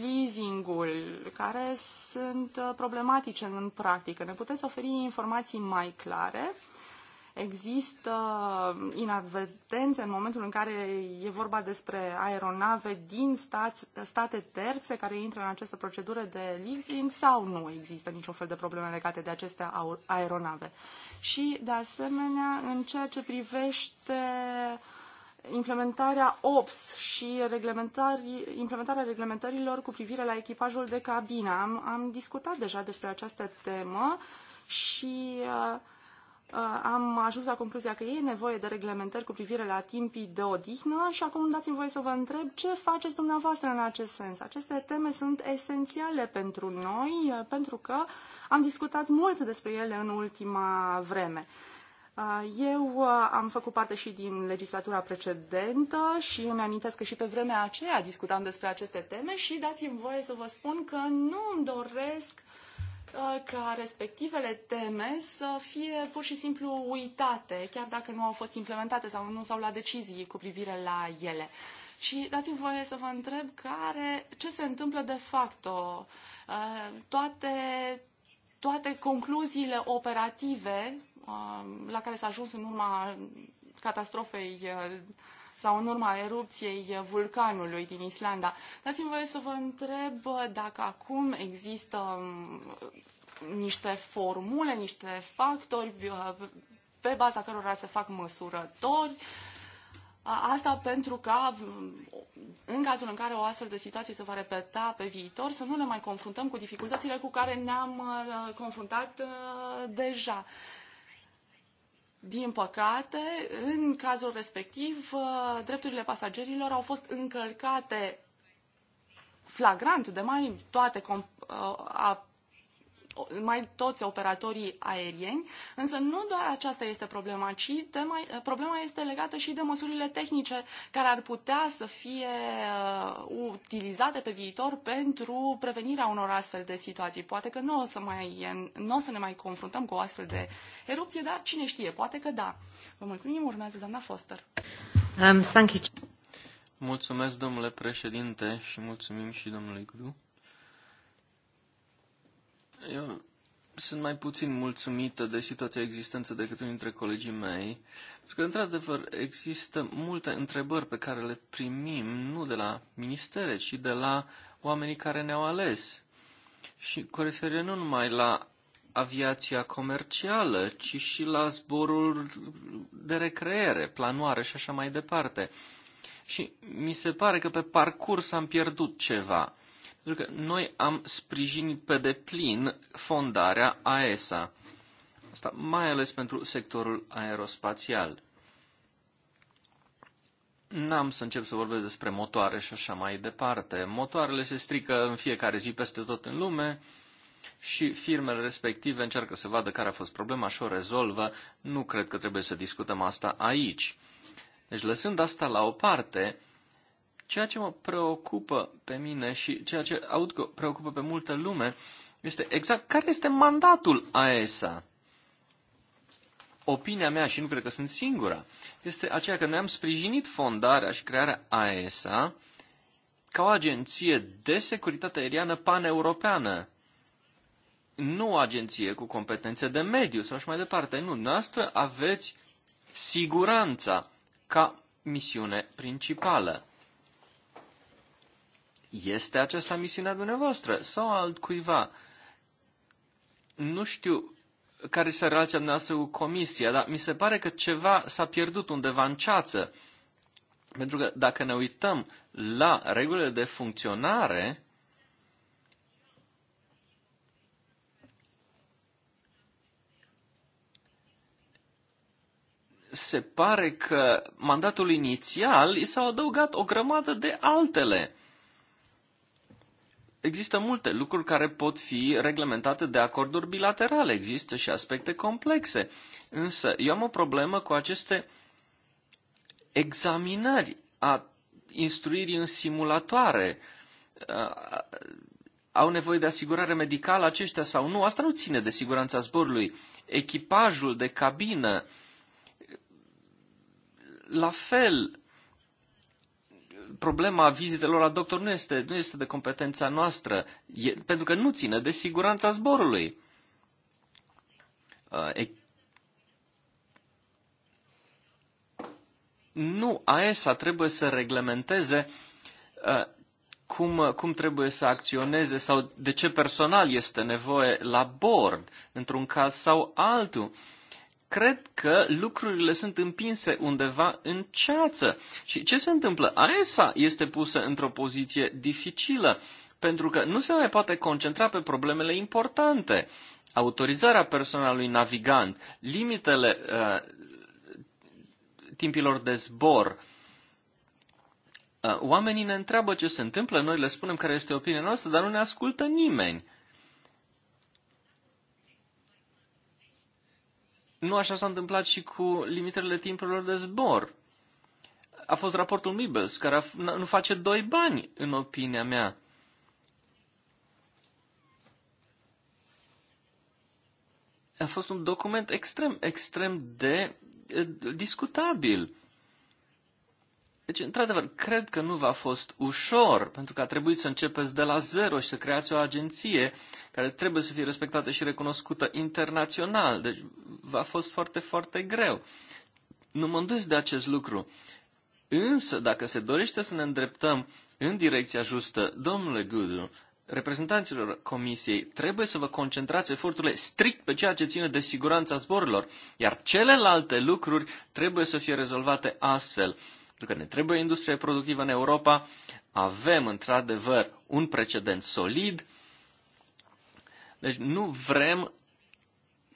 leasingul, care sunt uh, problematice în practică. Ne puteți oferi informații mai clare există inadvertențe în momentul în care e vorba despre aeronave din stați, state terțe care intră în această procedură de leasing sau nu există niciun fel de probleme legate de aceste aeronave. Și, de asemenea, în ceea ce privește implementarea OPS și reglementari, implementarea reglementărilor cu privire la echipajul de cabină. Am, am discutat deja despre această temă și uh, Uh, am ajuns la concluzia că e nevoie de reglementări cu privire la timpii de odihnă și acum dați-mi voie să vă întreb ce faceți dumneavoastră în acest sens. Aceste teme sunt esențiale pentru noi uh, pentru că am discutat mult despre ele în ultima vreme. Uh, eu am făcut parte și din legislatura precedentă și îmi amintesc că și pe vremea aceea discutam despre aceste teme și dați-mi voie să vă spun că nu îmi doresc Uh, ca respectivele teme să fie pur și simplu uitate, chiar dacă nu au fost implementate sau nu s-au luat decizii cu privire la ele. Și dați-mi voie să vă întreb care, ce se întâmplă de facto. Uh, toate, toate concluziile operative uh, la care s-a ajuns în urma catastrofei sau în urma erupției vulcanului din Islanda. Dați-mi voie să vă întreb uh, dacă acum există um, niște formule, niște factori uh, pe baza cărora se fac măsurători. Asta pentru ca, um, în cazul în care o astfel de situație se va repeta pe viitor, să nu ne mai confruntăm cu dificultățile cu care ne-am uh, confruntat deja. Din păcate, în cazul respectiv, uh, drepturile pasagerilor au fost încălcate flagrant de mai toate comp uh, mai toți operatorii aerieni, însă nu doar aceasta este problema, ci tema, problema este legată și de măsurile tehnice care ar putea să fie uh, utilizate pe viitor pentru prevenirea unor astfel de situații. Poate că nu o să, mai, nu o să ne mai confruntăm cu o astfel de erupție, dar cine știe, poate că da. Vă mulțumim, urmează doamna Foster. Um, thank you. Mulțumesc, domnule președinte, și mulțumim și domnului Gru. Eu sunt mai puțin mulțumită de situația existență decât unii dintre colegii mei, pentru că, într-adevăr, există multe întrebări pe care le primim nu de la ministere, ci de la oamenii care ne-au ales. Și cu referire nu numai la aviația comercială, ci și la zborul de recreere, planoare și așa mai departe. Și mi se pare că pe parcurs am pierdut ceva pentru că noi am sprijinit pe deplin fondarea AESA. Asta mai ales pentru sectorul aerospațial. N-am să încep să vorbesc despre motoare și așa mai departe. Motoarele se strică în fiecare zi peste tot în lume și firmele respective încearcă să vadă care a fost problema și o rezolvă. Nu cred că trebuie să discutăm asta aici. Deci, lăsând asta la o parte, Ceea ce mă preocupă pe mine și ceea ce aud că preocupă pe multă lume este exact care este mandatul AESA. Opinia mea, și nu cred că sunt singura, este aceea că noi am sprijinit fondarea și crearea AESA ca o agenție de securitate aeriană paneuropeană. Nu o agenție cu competențe de mediu sau și mai departe. Nu, noastră aveți siguranța ca misiune principală. Este aceasta misiunea dumneavoastră sau altcuiva? Nu știu care este relația dumneavoastră cu comisia, dar mi se pare că ceva s-a pierdut undeva în ceață. Pentru că dacă ne uităm la regulile de funcționare, se pare că mandatul inițial i s-au adăugat o grămadă de altele. Există multe lucruri care pot fi reglementate de acorduri bilaterale, există și aspecte complexe. Însă, eu am o problemă cu aceste examinări a instruirii în simulatoare. Au nevoie de asigurare medicală aceștia sau nu? Asta nu ține de siguranța zborului. Echipajul de cabină, la fel, problema vizitelor la doctor nu este, nu este de competența noastră, e, pentru că nu ține de siguranța zborului. Uh, e, nu, AESA trebuie să reglementeze uh, cum, cum trebuie să acționeze sau de ce personal este nevoie la bord, într-un caz sau altul. Uh, cred că lucrurile sunt împinse undeva în ceață. Și ce se întâmplă? AESA este pusă într-o poziție dificilă, pentru că nu se mai poate concentra pe problemele importante. Autorizarea personalului navigant, limitele uh, timpilor de zbor, uh, Oamenii ne întreabă ce se întâmplă, noi le spunem care este opinia noastră, dar nu ne ascultă nimeni. Nu așa s-a întâmplat și cu limitările timpurilor de zbor. A fost raportul Mibels, care nu face doi bani, în opinia mea. A fost un document extrem, extrem de discutabil. Deci, într-adevăr, cred că nu v-a fost ușor, pentru că a trebuit să începeți de la zero și să creați o agenție care trebuie să fie respectată și recunoscută internațional. Deci, v-a fost foarte, foarte greu. Nu mă îndoiesc de acest lucru. Însă, dacă se dorește să ne îndreptăm în direcția justă, domnule Gudu, reprezentanților comisiei, trebuie să vă concentrați eforturile strict pe ceea ce ține de siguranța zborurilor, iar celelalte lucruri trebuie să fie rezolvate astfel pentru că ne trebuie industrie productivă în Europa, avem într-adevăr un precedent solid, deci nu vrem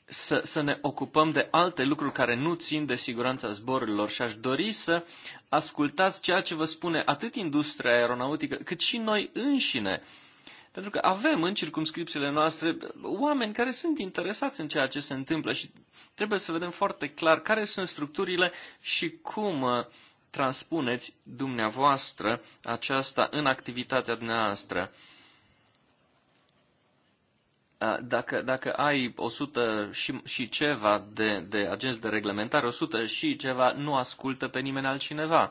să, să ne ocupăm de alte lucruri care nu țin de siguranța zborurilor și aș dori să ascultați ceea ce vă spune atât industria aeronautică cât și noi înșine. Pentru că avem în circumscripțiile noastre oameni care sunt interesați în ceea ce se întâmplă și trebuie să vedem foarte clar care sunt structurile și cum uh, transpuneți dumneavoastră aceasta în activitatea dumneavoastră. Dacă, dacă ai 100 și, și ceva de, de agenți de reglementare, 100 și ceva, nu ascultă pe nimeni altcineva.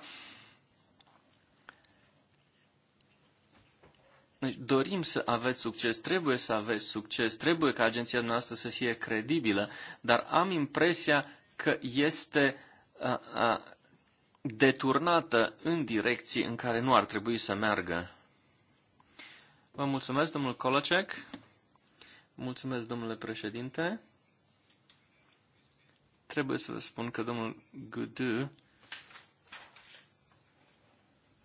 Deci dorim să aveți succes, trebuie să aveți succes, trebuie ca agenția noastră să fie credibilă, dar am impresia că este deturnată în direcții în care nu ar trebui să meargă. Vă mulțumesc, domnul Kolacek. Mulțumesc, domnule președinte. Trebuie să vă spun că domnul Gudu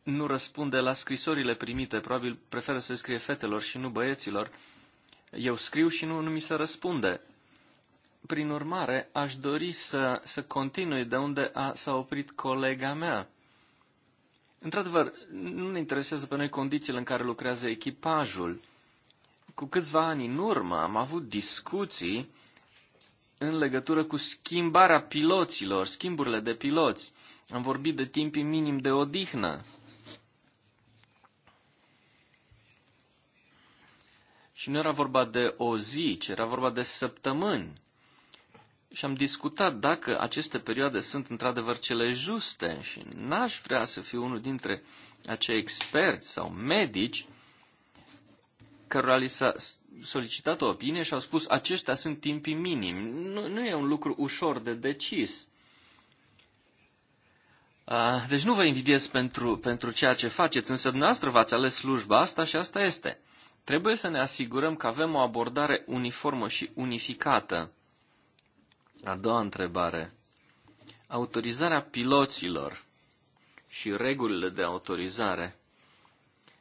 nu răspunde la scrisorile primite. Probabil preferă să scrie fetelor și nu băieților. Eu scriu și nu, nu mi se răspunde. Prin urmare, aș dori să, să continui de unde a, s-a oprit colega mea. Într-adevăr, nu ne interesează pe noi condițiile în care lucrează echipajul. Cu câțiva ani în urmă am avut discuții în legătură cu schimbarea piloților, schimburile de piloți. Am vorbit de timpii minim de odihnă. Și nu era vorba de o zi, ci era vorba de săptămâni. Și am discutat dacă aceste perioade sunt într-adevăr cele juste și n-aș vrea să fiu unul dintre acei experți sau medici cărora li s-a solicitat o opinie și au spus aceștia sunt timpii minim. Nu, nu e un lucru ușor de decis. Deci nu vă invidiez pentru, pentru ceea ce faceți, însă dumneavoastră v-ați ales slujba asta și asta este. Trebuie să ne asigurăm că avem o abordare uniformă și unificată a doua întrebare. Autorizarea piloților și regulile de autorizare.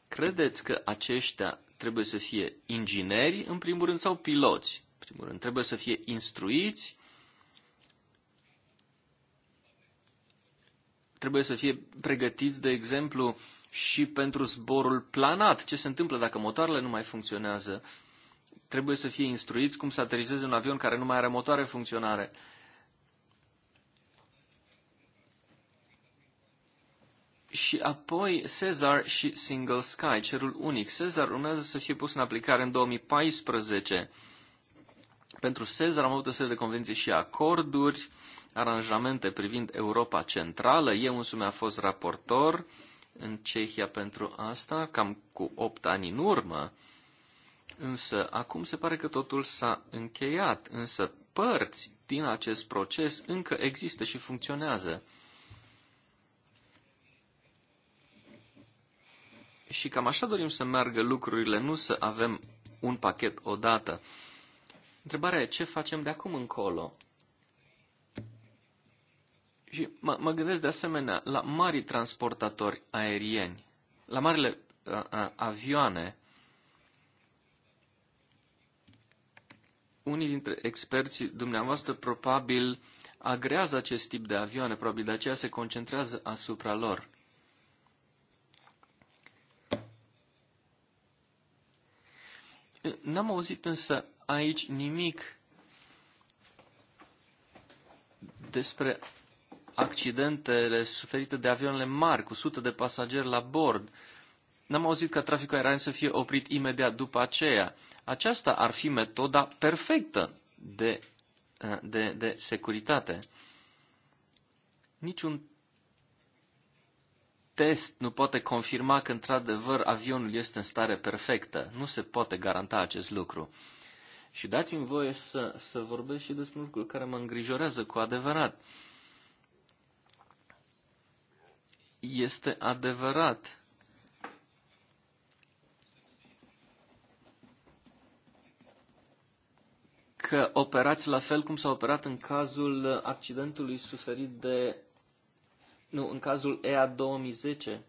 Credeți că aceștia trebuie să fie ingineri, în primul rând, sau piloți? În primul rând, trebuie să fie instruiți, trebuie să fie pregătiți, de exemplu, și pentru zborul planat. Ce se întâmplă dacă motoarele nu mai funcționează? trebuie să fie instruiți cum să aterizeze un avion care nu mai are motoare în funcționare. Și apoi Cezar și Single Sky, cerul unic. Cezar urmează să fie pus în aplicare în 2014. Pentru Cezar am avut o serie de convenții și acorduri, aranjamente privind Europa Centrală. Eu însumi a fost raportor în Cehia pentru asta, cam cu 8 ani în urmă. Însă acum se pare că totul s-a încheiat, însă părți din acest proces încă există și funcționează. Și cam așa dorim să meargă lucrurile, nu să avem un pachet odată. Întrebarea e ce facem de acum încolo? Și mă, mă gândesc de asemenea la mari transportatori aerieni, la marile a, a, avioane unii dintre experții dumneavoastră probabil agrează acest tip de avioane, probabil de aceea se concentrează asupra lor. N-am auzit însă aici nimic despre accidentele suferite de avioanele mari, cu sute de pasageri la bord. Uh, N-am auzit ca traficul aerian să fie oprit imediat după aceea. Aceasta ar fi metoda perfectă de, uh, de, de securitate. Niciun test nu poate confirma că, într-adevăr, avionul este în stare perfectă. Nu se poate garanta acest lucru. Și dați-mi voie să, să vorbesc și despre lucruri care mă îngrijorează cu adevărat. Este adevărat că operați la fel cum s-a operat în cazul accidentului suferit de... Nu, în cazul EA 2010.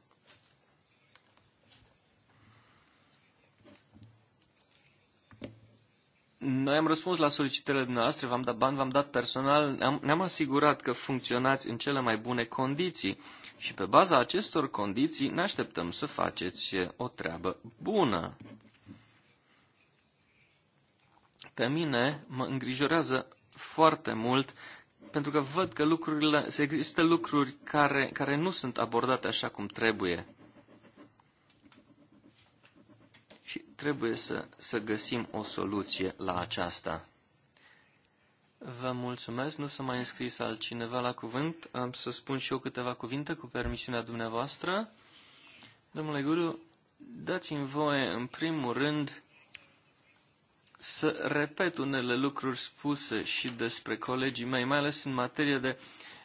Noi am răspuns la solicitările noastre, v-am dat bani, v-am dat personal, ne-am, ne asigurat că funcționați în cele mai bune condiții și pe baza acestor condiții ne așteptăm să faceți o treabă bună pe mine mă îngrijorează foarte mult pentru că văd că lucrurile, se există lucruri care, care nu sunt abordate așa cum trebuie. Și trebuie să, să găsim o soluție la aceasta. Vă mulțumesc, nu s-a mai înscris altcineva la cuvânt. Am să spun și eu câteva cuvinte cu permisiunea dumneavoastră. Domnule Guru, dați-mi voie în primul rând să repet unele lucruri spuse și despre colegii mei, mai ales în materie de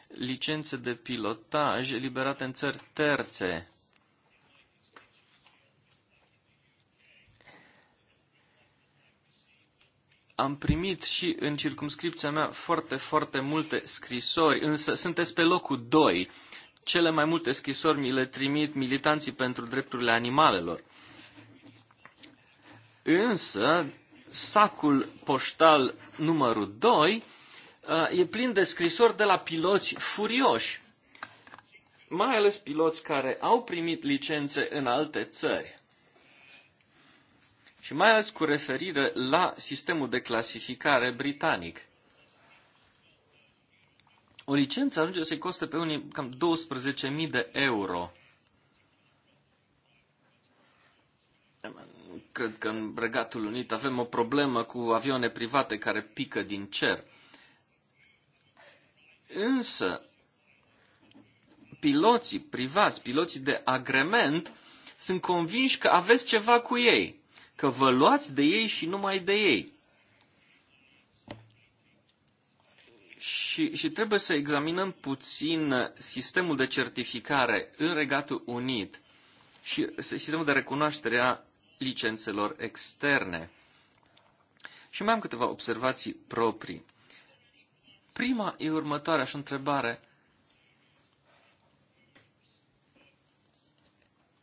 licențe de pilotaj eliberate în țări terțe. Am primit și în circumscripția mea foarte, foarte multe scrisori, însă sunteți pe locul 2. Cele mai multe scrisori mi le trimit militanții pentru drepturile animalelor. Însă, sacul poștal numărul 2 uh, e plin de scrisori de la piloți furioși, mai ales piloți care au primit licențe în alte țări. Și mai ales cu referire la sistemul de clasificare britanic. O licență ajunge să-i coste pe unii cam 12.000 de euro. cred că în Regatul Unit avem o problemă cu avioane private care pică din cer. Însă, piloții privați, piloții de agrement, sunt convinși că aveți ceva cu ei, că vă luați de ei și numai de ei. Și, și trebuie să examinăm puțin sistemul de certificare în Regatul Unit și sistemul de recunoaștere a licențelor externe. Și mai am câteva observații proprii. Prima e următoarea și întrebare.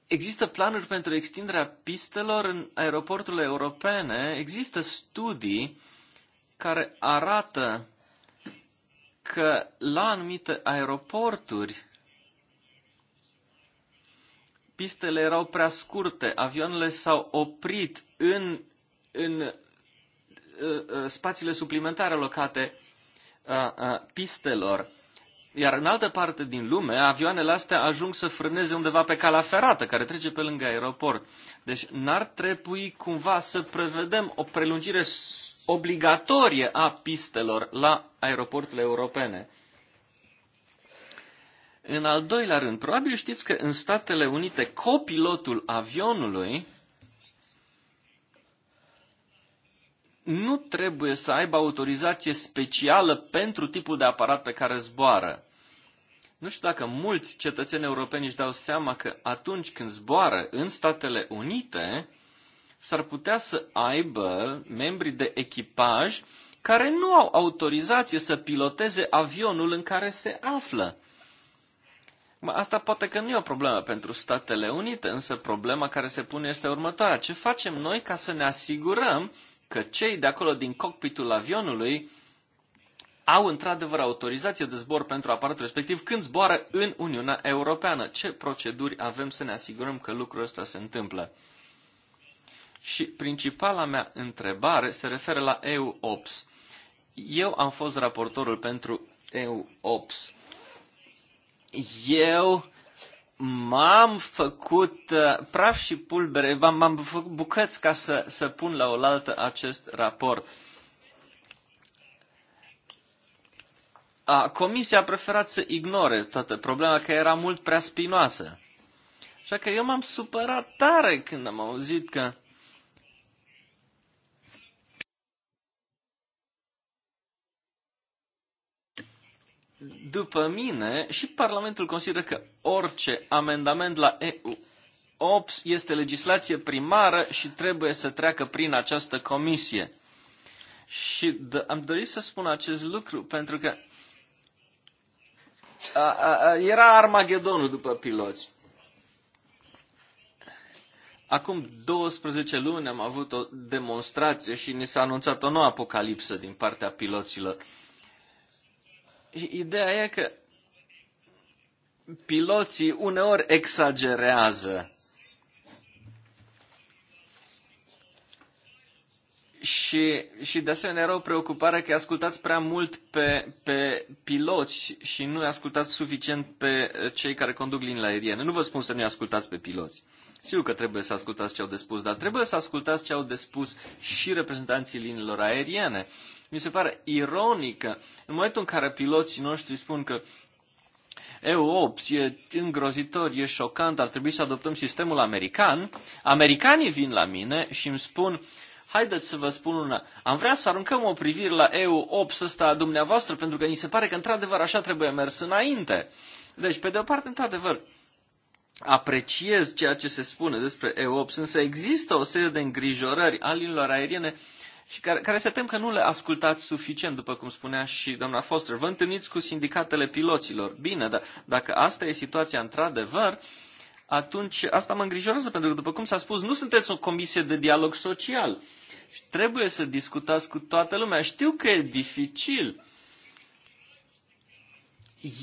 Există planuri pentru extinderea pistelor în aeroporturile europene? Există studii care arată că la anumite aeroporturi pistele erau prea scurte, avioanele s-au oprit în, în uh, uh, spațiile suplimentare alocate uh, pistelor. Iar în altă parte din lume, avioanele astea ajung să frâneze undeva pe calea ferată, care trece pe lângă aeroport. Deci n-ar trebui cumva să prevedem o prelungire obligatorie a pistelor la aeroporturile europene. În al doilea rând, probabil știți că în Statele Unite copilotul avionului nu trebuie să aibă autorizație specială pentru tipul de aparat pe care zboară. Nu știu dacă mulți cetățeni europeni își dau seama că atunci când zboară în Statele Unite, s-ar putea să aibă membri de echipaj care nu au autorizație să piloteze avionul în care se află. Asta poate că nu e o problemă pentru Statele Unite, însă problema care se pune este următoarea. Ce facem noi ca să ne asigurăm că cei de acolo din cockpitul avionului au într-adevăr autorizație de zbor pentru aparatul respectiv când zboară în Uniunea Europeană? Ce proceduri avem să ne asigurăm că lucrul ăsta se întâmplă? Și principala mea întrebare se referă la EU-OPS. Eu am fost raportorul pentru EU-OPS eu m-am făcut uh, praf și pulbere, m-am făcut bucăți ca să, să pun la oaltă acest raport. A, comisia a preferat să ignore toată problema, că era mult prea spinoasă. Așa că eu m-am supărat tare când am auzit că După mine, și Parlamentul consideră că orice amendament la EU 8 este legislație primară și trebuie să treacă prin această comisie. Și am dorit să spun acest lucru pentru că a, a, a, era Armagedonul după piloți. Acum 12 luni am avut o demonstrație și ni s-a anunțat o nouă apocalipsă din partea piloților. Uh, ideea e că piloții uneori exagerează Și, și de asemenea era o preocupare că ascultați prea mult pe, pe piloți și nu ascultați suficient pe cei care conduc linia aeriene. Nu vă spun să nu ascultați pe piloți. Sigur că trebuie să ascultați ce au de spus, dar trebuie să ascultați ce au de spus și reprezentanții liniilor aeriene. Uh, mi se pare ironică. În momentul în care piloții noștri spun că EU8 e îngrozitor, e șocant, ar trebui să adoptăm sistemul american, americanii vin la mine și îmi spun, haideți să vă spun una, am vrea să aruncăm o privire la EU8 ăsta a dumneavoastră, pentru că ni se pare că într-adevăr așa trebuie mers înainte. Deci, pe de o parte, într-adevăr, apreciez ceea ce se spune despre Eo8, însă există o serie de îngrijorări a liniilor aeriene și care, care se tem că nu le ascultați suficient, după cum spunea și doamna Foster. Vă întâlniți cu sindicatele piloților. Bine, dar dacă asta e situația într-adevăr, atunci asta mă îngrijorează, pentru că, după cum s-a spus, nu sunteți o comisie de dialog social. Și trebuie să discutați cu toată lumea. Știu că e dificil.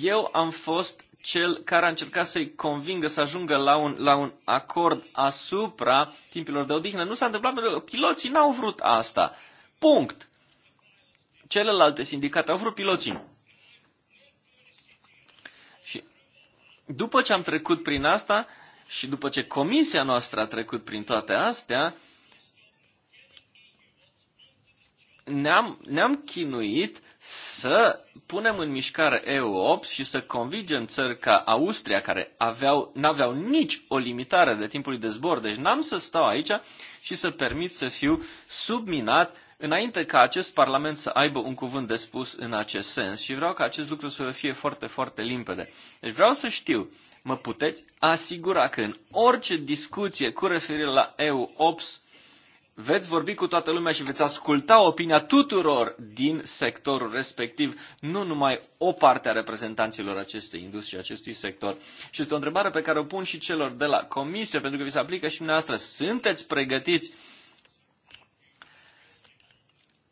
Eu am fost cel care a încercat să-i convingă să ajungă la un, la un acord asupra timpilor de odihnă. Nu s-a întâmplat pentru că piloții n-au vrut asta. Punct. Celelalte sindicate au vrut piloții Și după ce am trecut prin asta și după ce comisia noastră a trecut prin toate astea, ne-am, ne-am chinuit să punem în mișcare EU8 și să convingem țări ca Austria, care aveau, n-aveau nici o limitare de timpului de zbor, deci n-am să stau aici și să permit să fiu subminat înainte ca acest Parlament să aibă un cuvânt de spus în acest sens. Și vreau ca acest lucru să fie foarte, foarte limpede. Deci vreau să știu, mă puteți asigura că în orice discuție cu referire la EU8 veți vorbi cu toată lumea și veți asculta opinia tuturor din sectorul respectiv, nu numai o parte a reprezentanților acestei industrie, acestui sector. Și este o întrebare pe care o pun și celor de la comisie, pentru că vi se aplică și dumneavoastră. Sunteți pregătiți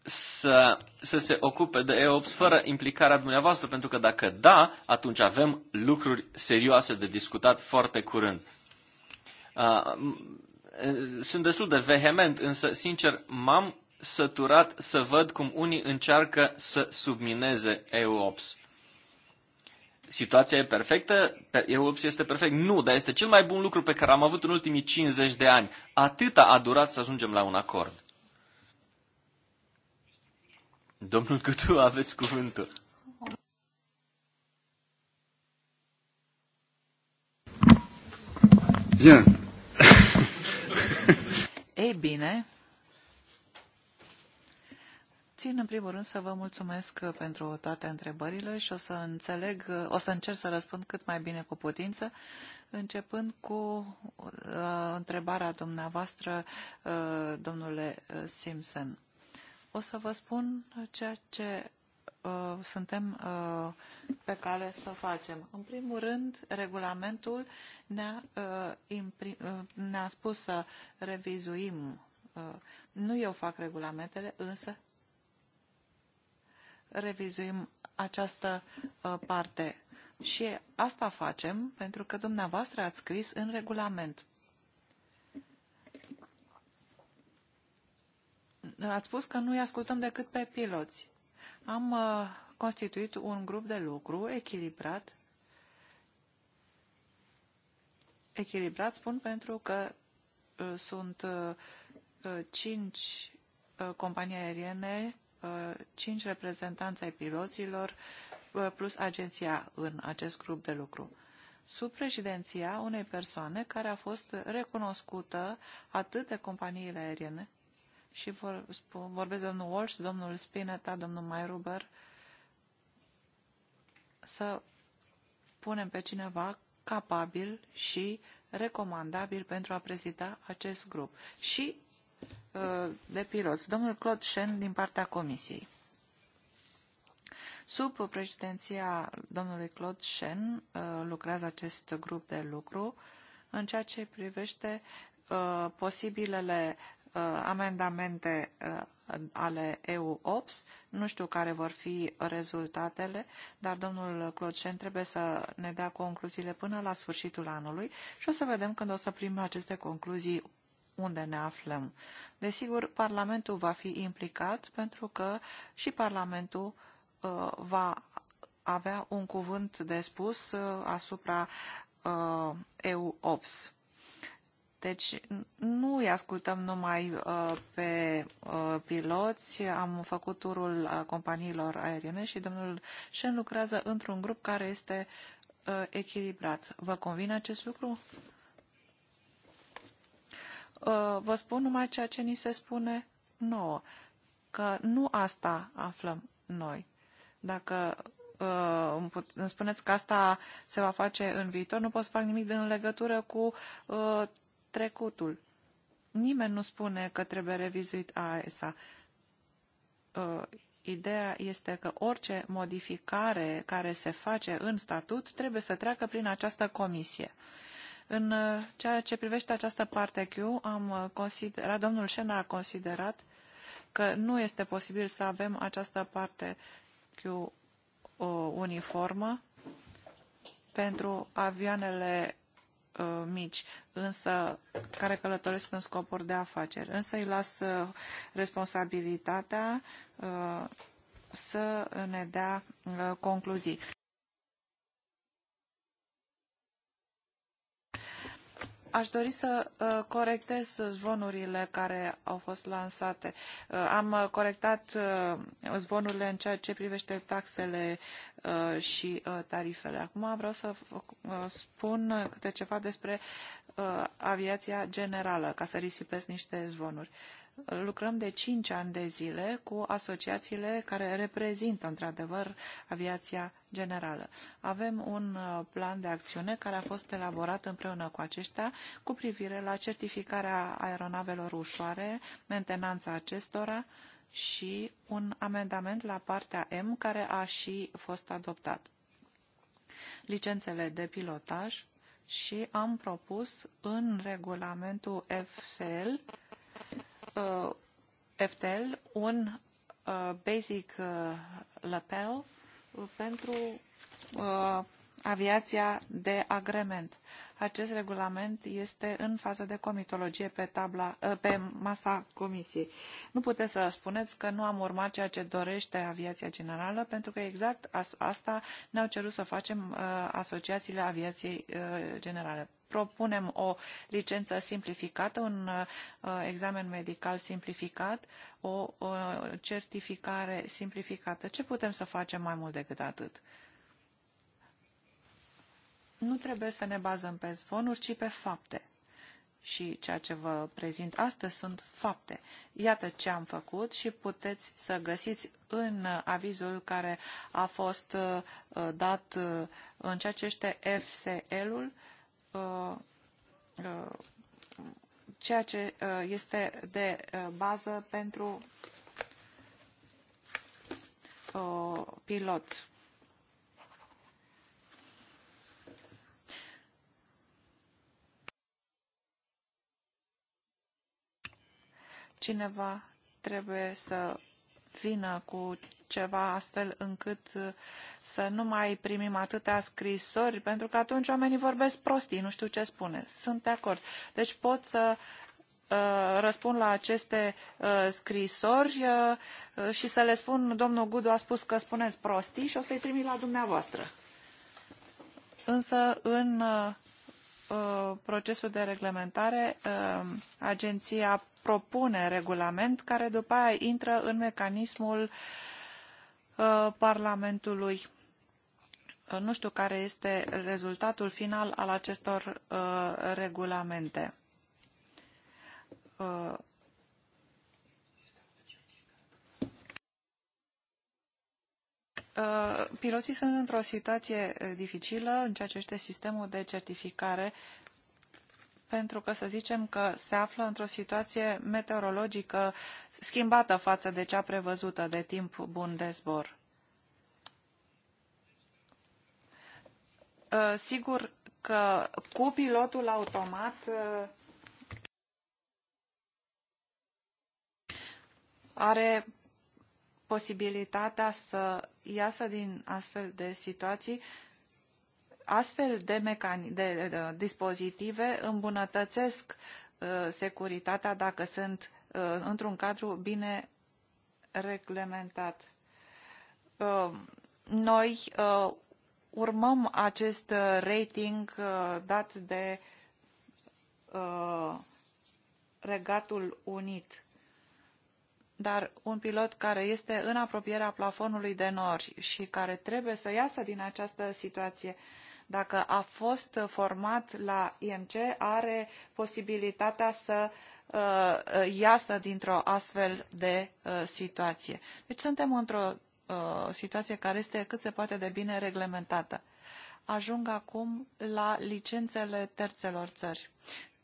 să, să se ocupe de EOPS fără implicarea dumneavoastră, pentru că dacă da, atunci avem lucruri serioase de discutat foarte curând. Uh, Eh, sunt destul de vehement, însă, sincer, m-am săturat să văd cum unii încearcă să submineze EUOPS. Situația e perfectă, EUOPS este perfect. Nu, dar este cel mai bun lucru pe care am avut în ultimii 50 de ani. Atâta a durat să ajungem la un acord. Domnul Cătu, aveți cuvântul. Bien, ei bine, țin în primul rând să vă mulțumesc uh, pentru toate întrebările și o să înțeleg, uh, o să încerc să răspund cât mai bine cu putință, începând cu uh, întrebarea dumneavoastră, uh, domnule uh, Simpson. O să vă spun ceea ce Uh, suntem uh, pe cale să facem. În primul rând, regulamentul ne-a, uh, ne spus să revizuim. nu eu fac regulamentele, însă revizuim această parte. Și asta facem pentru că dumneavoastră ați scris în regulament. Ați spus că nu-i ascultăm decât pe piloți am uh, constituit un grup de lucru echilibrat. Echilibrat spun pentru că uh, sunt uh, cinci companii aeriene, cinci reprezentanți ai piloților, plus agenția în acest grup de lucru sub președinția unei persoane care a fost recunoscută atât de companiile aeriene, și vor, vorbesc domnul Walsh, domnul Spinetta, domnul Mayruber, să punem pe cineva capabil și recomandabil pentru a prezida acest grup. Și uh, de pilot, domnul Claude Shen din partea Comisiei. Sub președinția domnului Claude Shen uh, lucrează acest grup de lucru în ceea ce privește uh, posibilele Uh, amendamente uh, ale eu Ops. Nu știu care vor fi rezultatele, dar domnul Clocen trebuie să ne dea concluziile până la sfârșitul anului și o să vedem când o să primim aceste concluzii unde ne aflăm. Desigur, Parlamentul va fi implicat pentru că și Parlamentul uh, va avea un cuvânt de spus asupra EU-OPS. Deci nu îi ascultăm numai uh, pe uh, piloți, am făcut turul uh, companiilor aeriene și domnul Shen lucrează într-un grup care este echilibrat. Vă convine acest lucru? Vă spun numai ceea ce ni se spune nouă, că nu asta aflăm noi. Dacă îmi spuneți că asta se va face în viitor, nu pot să fac nimic în legătură cu trecutul. Nimeni nu spune că trebuie revizuit AESA. Uh, ideea este că orice modificare care se face în statut trebuie să treacă prin această comisie. În uh, ceea ce privește această parte Q, am uh, considerat, domnul Șen a considerat că nu este posibil să avem această parte Q uniformă pentru avioanele Uh, mici, însă care călătoresc în scopuri de afaceri. Însă îi las uh, responsabilitatea uh, să ne dea concluzii. Aș dori să uh, corectez zvonurile care au fost lansate. Uh, am uh, corectat zvonurile în ceea ce privește taxele și tarifele. Acum vreau să spun câte ceva despre aviația generală, ca să risipesc niște zvonuri lucrăm de 5 ani de zile cu asociațiile care reprezintă, într-adevăr, aviația generală. Avem un uh, plan de acțiune care a fost elaborat împreună cu aceștia cu privire la certificarea aeronavelor ușoare, mentenanța acestora și un amendament la partea M care a și fost adoptat. Licențele de pilotaj și am propus în regulamentul FSL Uh, FTL un uh, basic uh, lapel pentru aviația de agrement. Acest regulament este în fază de comitologie pe, tabla, pe masa comisiei. Nu puteți să spuneți că nu am urmat ceea ce dorește aviația generală, pentru că exact asta ne-au cerut să facem asociațiile aviației generale propunem o licență simplificată, un uh, examen medical simplificat, o certificare simplificată. Ce putem să facem mai mult decât atât? Nu trebuie să ne bazăm pe zvonuri, ci pe fapte și ceea ce vă prezint astăzi sunt fapte. Iată ce am făcut și puteți să găsiți în avizul care a fost uh, dat uh, în ceea ce este FSL-ul Uh, uh, ceea ce uh, este de bază pentru pilot. Cineva trebuie să vină cu ceva astfel încât uh, să nu mai primim atâtea scrisori, pentru că atunci oamenii vorbesc prostii, nu știu ce spune. Sunt de acord. Deci pot să uh, răspund la aceste uh, scrisori și să le spun, domnul Gudu a spus că spuneți prostii și o să-i trimit la dumneavoastră. Însă în procesul de reglementare, agenția propune regulament care după aia intră în mecanismul uh, Uh, Parlamentului. Uh, nu știu care este rezultatul final al acestor uh, regulamente. Piloții sunt într-o situație dificilă în ceea ce este sistemul de certificare pentru că să zicem că se află într-o situație meteorologică schimbată față de cea prevăzută de timp bun de zbor. Uh, sigur că cu pilotul automat uh, are posibilitatea să iasă din astfel de situații astfel de, mecani- de, de, de dispozitive îmbunătățesc uh, securitatea dacă sunt uh, într-un cadru bine reglementat. Uh, noi uh, urmăm acest rating uh, dat de uh, Regatul Unit dar un pilot care este în apropierea plafonului de nori și care trebuie să iasă din această situație dacă a fost format la IMC, are posibilitatea să uh, iasă dintr-o astfel de uh, situație. Deci suntem într-o uh, situație care este cât se poate de bine reglementată. Ajung acum la licențele terțelor țări.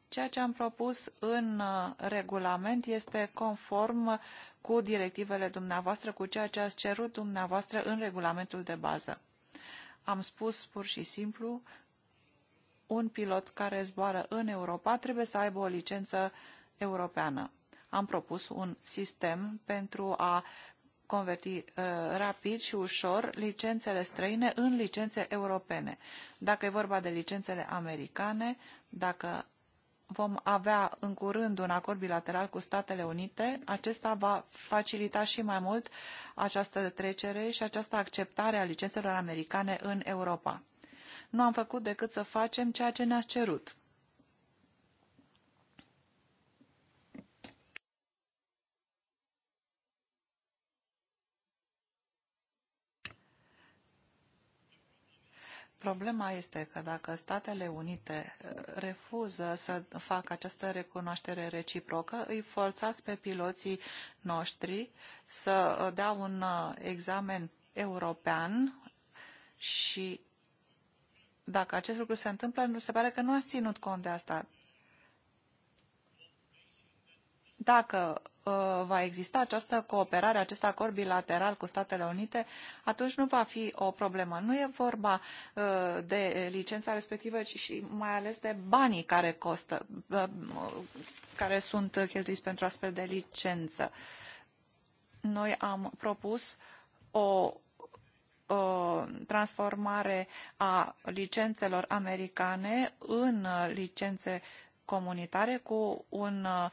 Ceea ce am propus în uh, regulament este conform cu directivele dumneavoastră, cu ceea ce ați cerut dumneavoastră în regulamentul de bază. Am spus pur și simplu, un pilot care zboară în Europa trebuie să aibă o licență europeană. Am propus un sistem pentru a converti uh, rapid și ușor licențele străine în licențe europene. Dacă e vorba de licențele americane, dacă vom avea în curând un acord bilateral cu Statele Unite. Acesta va facilita și mai mult această trecere și această acceptare a licențelor americane în Europa. Nu am făcut decât să facem ceea ce ne-ați cerut. Problema este că dacă Statele Unite uh, refuză să facă această recunoaștere reciprocă, îi forțați pe piloții noștri să uh, dea un uh, examen european și dacă acest lucru se întâmplă, nu se pare că nu ați ținut cont de asta. Dacă Uh, va exista această cooperare, acest acord bilateral cu Statele Unite, atunci nu va fi o problemă. Nu e vorba uh, de licența respectivă, ci și mai ales de banii care costă, uh, care sunt cheltuiți pentru astfel de licență. Noi am propus o transformare a licențelor americane în licențe comunitare cu un uh,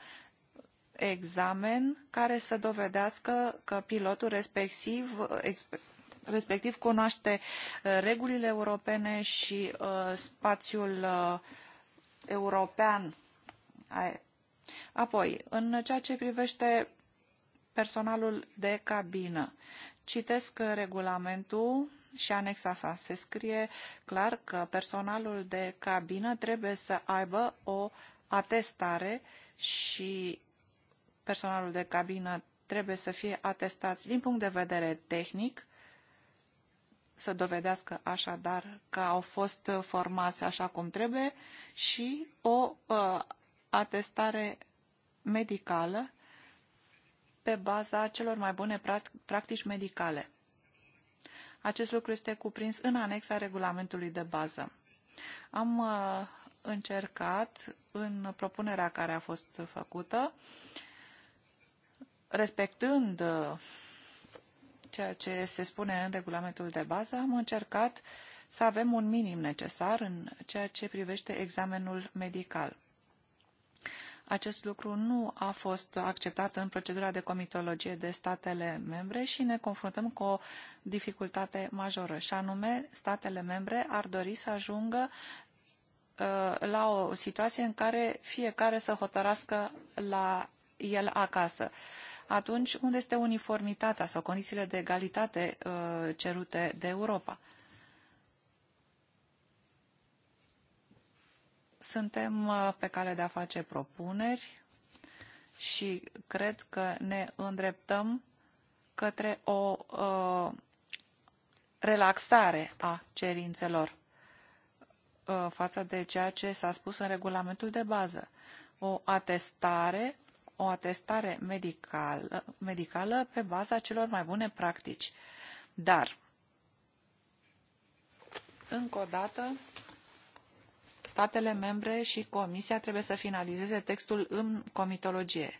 examen care să dovedească că pilotul respectiv, respectiv cunoaște uh, regulile europene și uh, spațiul uh, european. Apoi, în ceea ce privește personalul de cabină, citesc regulamentul și anexa sa. Se scrie clar că personalul de cabină trebuie să aibă o atestare și personalul de cabină trebuie să fie atestați din punct de vedere tehnic, să dovedească așadar că au fost formați așa cum trebuie și o uh, atestare medicală pe baza celor mai bune practici medicale. Acest lucru este cuprins în anexa regulamentului de bază. Am uh, încercat în propunerea care a fost făcută respectând uh, ceea ce se spune în regulamentul de bază, am încercat să avem un minim necesar în ceea ce privește examenul medical. Acest lucru nu a fost acceptat în procedura de comitologie de statele membre și ne confruntăm cu o dificultate majoră, și anume statele membre ar dori să ajungă uh, la o situație în care fiecare să hotărască la el acasă atunci unde este uniformitatea sau condițiile de egalitate uh, cerute de Europa? Suntem uh, pe cale de a face propuneri și cred că ne îndreptăm către o uh, relaxare a cerințelor uh, față de ceea ce s-a spus în regulamentul de bază. O atestare o atestare medicală, medicală pe baza celor mai bune practici. Dar, încă o dată, statele membre și Comisia trebuie să finalizeze textul în comitologie.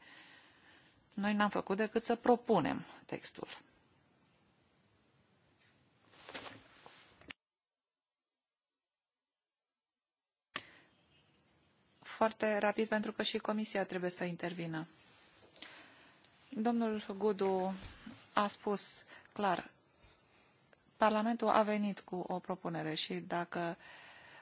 Noi n-am făcut decât să propunem textul. foarte rapid pentru că și Comisia trebuie să intervină. Domnul Gudu a spus clar, Parlamentul a venit cu o propunere și dacă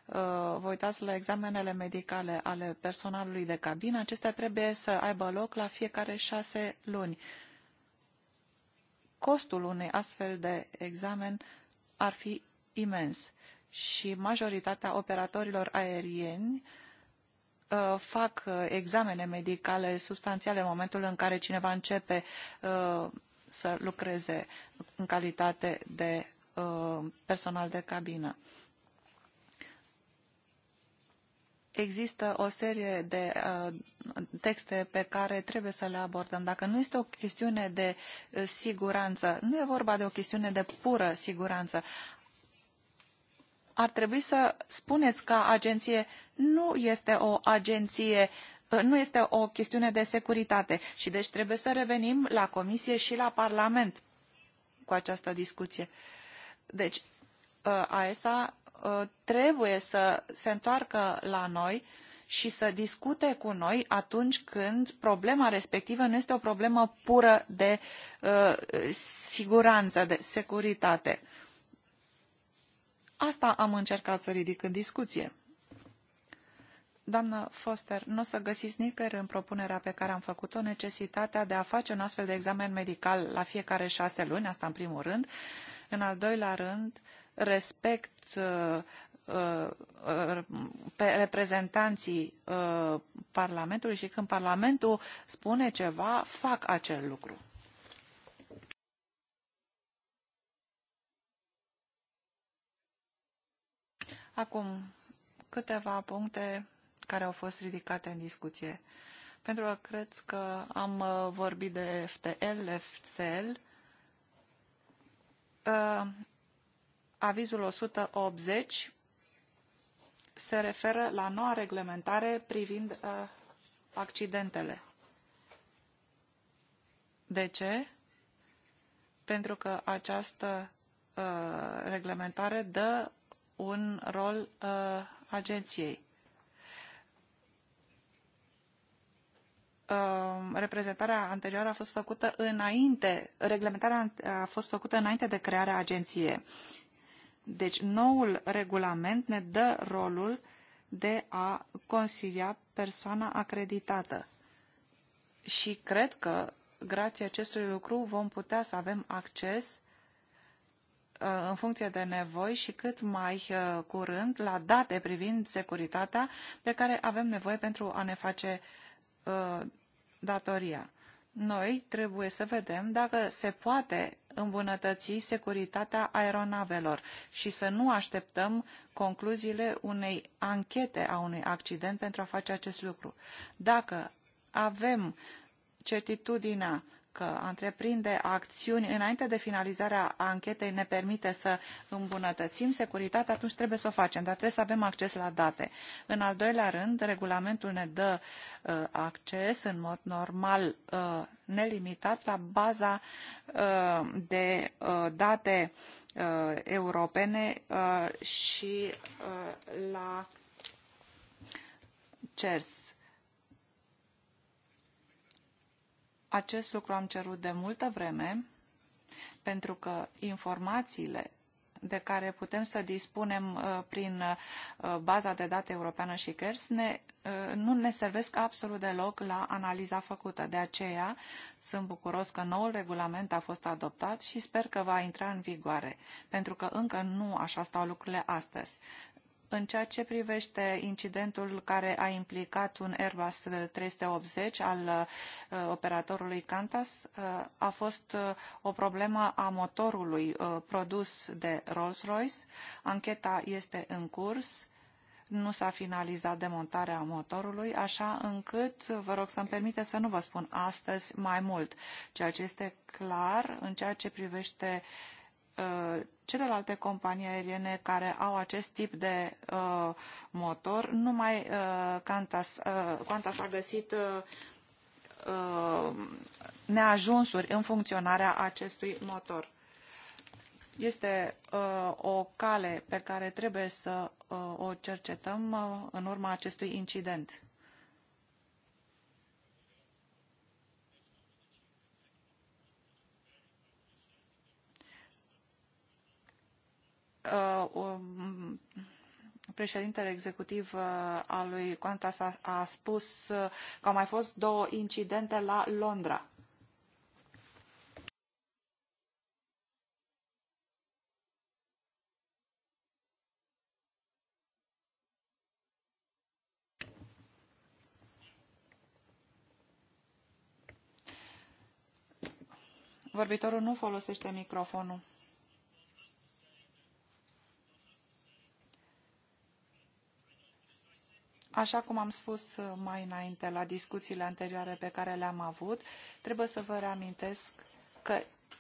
uh, vă uitați la examenele medicale ale personalului de cabină, acestea trebuie să aibă loc la fiecare șase luni. Costul unei astfel de examen ar fi imens și majoritatea operatorilor aerieni Uh, fac uh, examene medicale substanțiale în momentul în care cineva începe uh, să lucreze în calitate de personal de cabină. Există o serie de texte pe care trebuie să le abordăm. Dacă nu este o chestiune de siguranță, nu e vorba de o chestiune de pură siguranță ar trebui să spuneți ca agenție nu este o agenție uh, nu este o chestiune de securitate și deci trebuie să revenim la Comisie și la Parlament cu această discuție. Deci, AESA uh, uh, trebuie să se întoarcă la noi și să discute cu noi atunci când problema respectivă nu este o problemă pură de uh, siguranță, de securitate. Asta am încercat să ridic în discuție. Doamnă Foster, nu o să găsiți nicăieri în propunerea pe care am făcut-o necesitatea de a face un astfel de examen medical la fiecare șase luni, asta în primul rând. În al doilea rând, respect uh, uh, uh pe reprezentanții uh, Parlamentului și când Parlamentul spune ceva, fac acel lucru. Acum, câteva puncte care au fost ridicate în discuție. Pentru că cred că am uh, vorbit de FTL, FCL. Uh, avizul 180 se referă la noua reglementare privind uh, accidentele. De ce? Pentru că această reglementare dă un rol uh, agenției. Uh, reprezentarea anterioară a fost făcută înainte, reglementarea a fost făcută înainte de crearea agenției. Deci noul regulament ne dă rolul de a consilia persoana acreditată. Și cred că, grație acestui lucru, vom putea să avem acces Uh, în funcție de nevoi și cât mai uh, curând la date privind securitatea de care avem nevoie pentru a ne face uh, datoria. Noi trebuie să vedem dacă se poate îmbunătăți securitatea aeronavelor și să nu așteptăm concluziile unei anchete a unui accident pentru a face acest lucru. Dacă avem certitudinea că a întreprinde acțiuni înainte de finalizarea anchetei ne permite să îmbunătățim securitatea, atunci trebuie să o facem, dar trebuie să avem acces la date. În al doilea rând, regulamentul ne dă uh, acces în mod normal uh, nelimitat la baza uh, de uh, date uh, europene uh, și la CERS Acest lucru am cerut de multă vreme, pentru că informațiile de care putem să dispunem uh, prin uh, baza de date europeană și CERS ne, uh, nu ne servesc absolut deloc la analiza făcută. De aceea sunt bucuros că noul regulament a fost adoptat și sper că va intra în vigoare, pentru că încă nu așa stau lucrurile astăzi. În ceea ce privește incidentul care a implicat un Airbus 380 al uh, operatorului Qantas, uh, a fost uh, o problemă a motorului produs de Rolls-Royce. Ancheta este în curs nu s-a finalizat demontarea motorului, așa încât vă rog să-mi permite să nu vă spun astăzi mai mult. Ceea ce este clar în ceea ce privește uh, Uh, celelalte companii aeriene care au acest tip de uh, motor, numai uh, Qantas, uh, Qantas a găsit uh, uh, neajunsuri în funcționarea acestui motor. Este uh, o cale pe care trebuie să uh, o cercetăm uh, în urma acestui incident. Uh, um, președintele executiv uh, al lui Qantas a, a spus uh, că au mai fost două incidente la Londra. Vorbitorul nu folosește microfonul. Așa cum am spus uh, mai înainte la discuțiile anterioare pe care le-am avut, trebuie să vă reamintesc că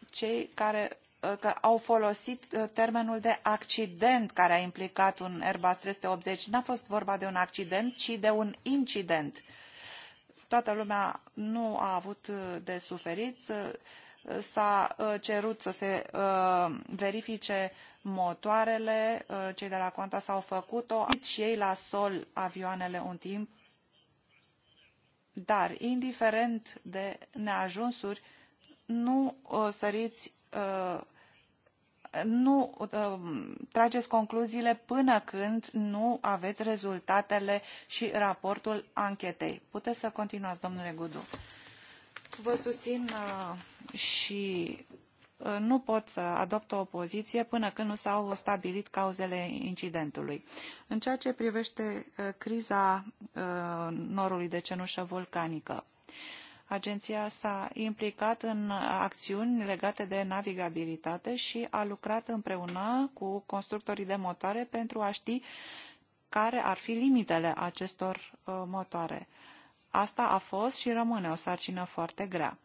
cei care uh, că au folosit uh, termenul de accident care a implicat un Airbus 380. N-a fost vorba de un accident, ci de un incident. Toată lumea nu a avut de suferit s-a uh, cerut să se uh, verifice motoarele, uh, cei de la Quanta s-au făcut-o, și ei la sol avioanele un timp, dar indiferent de neajunsuri, nu săriți, nu trageți concluziile până când nu aveți rezultatele și raportul anchetei. Puteți să continuați, domnule Gudu. Vă susțin uh, și uh, nu pot să adopt o poziție până când nu s-au stabilit cauzele incidentului. În ceea ce privește uh, criza norului de cenușă vulcanică, Agenția s-a implicat în acțiuni legate de navigabilitate și a lucrat împreună cu constructorii de motoare pentru a ști care ar fi limitele acestor motoare. Asta a fost și rămâne o sarcină foarte grea.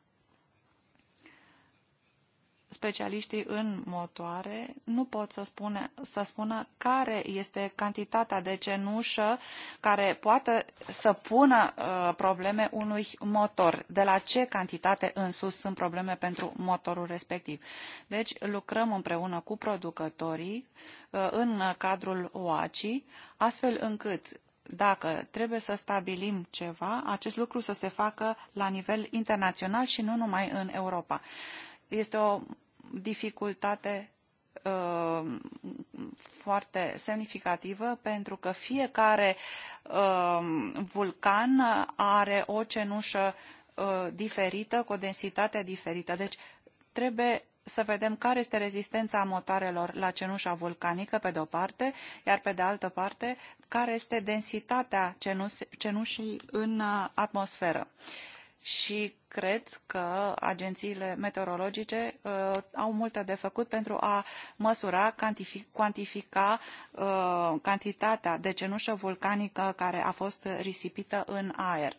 Specialiștii în motoare nu pot să, spune, să spună care este cantitatea de cenușă care poate să pună uh, probleme unui motor, de la ce cantitate în sus sunt probleme pentru motorul respectiv. Deci lucrăm împreună cu producătorii uh, în cadrul OACI, astfel încât dacă trebuie să stabilim ceva, acest lucru să se facă la nivel internațional și nu numai în Europa. Este o dificultate uh, foarte semnificativă pentru că fiecare uh, vulcan are o cenușă uh, diferită, cu o densitate diferită. Deci trebuie să vedem care este rezistența motoarelor la cenușa vulcanică, pe de-o parte, iar pe de altă parte, care este densitatea cenușii în uh, atmosferă. Și cred că agențiile meteorologice uh, au multe de făcut pentru a măsura, cantific, cuantifica uh, cantitatea de cenușă vulcanică care a fost risipită în aer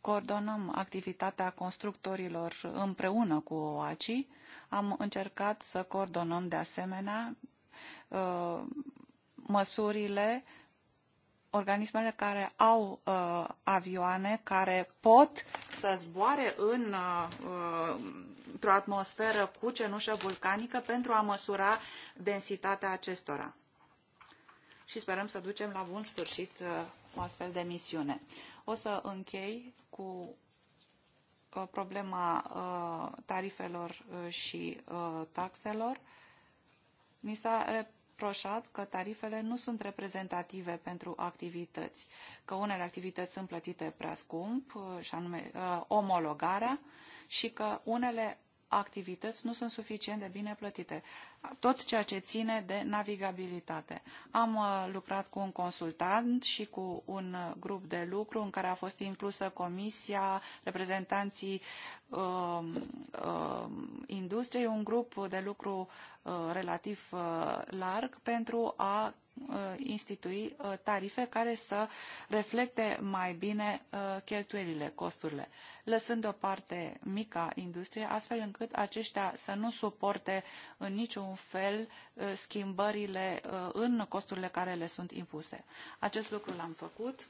coordonăm activitatea constructorilor împreună cu OACI. Am încercat să coordonăm de asemenea uh, măsurile organismele care au uh, avioane, care pot să zboare în, uh, într-o atmosferă cu cenușă vulcanică pentru a măsura densitatea acestora. Și sperăm să ducem la bun sfârșit uh, o astfel de misiune. O să închei cu uh, problema uh, tarifelor uh, și taxelor. Mi s-a reproșat că tarifele nu sunt reprezentative pentru activități, că unele activități sunt plătite prea scump, și anume omologarea, și că unele activități nu sunt suficient de bine plătite. Tot ceea ce ține de navigabilitate. Am uh, lucrat cu un consultant și cu un uh, grup de lucru în care a fost inclusă comisia, reprezentanții uh, uh, industriei, un grup de lucru uh, relativ uh, larg pentru a Uh, institui uh, tarife care să reflecte mai bine uh, cheltuielile, costurile, lăsând deoparte mica industrie, astfel încât aceștia să nu suporte în niciun fel schimbările în costurile care le sunt impuse. Acest lucru l-am făcut.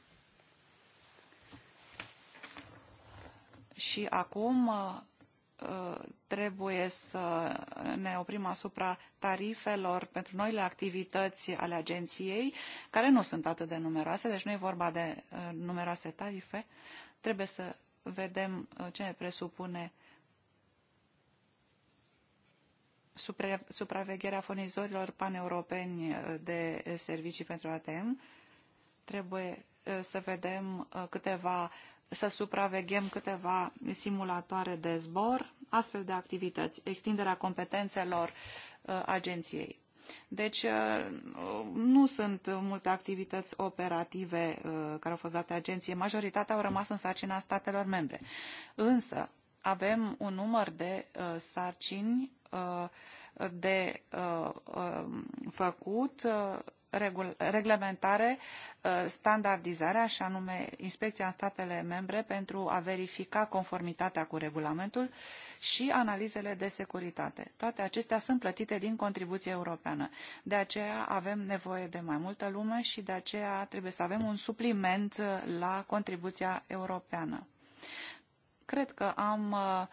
și acum trebuie să ne oprim asupra tarifelor pentru noile activități ale agenției, care nu sunt atât de numeroase, deci nu e vorba de uh, numeroase tarife. Trebuie să vedem uh, ce presupune supravegherea furnizorilor paneuropeni uh, de servicii pentru ATM. Trebuie să vedem câteva să supraveghem câteva simulatoare de zbor, astfel de activități, extinderea competențelor uh, agenției. Deci uh, nu sunt multe activități operative uh, care au fost date agenției. Majoritatea au rămas în sarcina statelor membre. Însă avem un număr de sarcini de făcut reglementare, uh, standardizarea, și anume inspecția în statele membre pentru a verifica conformitatea cu regulamentul și analizele de securitate. Toate acestea sunt plătite din contribuție europeană. De aceea avem nevoie de mai multă lume și de aceea trebuie să avem un supliment uh, la contribuția europeană. Cred că am uh,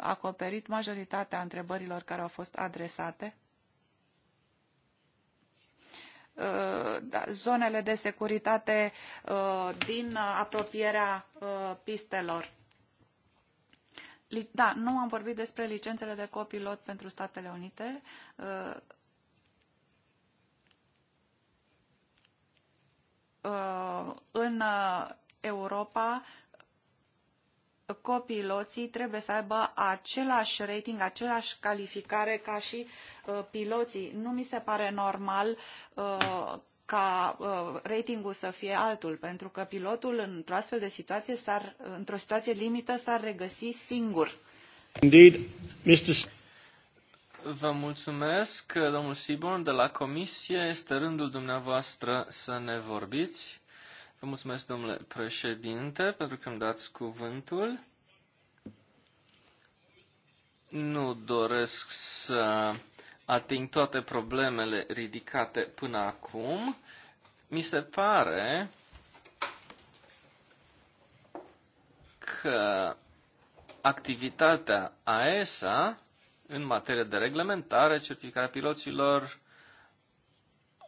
acoperit majoritatea întrebărilor care au fost adresate Uh, da, zonele de securitate uh, din apropierea uh, pistelor. Da, nu am vorbit despre licențele de copilot pentru Statele Unite. În Europa, copiloții trebuie să aibă același rating, același calificare ca și Uh, piloții. Nu mi se pare normal uh, ca uh, ratingul să fie altul, pentru că pilotul într-o astfel de situație, într-o situație limită, s-ar regăsi singur. Indeed, Mr. Vă mulțumesc, domnul Sibon, de la Comisie. Este rândul dumneavoastră să ne vorbiți. Vă mulțumesc, domnule președinte, pentru că îmi dați cuvântul. Nu doresc să ating toate problemele ridicate până acum, mi se pare că activitatea AESA în materie de reglementare, certificarea piloților,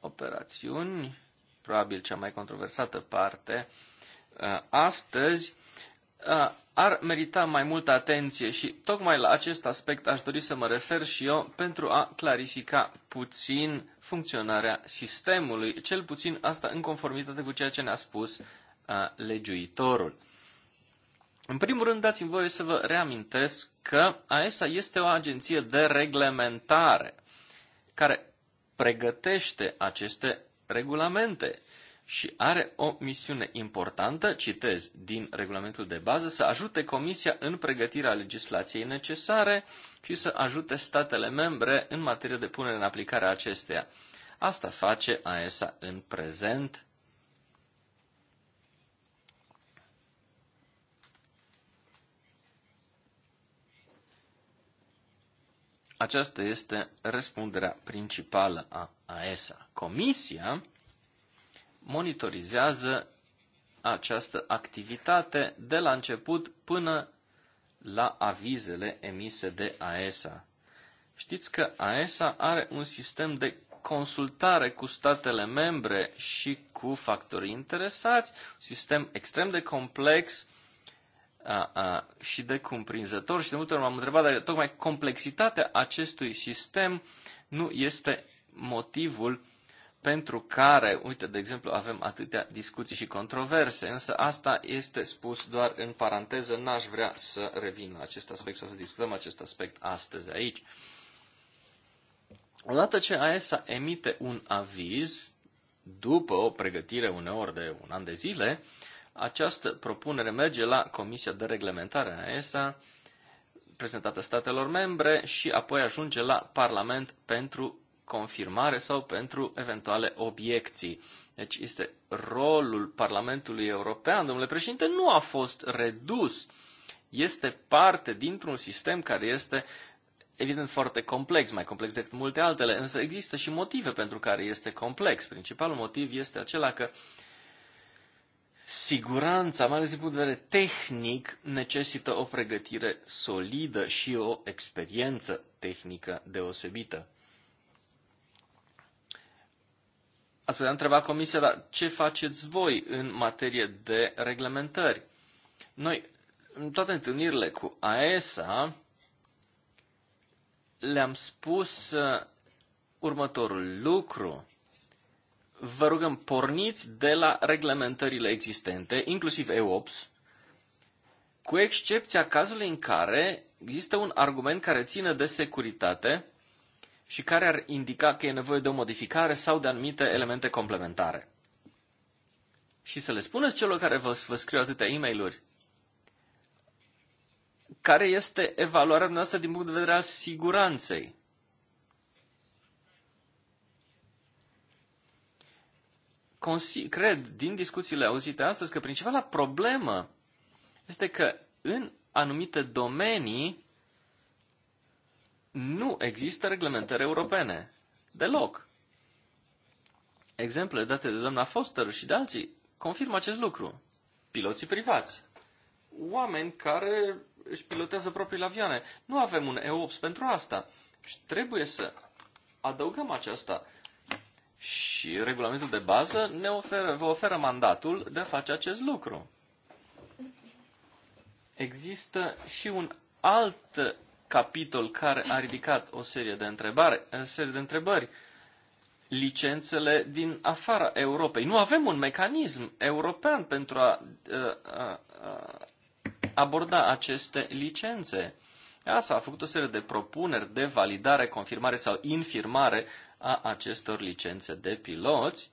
operațiuni, probabil cea mai controversată parte, uh, astăzi Uh, ar merita mai multă atenție și tocmai la acest aspect aș dori să mă refer și eu pentru a clarifica puțin funcționarea sistemului, cel puțin asta în conformitate cu ceea ce ne-a spus uh, legiuitorul. În primul rând, dați-mi voie să vă reamintesc că AESA este o agenție de reglementare care pregătește aceste regulamente și are o misiune importantă, citez din regulamentul de bază, să ajute Comisia în pregătirea legislației necesare și să ajute statele membre în materie de punere în aplicare a acesteia. Asta face AESA în prezent. Aceasta este răspunderea principală a AESA. Comisia monitorizează această activitate de la început până la avizele emise de AESA. Știți că AESA are un sistem de consultare cu statele membre și cu factorii interesați, un sistem extrem de complex a, a, și de cumprinzător și de multe ori m-am întrebat dacă tocmai complexitatea acestui sistem nu este motivul pentru care, uite, de exemplu, avem atâtea discuții și controverse, însă asta este spus doar în paranteză, n-aș vrea să revin la acest aspect sau să discutăm acest aspect astăzi aici. Odată ce AESA emite un aviz, după o pregătire uneori de un an de zile, această propunere merge la Comisia de Reglementare a AESA, prezentată statelor membre și apoi ajunge la Parlament pentru confirmare sau pentru eventuale obiecții. Deci este rolul Parlamentului European, domnule președinte, nu a fost redus. Este parte dintr-un sistem care este evident foarte complex, mai complex decât multe altele, însă există și motive pentru care este complex. Principalul motiv este acela că siguranța, mai ales din punct de vedere tehnic, necesită o pregătire solidă și o experiență tehnică deosebită. Ați putea întreba Comisia, dar ce faceți voi în materie de reglementări? Noi, în toate întâlnirile cu AESA, le-am spus uh, următorul lucru. Vă rugăm, porniți de la reglementările existente, inclusiv EOPS, cu excepția cazului în care există un argument care ține de securitate și care ar indica că e nevoie de o modificare sau de anumite elemente complementare. Și să le spuneți celor care vă, vă scriu atâtea e mail care este evaluarea noastră din punct de vedere al siguranței. Cred din discuțiile auzite astăzi că principala problemă este că în anumite domenii nu există reglementări europene. Deloc. Exemple date de doamna Foster și de alții confirmă acest lucru. Piloții privați. Oameni care își pilotează propriile avioane. Nu avem un EOPS pentru asta. Și trebuie să adăugăm aceasta. Și regulamentul de bază ne oferă, vă oferă mandatul de a face acest lucru. Există și un alt capitol care a ridicat o serie de, întrebare, o serie de întrebări. Licențele din afara Europei. Nu avem un mecanism european pentru a, a, a aborda aceste licențe. EASA a făcut o serie de propuneri de validare, confirmare sau infirmare a acestor licențe de piloți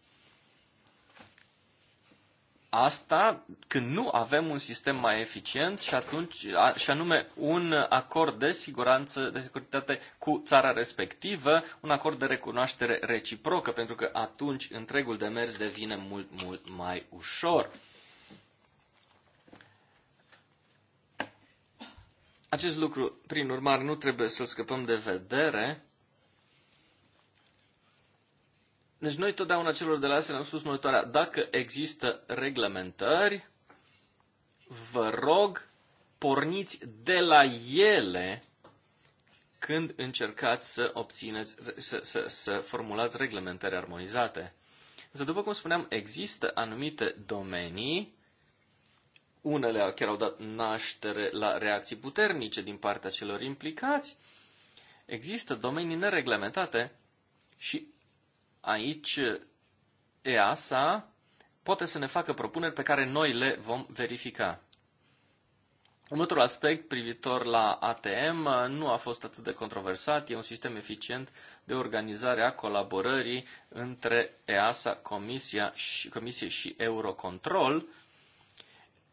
Asta când nu avem un sistem mai eficient și, atunci, a, și anume un acord de siguranță, de securitate cu țara respectivă, un acord de recunoaștere reciprocă, pentru că atunci întregul demers devine mult, mult mai ușor. Acest lucru, prin urmare, nu trebuie să-l scăpăm de vedere Deci noi totdeauna celor de la ASE am spus următoarea. Dacă există reglementări, vă rog, porniți de la ele când încercați să obțineți, să, să, să formulați reglementări armonizate. Însă, după cum spuneam, există anumite domenii, unele chiar au dat naștere la reacții puternice din partea celor implicați, există domenii nereglementate și Aici EASA poate să ne facă propuneri pe care noi le vom verifica. Următorul aspect privitor la ATM nu a fost atât de controversat, e un sistem eficient de organizare a colaborării între EASA, Comisia și, Comisie și Eurocontrol,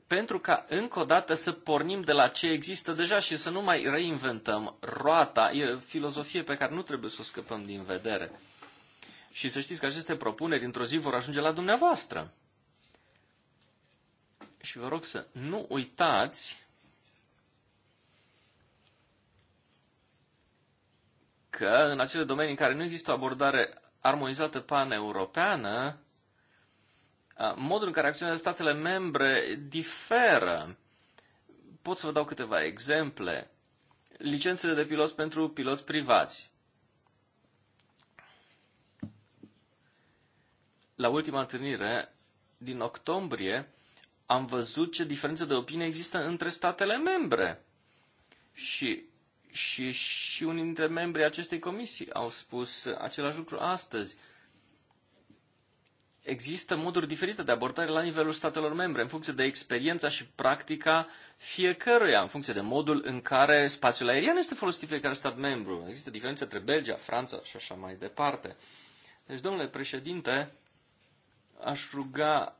pentru ca încă o dată să pornim de la ce există deja și să nu mai reinventăm roata, e filozofie pe care nu trebuie să o scăpăm din vedere. Și să știți că aceste propuneri într-o zi vor ajunge la dumneavoastră. Și vă rog să nu uitați că în acele domenii în care nu există o abordare armonizată paneuropeană, modul în care acționează statele membre diferă. Pot să vă dau câteva exemple. Licențele de pilot pentru piloți privați. la ultima întâlnire din octombrie, am văzut ce diferențe de opinie există între statele membre. Și, și, și unii dintre membrii acestei comisii au spus același lucru astăzi. Există moduri diferite de abordare la nivelul statelor membre, în funcție de experiența și practica fiecăruia, în funcție de modul în care spațiul aerian este folosit fiecare stat membru. Există diferențe între Belgia, Franța și așa mai departe. Deci, domnule președinte, aș ruga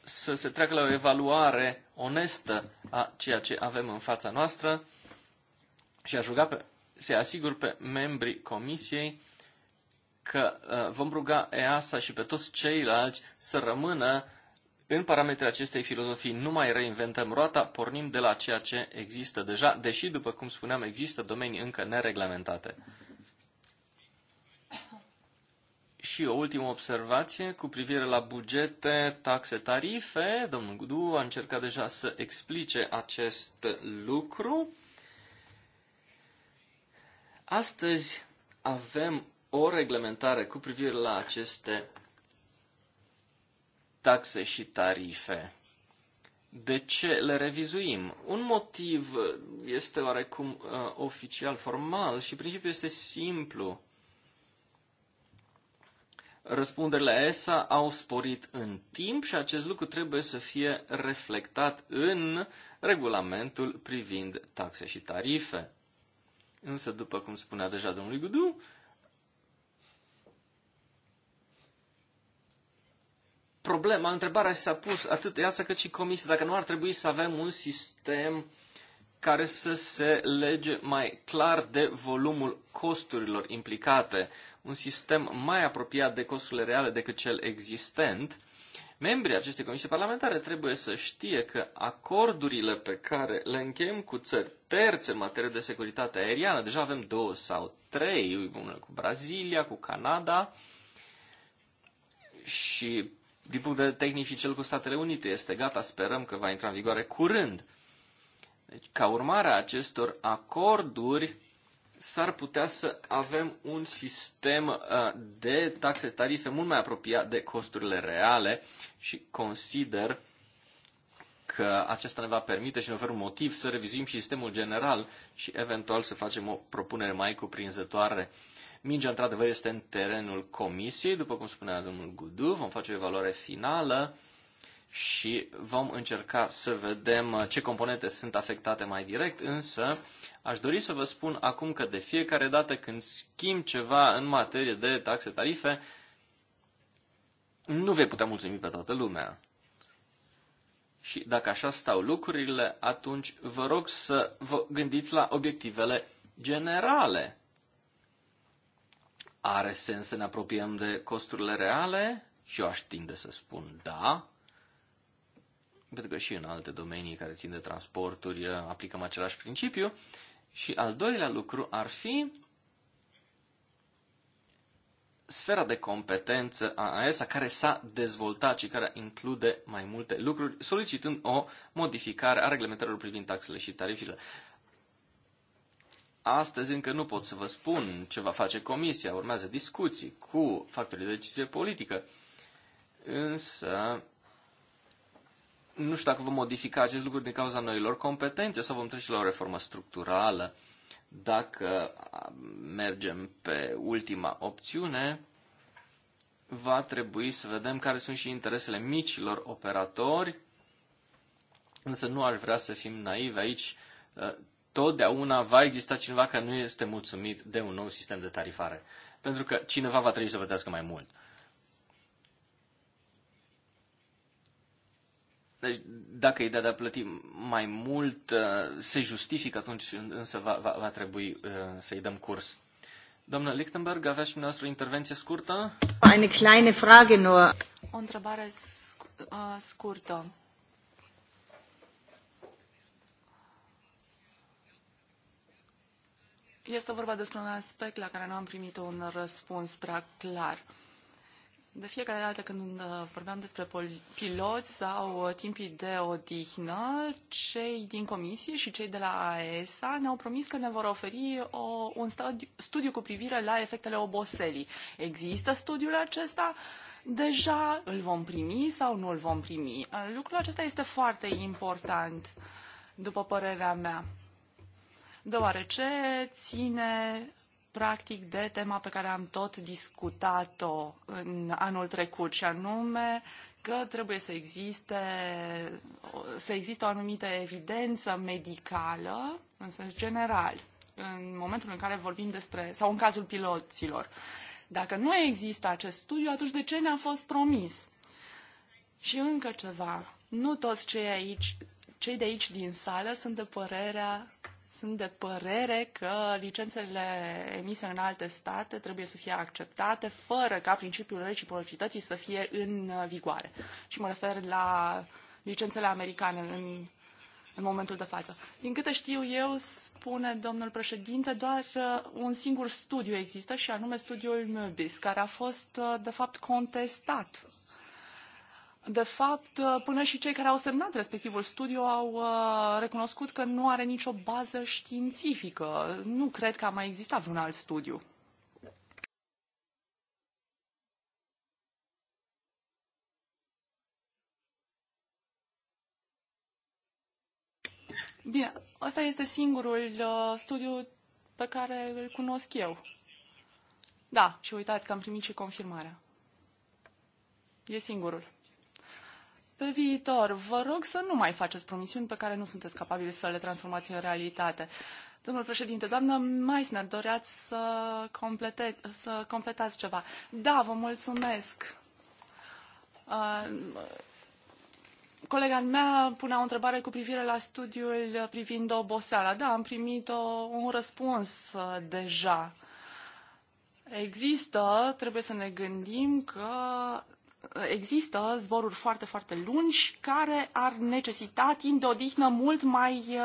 să se treacă la o evaluare onestă a ceea ce avem în fața noastră și aș ruga pe, să asigur pe membrii comisiei că uh, vom ruga EASA și pe toți ceilalți să rămână în parametrii acestei filozofii. Nu mai reinventăm roata, pornim de la ceea ce există deja, deși, după cum spuneam, există domenii încă nereglementate. Și o ultimă observație cu privire la bugete, taxe, tarife. Domnul Gudu a încercat deja să explice acest lucru. Astăzi avem o reglementare cu privire la aceste taxe și tarife. De ce le revizuim? Un motiv este oarecum uh, oficial, formal și principiul este simplu. Răspunderile ESA au sporit în timp și acest lucru trebuie să fie reflectat în regulamentul privind taxe și tarife. Însă, după cum spunea deja domnul Gudu, problema, întrebarea s-a pus atât ea cât și Comisia, dacă nu ar trebui să avem un sistem care să se lege mai clar de volumul costurilor implicate, un sistem mai apropiat de costurile reale decât cel existent, membrii acestei comisii parlamentare trebuie să știe că acordurile pe care le încheiem cu țări terțe în materie de securitate aeriană, deja avem două sau trei, cu Brazilia, cu Canada și din punct de vedere tehnic și cel cu Statele Unite este gata, sperăm că va intra în vigoare curând. Deci, ca urmare a acestor acorduri, s-ar putea să avem un sistem uh, de taxe tarife mult mai apropiat de costurile reale și consider că acesta ne va permite și ne oferă un motiv să revizuim sistemul general și eventual să facem o propunere mai cuprinzătoare. Mingea, într-adevăr, este în terenul comisiei, după cum spunea domnul Gudu, vom face o evaluare finală și vom încerca să vedem uh, ce componente sunt afectate mai direct, însă aș dori să vă spun acum că de fiecare dată când schimb ceva în materie de taxe tarife, nu vei putea mulțumi pe toată lumea. Și dacă așa stau lucrurile, atunci vă rog să vă gândiți la obiectivele generale. Are sens să ne apropiem de costurile reale? Și eu aș tinde să spun da, pentru că și în alte domenii care țin de transporturi eh, aplicăm același principiu. Și al doilea lucru ar fi sfera de competență a AESA care s-a dezvoltat și care include mai multe lucruri, solicitând o modificare a reglementărilor privind taxele și tarifele. Astăzi încă nu pot să vă spun ce va face comisia, urmează discuții cu factorii de decizie politică, însă nu știu dacă vom modifica acest lucru din cauza noilor competențe sau vom trece la o reformă structurală. Dacă mergem pe ultima opțiune, va trebui să vedem care sunt și interesele micilor operatori, însă nu aș vrea să fim naivi aici. Totdeauna va exista cineva care nu este mulțumit de un nou sistem de tarifare, pentru că cineva va trebui să plătească mai mult. Deci, dacă e de a plăti mai mult uh, se justifică, atunci însă va, va, va trebui uh, să-i dăm curs. Doamna Lichtenberg, aveți și noastră intervenție scurtă? Eine kleine Frage nur. O întrebare uh, scurtă. Este vorba despre un aspect la care nu am primit un răspuns prea clar. Uh, de fiecare dată când uh, vorbeam despre piloți sau uh, timpii de odihnă, cei din comisie și cei de la AESA ne-au promis că ne vor oferi o, un studiu, studiu cu privire la efectele oboselii. Există studiul acesta? Deja îl vom primi sau nu îl vom primi? Uh, lucrul acesta este foarte important, după părerea mea, deoarece ține practic de tema pe care am tot discutat-o în anul trecut și anume că trebuie să existe, să existe o anumită evidență medicală în sens general în momentul în care vorbim despre, sau în cazul piloților. Dacă nu există acest studiu, atunci de ce ne-a fost promis? Și încă ceva. Nu toți cei, aici, cei de aici din sală sunt de părerea sunt de părere că licențele emise în alte state trebuie să fie acceptate fără ca principiul reciprocității să fie în uh, vigoare. Și mă refer la licențele americane în, în momentul de față. Din câte știu eu, spune domnul președinte, doar uh, un singur studiu există și anume studiul Möbis, care a fost uh, de fapt contestat de fapt, uh, până și cei care au semnat respectivul studiu au uh, recunoscut că nu are nicio bază științifică. Nu cred că a mai existat vreun alt studiu. Bine, ăsta este singurul uh, studiu pe care îl cunosc eu. Da, și uitați că am primit și confirmarea. E singurul pe viitor, vă rog să nu mai faceți promisiuni pe care nu sunteți capabili să le transformați în realitate. Domnul președinte, doamnă Meisner, doreați să, complete, să completați ceva. Da, vă mulțumesc. Uh, colega mea punea o întrebare cu privire la studiul privind oboseala. Da, am primit o, un răspuns uh, deja. Există, trebuie să ne gândim că există zboruri foarte, foarte lungi care ar necesita timp de odihnă mult mai, uh,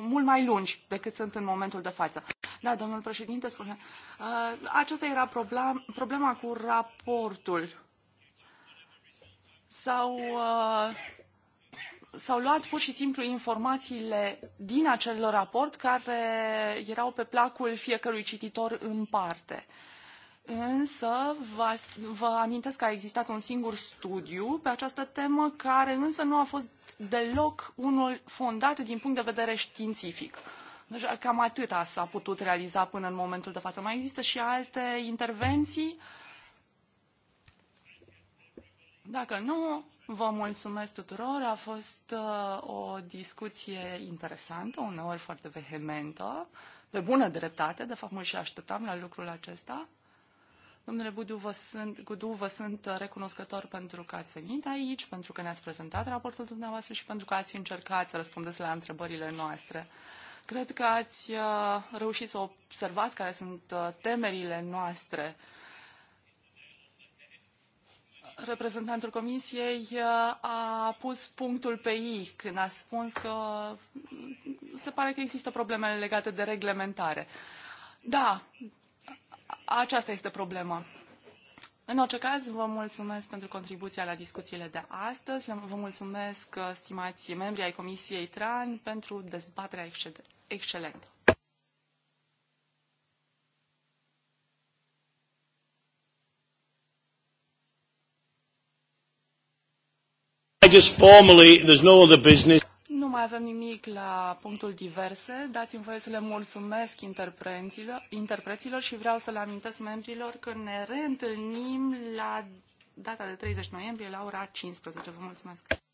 mult mai lungi decât sunt în momentul de față. Da, domnul președinte spune. Uh, aceasta era problem, problema cu raportul. Sau uh, s-au luat pur și simplu informațiile din acel raport care erau pe placul fiecărui cititor în parte. Uh, Însă vă, vă amintesc că a existat un singur studiu pe această temă care însă nu a fost deloc unul fondat din punct de vedere științific. Deci cam atâta s-a putut realiza până în momentul de față. Mai există și alte intervenții? Dacă nu, vă mulțumesc tuturor. A fost uh, o discuție interesantă, uneori foarte vehementă, pe bună dreptate. De fapt, mă și așteptam la lucrul acesta. Domnule Budu, vă sunt, Gudu, vă sunt uh, recunoscător pentru că ați venit aici, pentru că ne-ați prezentat raportul dumneavoastră și pentru că ați încercat să răspundeți la întrebările noastre. Cred că ați uh, reușit să observați care sunt uh, temerile noastre. Reprezentantul Comisiei a pus punctul pe I când a spus că mm, se pare că există probleme legate de reglementare. Da, aceasta este problema. În orice caz, vă mulțumesc pentru contribuția la discuțiile de astăzi. Vă mulțumesc, uh, stimați membri ai Comisiei TRAN, pentru dezbaterea excelentă. I just formally, there's no other business nu mai avem nimic la punctul diverse. Dați-mi voie să le mulțumesc interpreților și vreau să le amintesc membrilor că ne reîntâlnim la data de 30 noiembrie la ora 15. Vă mulțumesc!